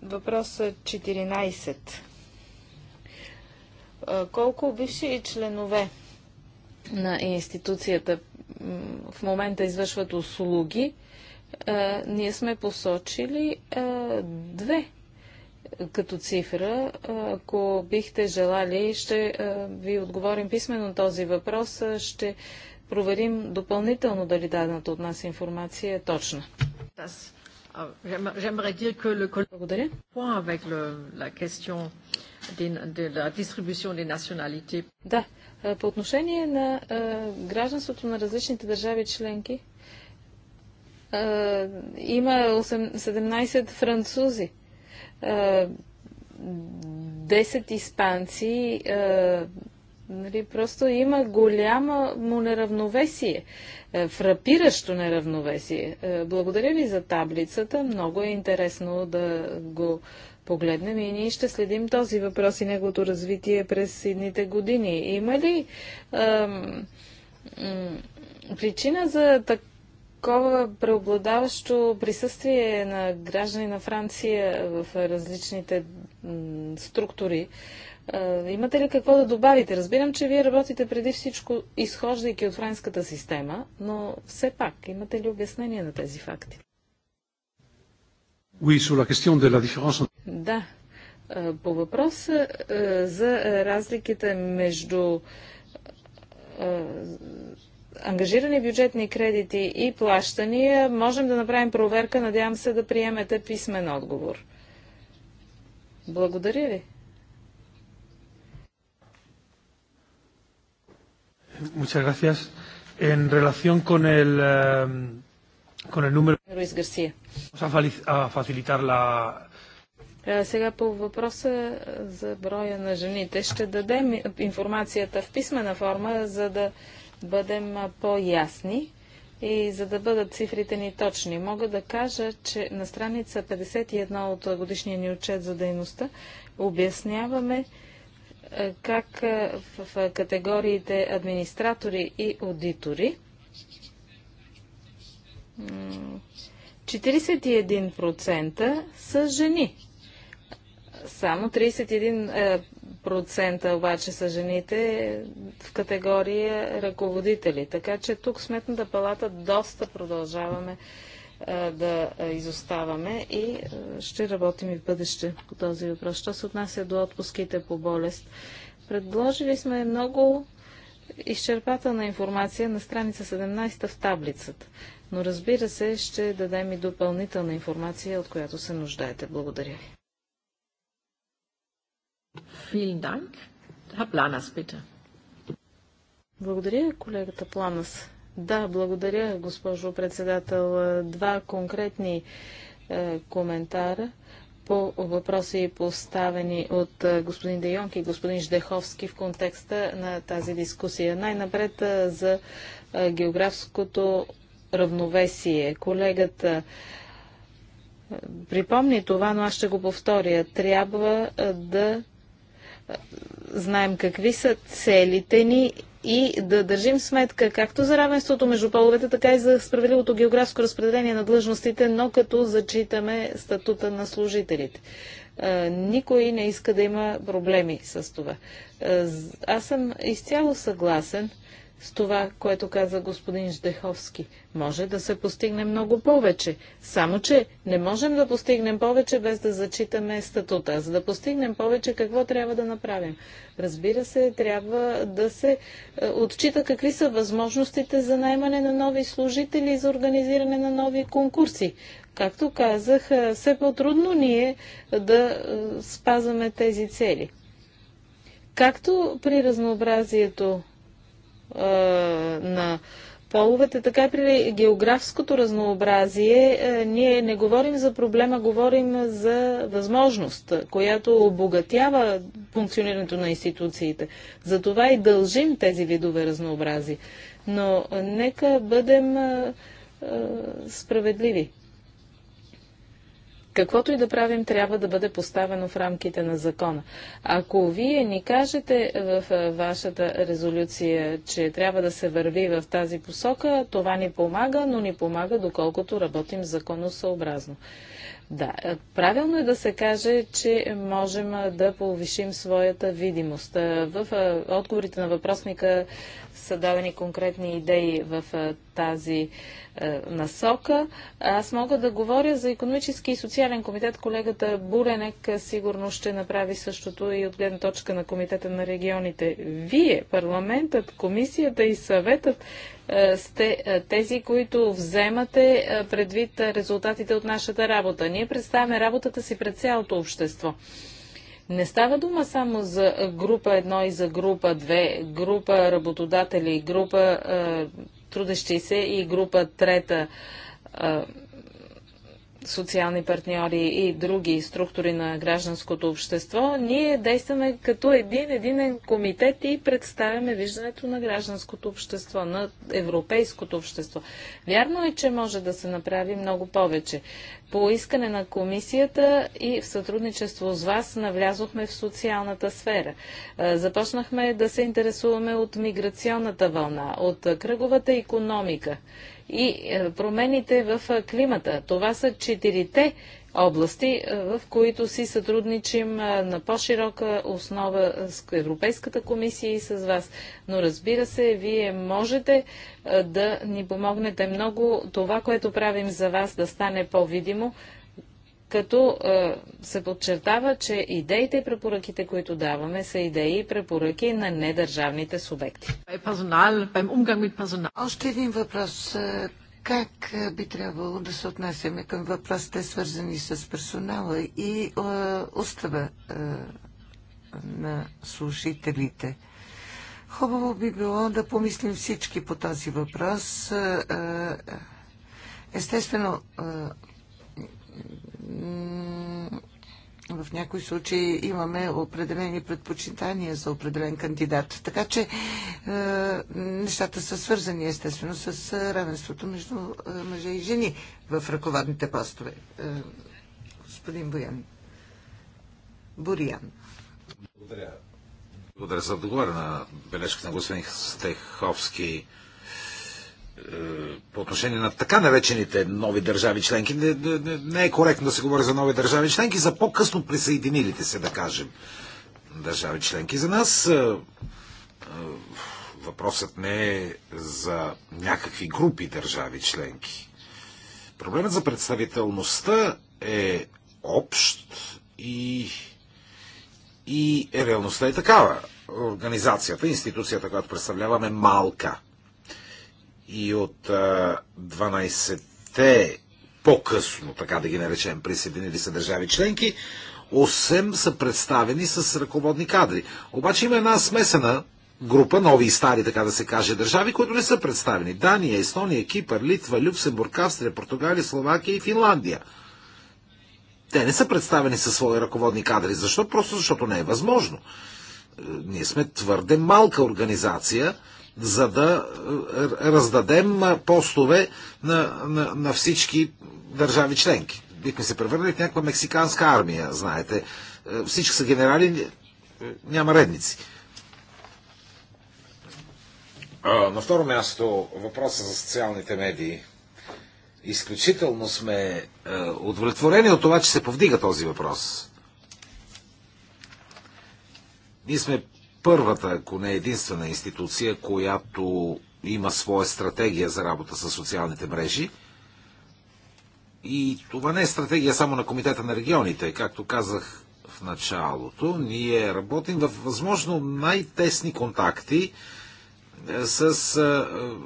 [SPEAKER 3] въпроса 14? Колко бивши членове на институцията в момента извършват услуги? ние сме посочили а, две като цифра. Ако бихте желали, ще а, ви отговорим писменно този въпрос. Ще проверим допълнително дали дадената от нас информация е точна. Благодаря. Да, по отношение на гражданството на различните държави членки, има 17 французи, 10 испанци, Нали, просто има голямо му неравновесие, фрапиращо неравновесие. Благодаря ви за таблицата. Много е интересно да го погледнем и ние ще следим този въпрос и неговото развитие през едните години. Има ли ам, ам, причина за така? такова преобладаващо присъствие на граждани на Франция в различните структури. Имате ли какво да добавите? Разбирам, че вие работите преди всичко, изхождайки от френската система, но все пак, имате ли обяснение на тези факти?
[SPEAKER 4] Oui, sur la question de la différence...
[SPEAKER 3] Да. По въпроса за разликите между ангажирани бюджетни кредити и плащания, можем да направим проверка. Надявам се да приемете писмен отговор. Благодаря ви.
[SPEAKER 4] Muchas gracias. En relación con el, con el número... Руис Гарсия. Vamos a facilitar la,
[SPEAKER 3] е, сега по въпроса за броя на жените ще дадем информацията в писмена форма, за да бъдем по-ясни и за да бъдат цифрите ни точни. Мога да кажа, че на страница 51 от годишния ни отчет за дейността обясняваме как в категориите администратори и аудитори 41% са жени. Само 31% процента обаче са жените в категория ръководители. Така че тук сметната палата доста продължаваме да изоставаме и ще работим и в бъдеще по този въпрос. Що се отнася до отпуските по болест? Предложили сме много изчерпателна информация на страница 17 в таблицата. Но разбира се, ще дадем и допълнителна информация, от която се нуждаете. Благодаря ви. Vielen Dank. Herr
[SPEAKER 1] Planas, bitte.
[SPEAKER 3] Благодаря, колегата Планас. Да, благодаря, госпожо председател. Два конкретни е, коментара по въпроси поставени от е, господин Де Йонг и господин Ждеховски в контекста на тази дискусия. Най-напред е, за е, географското равновесие. Колегата припомни това, но аз ще го повторя. Трябва да знаем какви са целите ни и да държим сметка както за равенството между половете, така и за справедливото географско разпределение на длъжностите, но като зачитаме статута на служителите. Никой не иска да има проблеми с това. Аз съм изцяло съгласен с това, което каза господин Ждеховски. Може да се постигне много повече. Само, че не можем да постигнем повече без да зачитаме статута. За да постигнем повече, какво трябва да направим? Разбира се, трябва да се е, отчита какви са възможностите за наймане на нови служители и за организиране на нови конкурси. Както казах, е, все по-трудно ни е да е, спазваме тези цели. Както при разнообразието а, на половете, така при географското разнообразие а, ние не говорим за проблема, говорим за възможност, която обогатява функционирането на институциите. Затова и дължим тези видове разнообразие. Но а, нека бъдем справедливи. Каквото и да правим, трябва да бъде поставено в рамките на закона. Ако вие ни кажете в вашата резолюция, че трябва да се върви в тази посока, това ни помага, но ни помага доколкото работим законосъобразно. Да, е, правилно е да се каже, че можем да повишим своята видимост. Е, в е, отговорите на въпросника са дадени конкретни идеи в тази насока. Аз мога да говоря за економически и социален комитет. Колегата Буренек сигурно ще направи същото и от гледна точка на комитета на регионите. Вие, парламентът, комисията и съветът е, сте е, тези, които вземате е, предвид резултатите от нашата работа. Ние представяме работата си пред цялото общество. Не става дума само за група 1 и за група 2, група работодатели, група трудещи се и група 3 социални партньори и други структури на гражданското общество, ние действаме като един единен комитет и представяме виждането на гражданското общество, на европейското общество. Вярно е, че може да се направи много повече. По искане на комисията и в сътрудничество с вас навлязохме в социалната сфера. Започнахме да се интересуваме от миграционната вълна, от кръговата економика и е, промените в е, климата. Това са четирите области, е, в които си сътрудничим на по-широка основа с Европейската комисия и с вас. Но разбира се, вие можете да ни помогнете много това, което правим за вас да стане по-видимо като е, се подчертава, че идеите и препоръките, които даваме, са идеи и препоръки на недържавните
[SPEAKER 2] субекти. Още един въпрос. Е, как е, би трябвало да се отнасяме към въпросите, свързани с персонала и е, устава е, на служителите? Хубаво би било да помислим всички по този въпрос. Е, естествено, в някои случаи имаме определени предпочитания за определен кандидат. Така че е, нещата са свързани естествено с равенството между е, мъже и жени в ръководните постове. Е, господин Боян. Бориян.
[SPEAKER 4] Благодаря. Благодаря за отговора на бележката на господин Стеховски. Е, по отношение на така наречените нови държави членки, не, не, не е коректно да се говори за нови държави членки, за по-късно присъединилите се, да кажем, държави членки. За нас е, е, въпросът не е за някакви групи държави членки. Проблемът за представителността е общ и, и е реалността е такава. Организацията, институцията, която представляваме, малка и от 12-те по-късно, така да ги наречем, присъединили се държави членки, 8 са представени с ръководни кадри. Обаче има една смесена група, нови и стари, така да се каже, държави, които не са представени. Дания, Естония, Кипър, Литва, Люксембург, Австрия, Португалия, Словакия и Финландия. Те не са представени със свои ръководни кадри. Защо? Просто защото не е възможно. Е, ние сме твърде малка организация, за да е, е, раздадем постове на, на, на всички държави членки. Бихме се превърнали в някаква мексиканска армия, знаете. Е, всички са генерали, няма редници. На второ място въпроса за социалните медии. Изключително сме удовлетворени от това, че се повдига този въпрос. Ние сме първата, ако не единствена институция, която има своя стратегия за работа с социалните мрежи. И това не е стратегия само на Комитета на регионите. Както казах в началото, ние работим в възможно най-тесни контакти е, с е,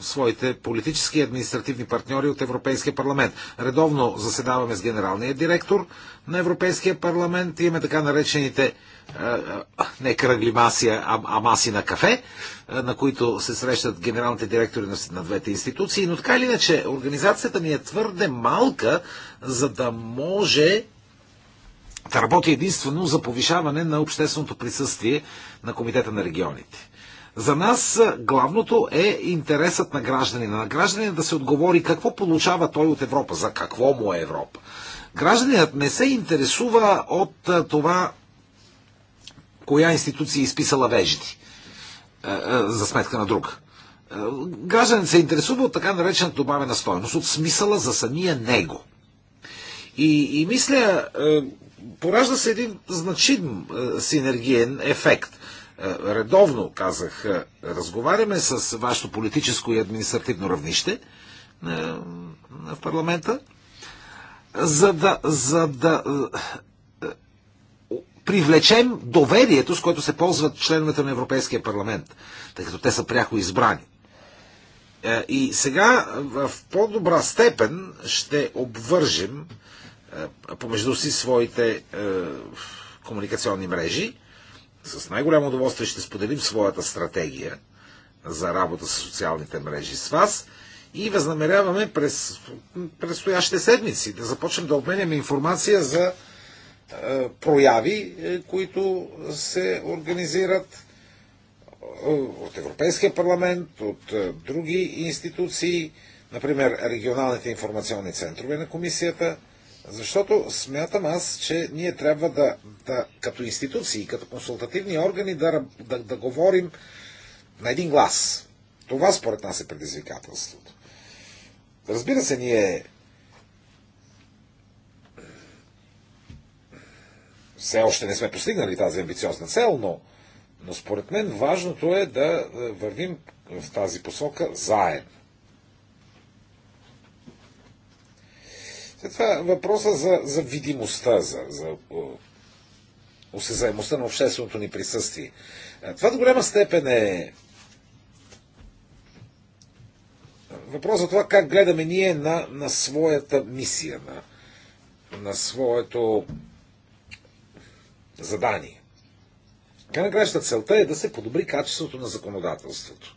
[SPEAKER 4] своите политически и административни партньори от Европейския парламент. Редовно заседаваме с генералния директор на Европейския парламент. Имаме така наречените не кръгли маси, а, а маси на кафе, на които се срещат генералните директори на, на двете институции. Но така или иначе, организацията ми е твърде малка, за да може да работи единствено за повишаване на общественото присъствие на Комитета на регионите. За нас главното е интересът на гражданина. На гражданина да се отговори какво получава той от Европа, за какво му е Европа. Гражданинът не се интересува от това коя институция е изписала вежди за сметка на друг. Гражданин се интересува от така наречената добавена стойност, от смисъла за самия него. И, и мисля, поражда се един значим синергиен ефект – е, редовно, казах, е, разговаряме с вашето политическо и административно равнище е, в парламента, за да, за да привлечем доверието, с което се ползват членовете на Европейския парламент, тъй като те са пряко избрани. И сега в по-добра степен ще обвържем помежду си своите комуникационни мрежи, с най-голямо удоволствие ще споделим своята стратегия за работа с социалните мрежи с вас и възнамеряваме през предстоящите седмици да започнем да обменяме информация за е, прояви, е, които се организират е, от Европейския парламент, от е, други институции, например регионалните информационни центрове на комисията – защото смятам аз, че ние трябва да, да като институции, като консултативни органи да, да, да говорим на един глас. Това според нас е предизвикателството. Разбира се, ние все още не сме постигнали тази амбициозна цел, но, но според мен важното е да е, вървим в тази посока заедно. Това е въпроса за, за видимостта, за, за осезаемостта на общественото ни присъствие. Това до голяма степен е въпрос за това как гледаме ние на, на своята мисия, на, на своето задание. Край на целта е да се подобри качеството на законодателството.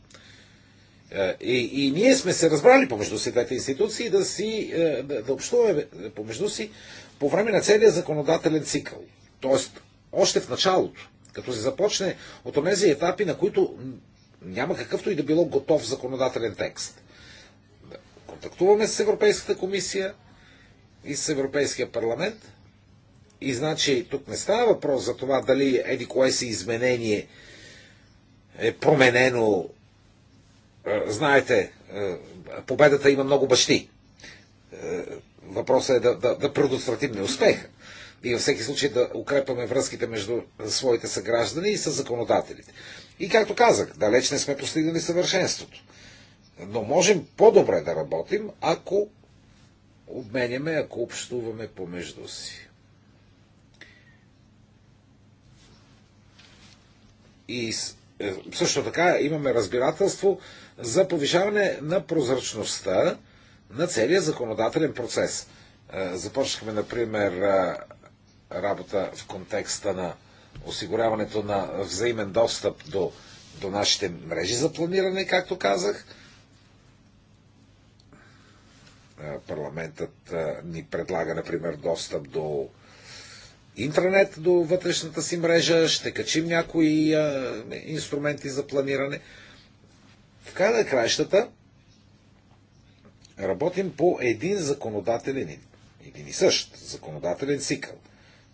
[SPEAKER 4] Е, и, и ние сме се разбрали помежду си двете институции да, си, е, да, да общуваме е, помежду си по време на целия законодателен цикъл. Тоест, още в началото, като се започне от тези етапи, на които няма какъвто и да било готов законодателен текст. Контактуваме с Европейската комисия и с Европейския парламент. И значи тук не става въпрос за това дали еди кое си изменение е променено е, знаете, е, победата има много бащи. Е, въпросът е да, да, да предотвратим неуспеха и във всеки случай да укрепваме връзките между своите съграждани и с законодателите. И както казах, далеч не сме постигнали съвършенството. Но можем по-добре да работим, ако обменяме, ако общуваме помежду си. И също така имаме разбирателство за повишаване на прозрачността на целия законодателен процес. Е, започнахме, например, е, работа в контекста на осигуряването на взаимен достъп до, до нашите мрежи за планиране, както казах. Е, парламентът ни предлага, например, достъп до интернет, до вътрешната си мрежа. Ще качим някои инструменти за планиране. В край на краищата работим по един законодателен, един и същ законодателен цикъл.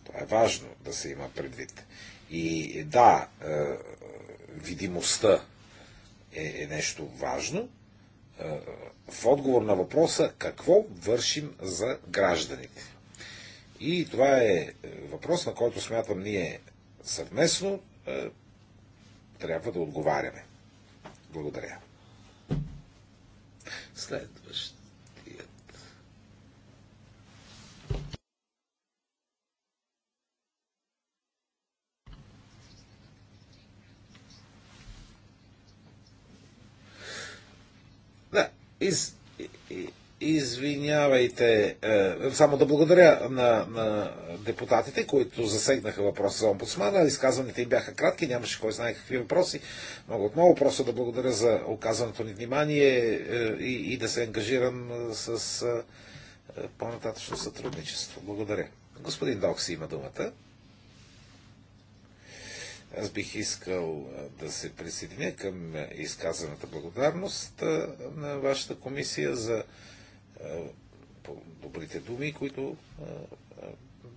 [SPEAKER 4] Това е важно да се има предвид. И да, е, видимостта е, е нещо важно. Е, в отговор на въпроса какво вършим за гражданите. И това е, е въпрос, на който смятам ние съвместно трябва да отговаряме. Благодаря следващ. is Извинявайте, е, само да благодаря на, на депутатите, които засегнаха въпроса за омбудсмана. Изказваните им бяха кратки, нямаше кой знае какви въпроси. Много отново просто да благодаря за оказаното ни внимание е, и, и да се ангажирам е, с по-нататъчно сътрудничество. Благодаря. Господин Докси има думата. Аз бих искал да се присъединя към изказаната благодарност на вашата комисия за по добрите думи, които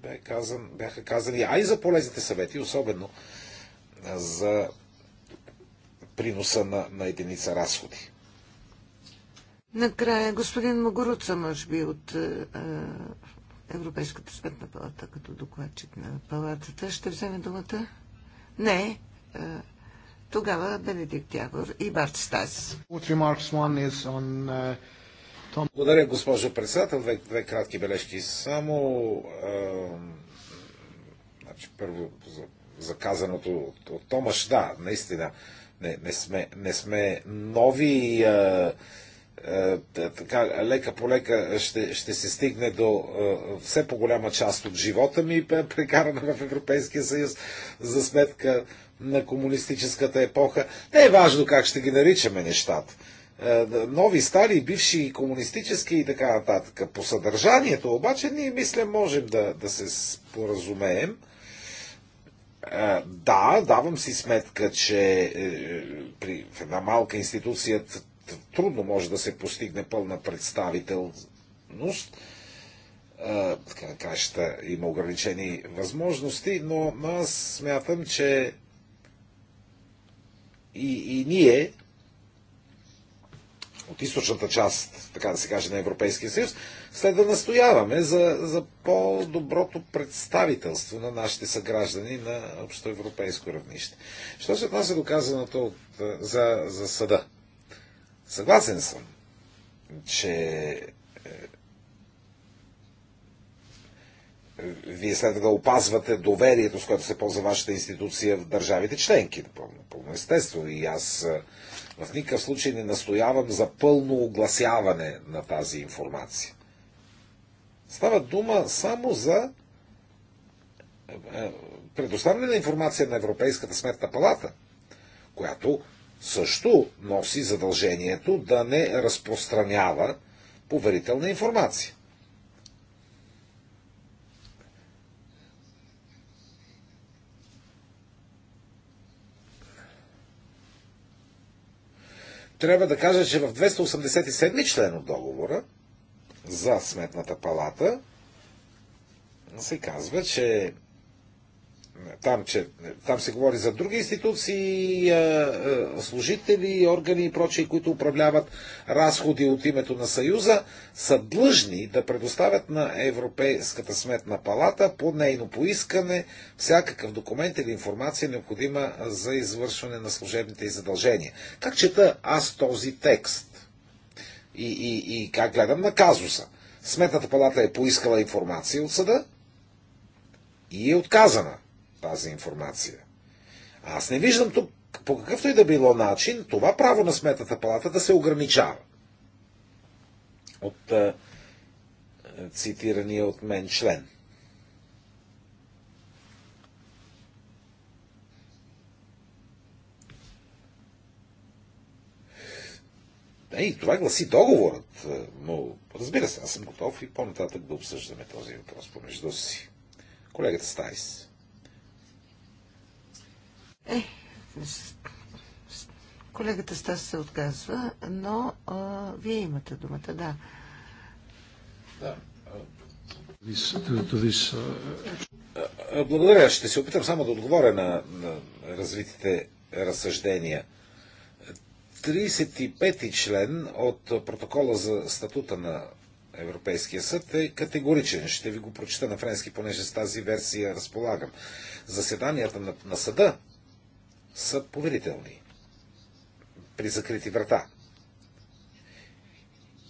[SPEAKER 4] бе казан, бяха казани, а и за полезните съвети, особено за приноса на, на единица разходи.
[SPEAKER 2] Накрая господин Могоруца, може би, от е, Европейската сметна палата, като докладчик на палатата, ще вземе думата? Не. Е, тогава Бенедикт Явор
[SPEAKER 4] и Барт Стас. Благодаря, госпожо председател. Две, две кратки бележки. Само а, значи, първо за, за казаното от, от Томаш, да, наистина не, не, сме, не сме нови. а, така, лека по лека ще, ще се стигне до а, все по-голяма част от живота ми, прекарана в Европейския съюз, за сметка на комунистическата епоха. Не е важно как ще ги наричаме нещата. Е, нови, стари, бивши, комунистически и така нататък. По съдържанието обаче ние мисля можем да, да се споразумеем. Е, да, давам си сметка, че е, при, в една малка институция трудно може да се постигне пълна представителност. Така да кажа, има ограничени възможности, но аз смятам, че и, и ние, от източната част, така да се каже, на Европейския съюз, след да настояваме за, за по-доброто представителство на нашите съграждани на общоевропейско равнище. Що се отнася до казаното от, за, за съда? Съгласен съм, че е, вие следва да опазвате доверието, с което се ползва вашата институция в държавите членки. Напълно, естествено. И аз е, в никакъв случай не настоявам за пълно огласяване на тази информация. Става дума само за е, предоставяне на информация на Европейската сметна палата, която също носи задължението да не разпространява поверителна информация. трябва да кажа, че в 287 член от договора за Сметната палата се казва, че там, че, там се говори за други институции, служители, органи и прочие, които управляват разходи от името на Съюза, са длъжни да предоставят на Европейската сметна палата по нейно поискане всякакъв документ или информация необходима за извършване на служебните и задължения. Как чета аз този текст? И, и, и как гледам на казуса? Сметната палата е поискала информация от съда и е отказана тази информация. А аз не виждам тук по какъвто и да било начин това право на сметната палата да се ограничава. От цитирания от мен член. Е, и това гласи договорът, но разбира се, аз съм готов и по-нататък да обсъждаме този въпрос помежду си. Колегата Стайс.
[SPEAKER 2] Е, колегата Стас се отказва, но а, вие имате думата, да.
[SPEAKER 4] Да. Благодаря. Ще се опитам само да отговоря на, на развитите разсъждения. 35-ти член от протокола за статута на Европейския съд е категоричен. Ще ви го прочита на френски, понеже с тази версия разполагам. Заседанията на, на съда са поверителни. При закрити врата.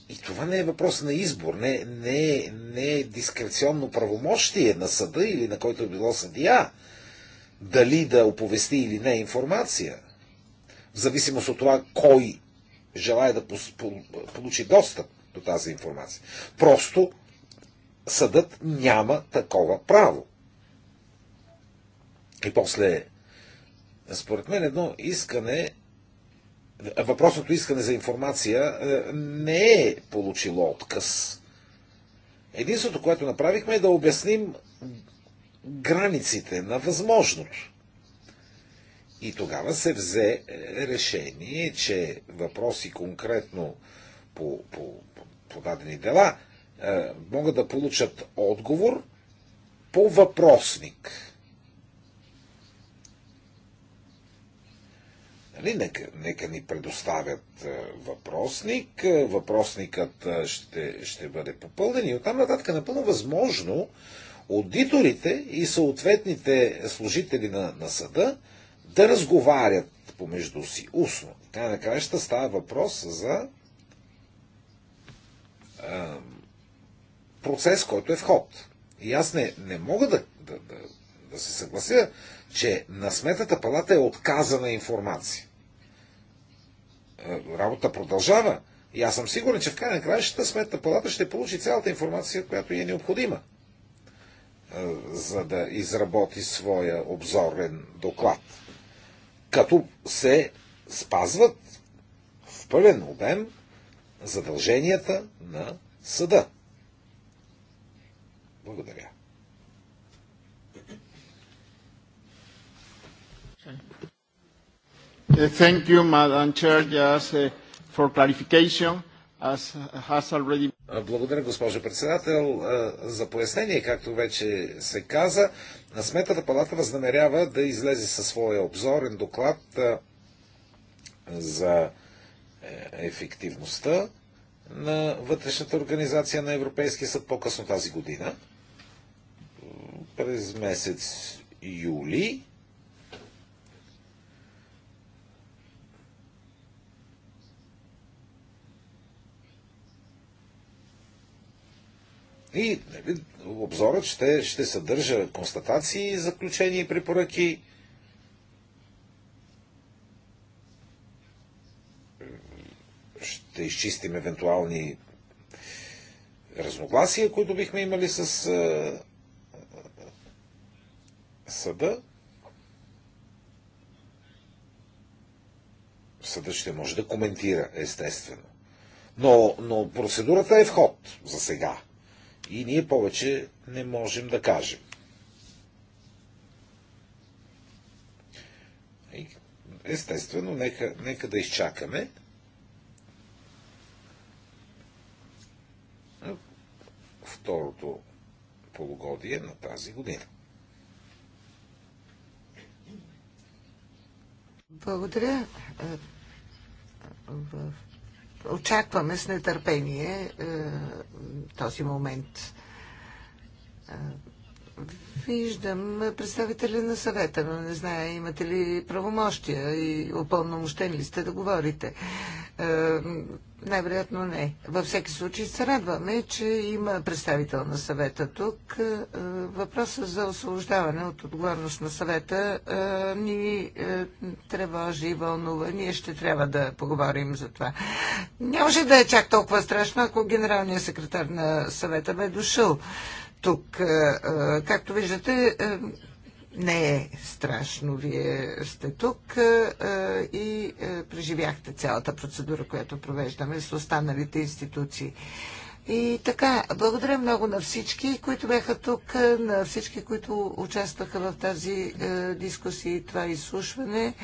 [SPEAKER 4] И това не е въпрос на избор, не, не, не е дискреционно правомощие на съда или на който е било съдия, дали да оповести или не информация. В зависимост от това кой желая да получи достъп до тази информация. Просто съдът няма такова право. И после според мен едно искане, въпросното искане за информация е, не е получило отказ. Единството, което направихме е да обясним границите на възможното. И тогава се взе решение, че въпроси конкретно по, по, по дадени дела е, могат да получат отговор по въпросник. Нали, нека, нека ни предоставят е, въпросник. Е, въпросникът е, ще, ще бъде попълнен и оттам нататък напълно възможно аудиторите и съответните служители на, на съда да разговарят помежду си устно. Така на краща става въпрос за а, процес, който е в ход. И аз не, не мога да, да, да, да се съглася, че на сметната палата е отказана информация. Е, работа продължава. И аз съм сигурен, че в край на краищата Сметна палата ще получи цялата информация, която е необходима, е, за да изработи своя обзорен доклад. Като се спазват в пълен обем задълженията на съда. Благодаря. Uh,
[SPEAKER 1] thank
[SPEAKER 3] you, Madam Chair. Just uh, for clarification,
[SPEAKER 4] as has already... Uh, благодаря, госпожо председател. За пояснение, както вече се каза, сметата палата възнамерява да излезе със своя обзорен доклад за ефективността на вътрешната организация на Европейския съд по-късно тази година, през месец юли И нали, обзорът ще, ще съдържа констатации, заключения и препоръки. Ще изчистим евентуални разногласия, които бихме имали с а, съда. ще може да коментира, естествено. Но, но процедурата е в ход за сега. И ние повече не можем да кажем. Естествено, нека, нека да изчакаме. Второто полугодие на тази година.
[SPEAKER 2] Благодаря. Е, в очакваме с нетърпение е, този момент. Е, виждам представителя на съвета, но не знае, имате ли правомощия и упълномощен ли сте да говорите. Е, най-вероятно не. Във всеки случай се радваме, че има представител на съвета тук. Е, е, Въпросът за освобождаване от отговорност на съвета ни тревожи и вълнува. Ние ще трябва да поговорим за това. Нямаше да е чак толкова страшно, ако генералният секретар на съвета бе дошъл тук. Както виждате, не е страшно. Вие сте тук а, и а, преживяхте цялата процедура, която провеждаме с останалите институции. И така, благодаря много на всички, които бяха тук, на всички, които участваха в тази е, дискусия и това изслушване.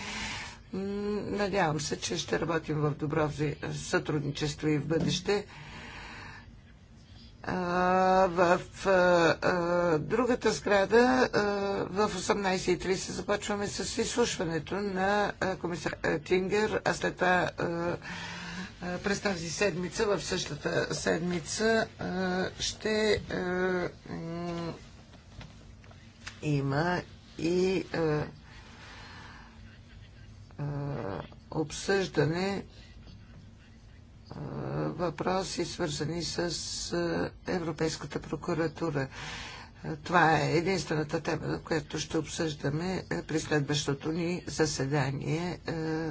[SPEAKER 2] Надявам се, че ще работим в добро сътрудничество и в бъдеще в другата сграда в 18.30 започваме с изслушването на комисар Тингер, а след това през тази седмица, в същата седмица ще има и обсъждане въпроси, свързани с Европейската прокуратура. Това е единствената тема, която ще обсъждаме е, при следващото ни заседание. Е.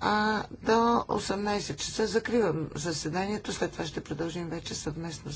[SPEAKER 2] А до 18 часа закривам заседанието, след това ще продължим вече съвместно.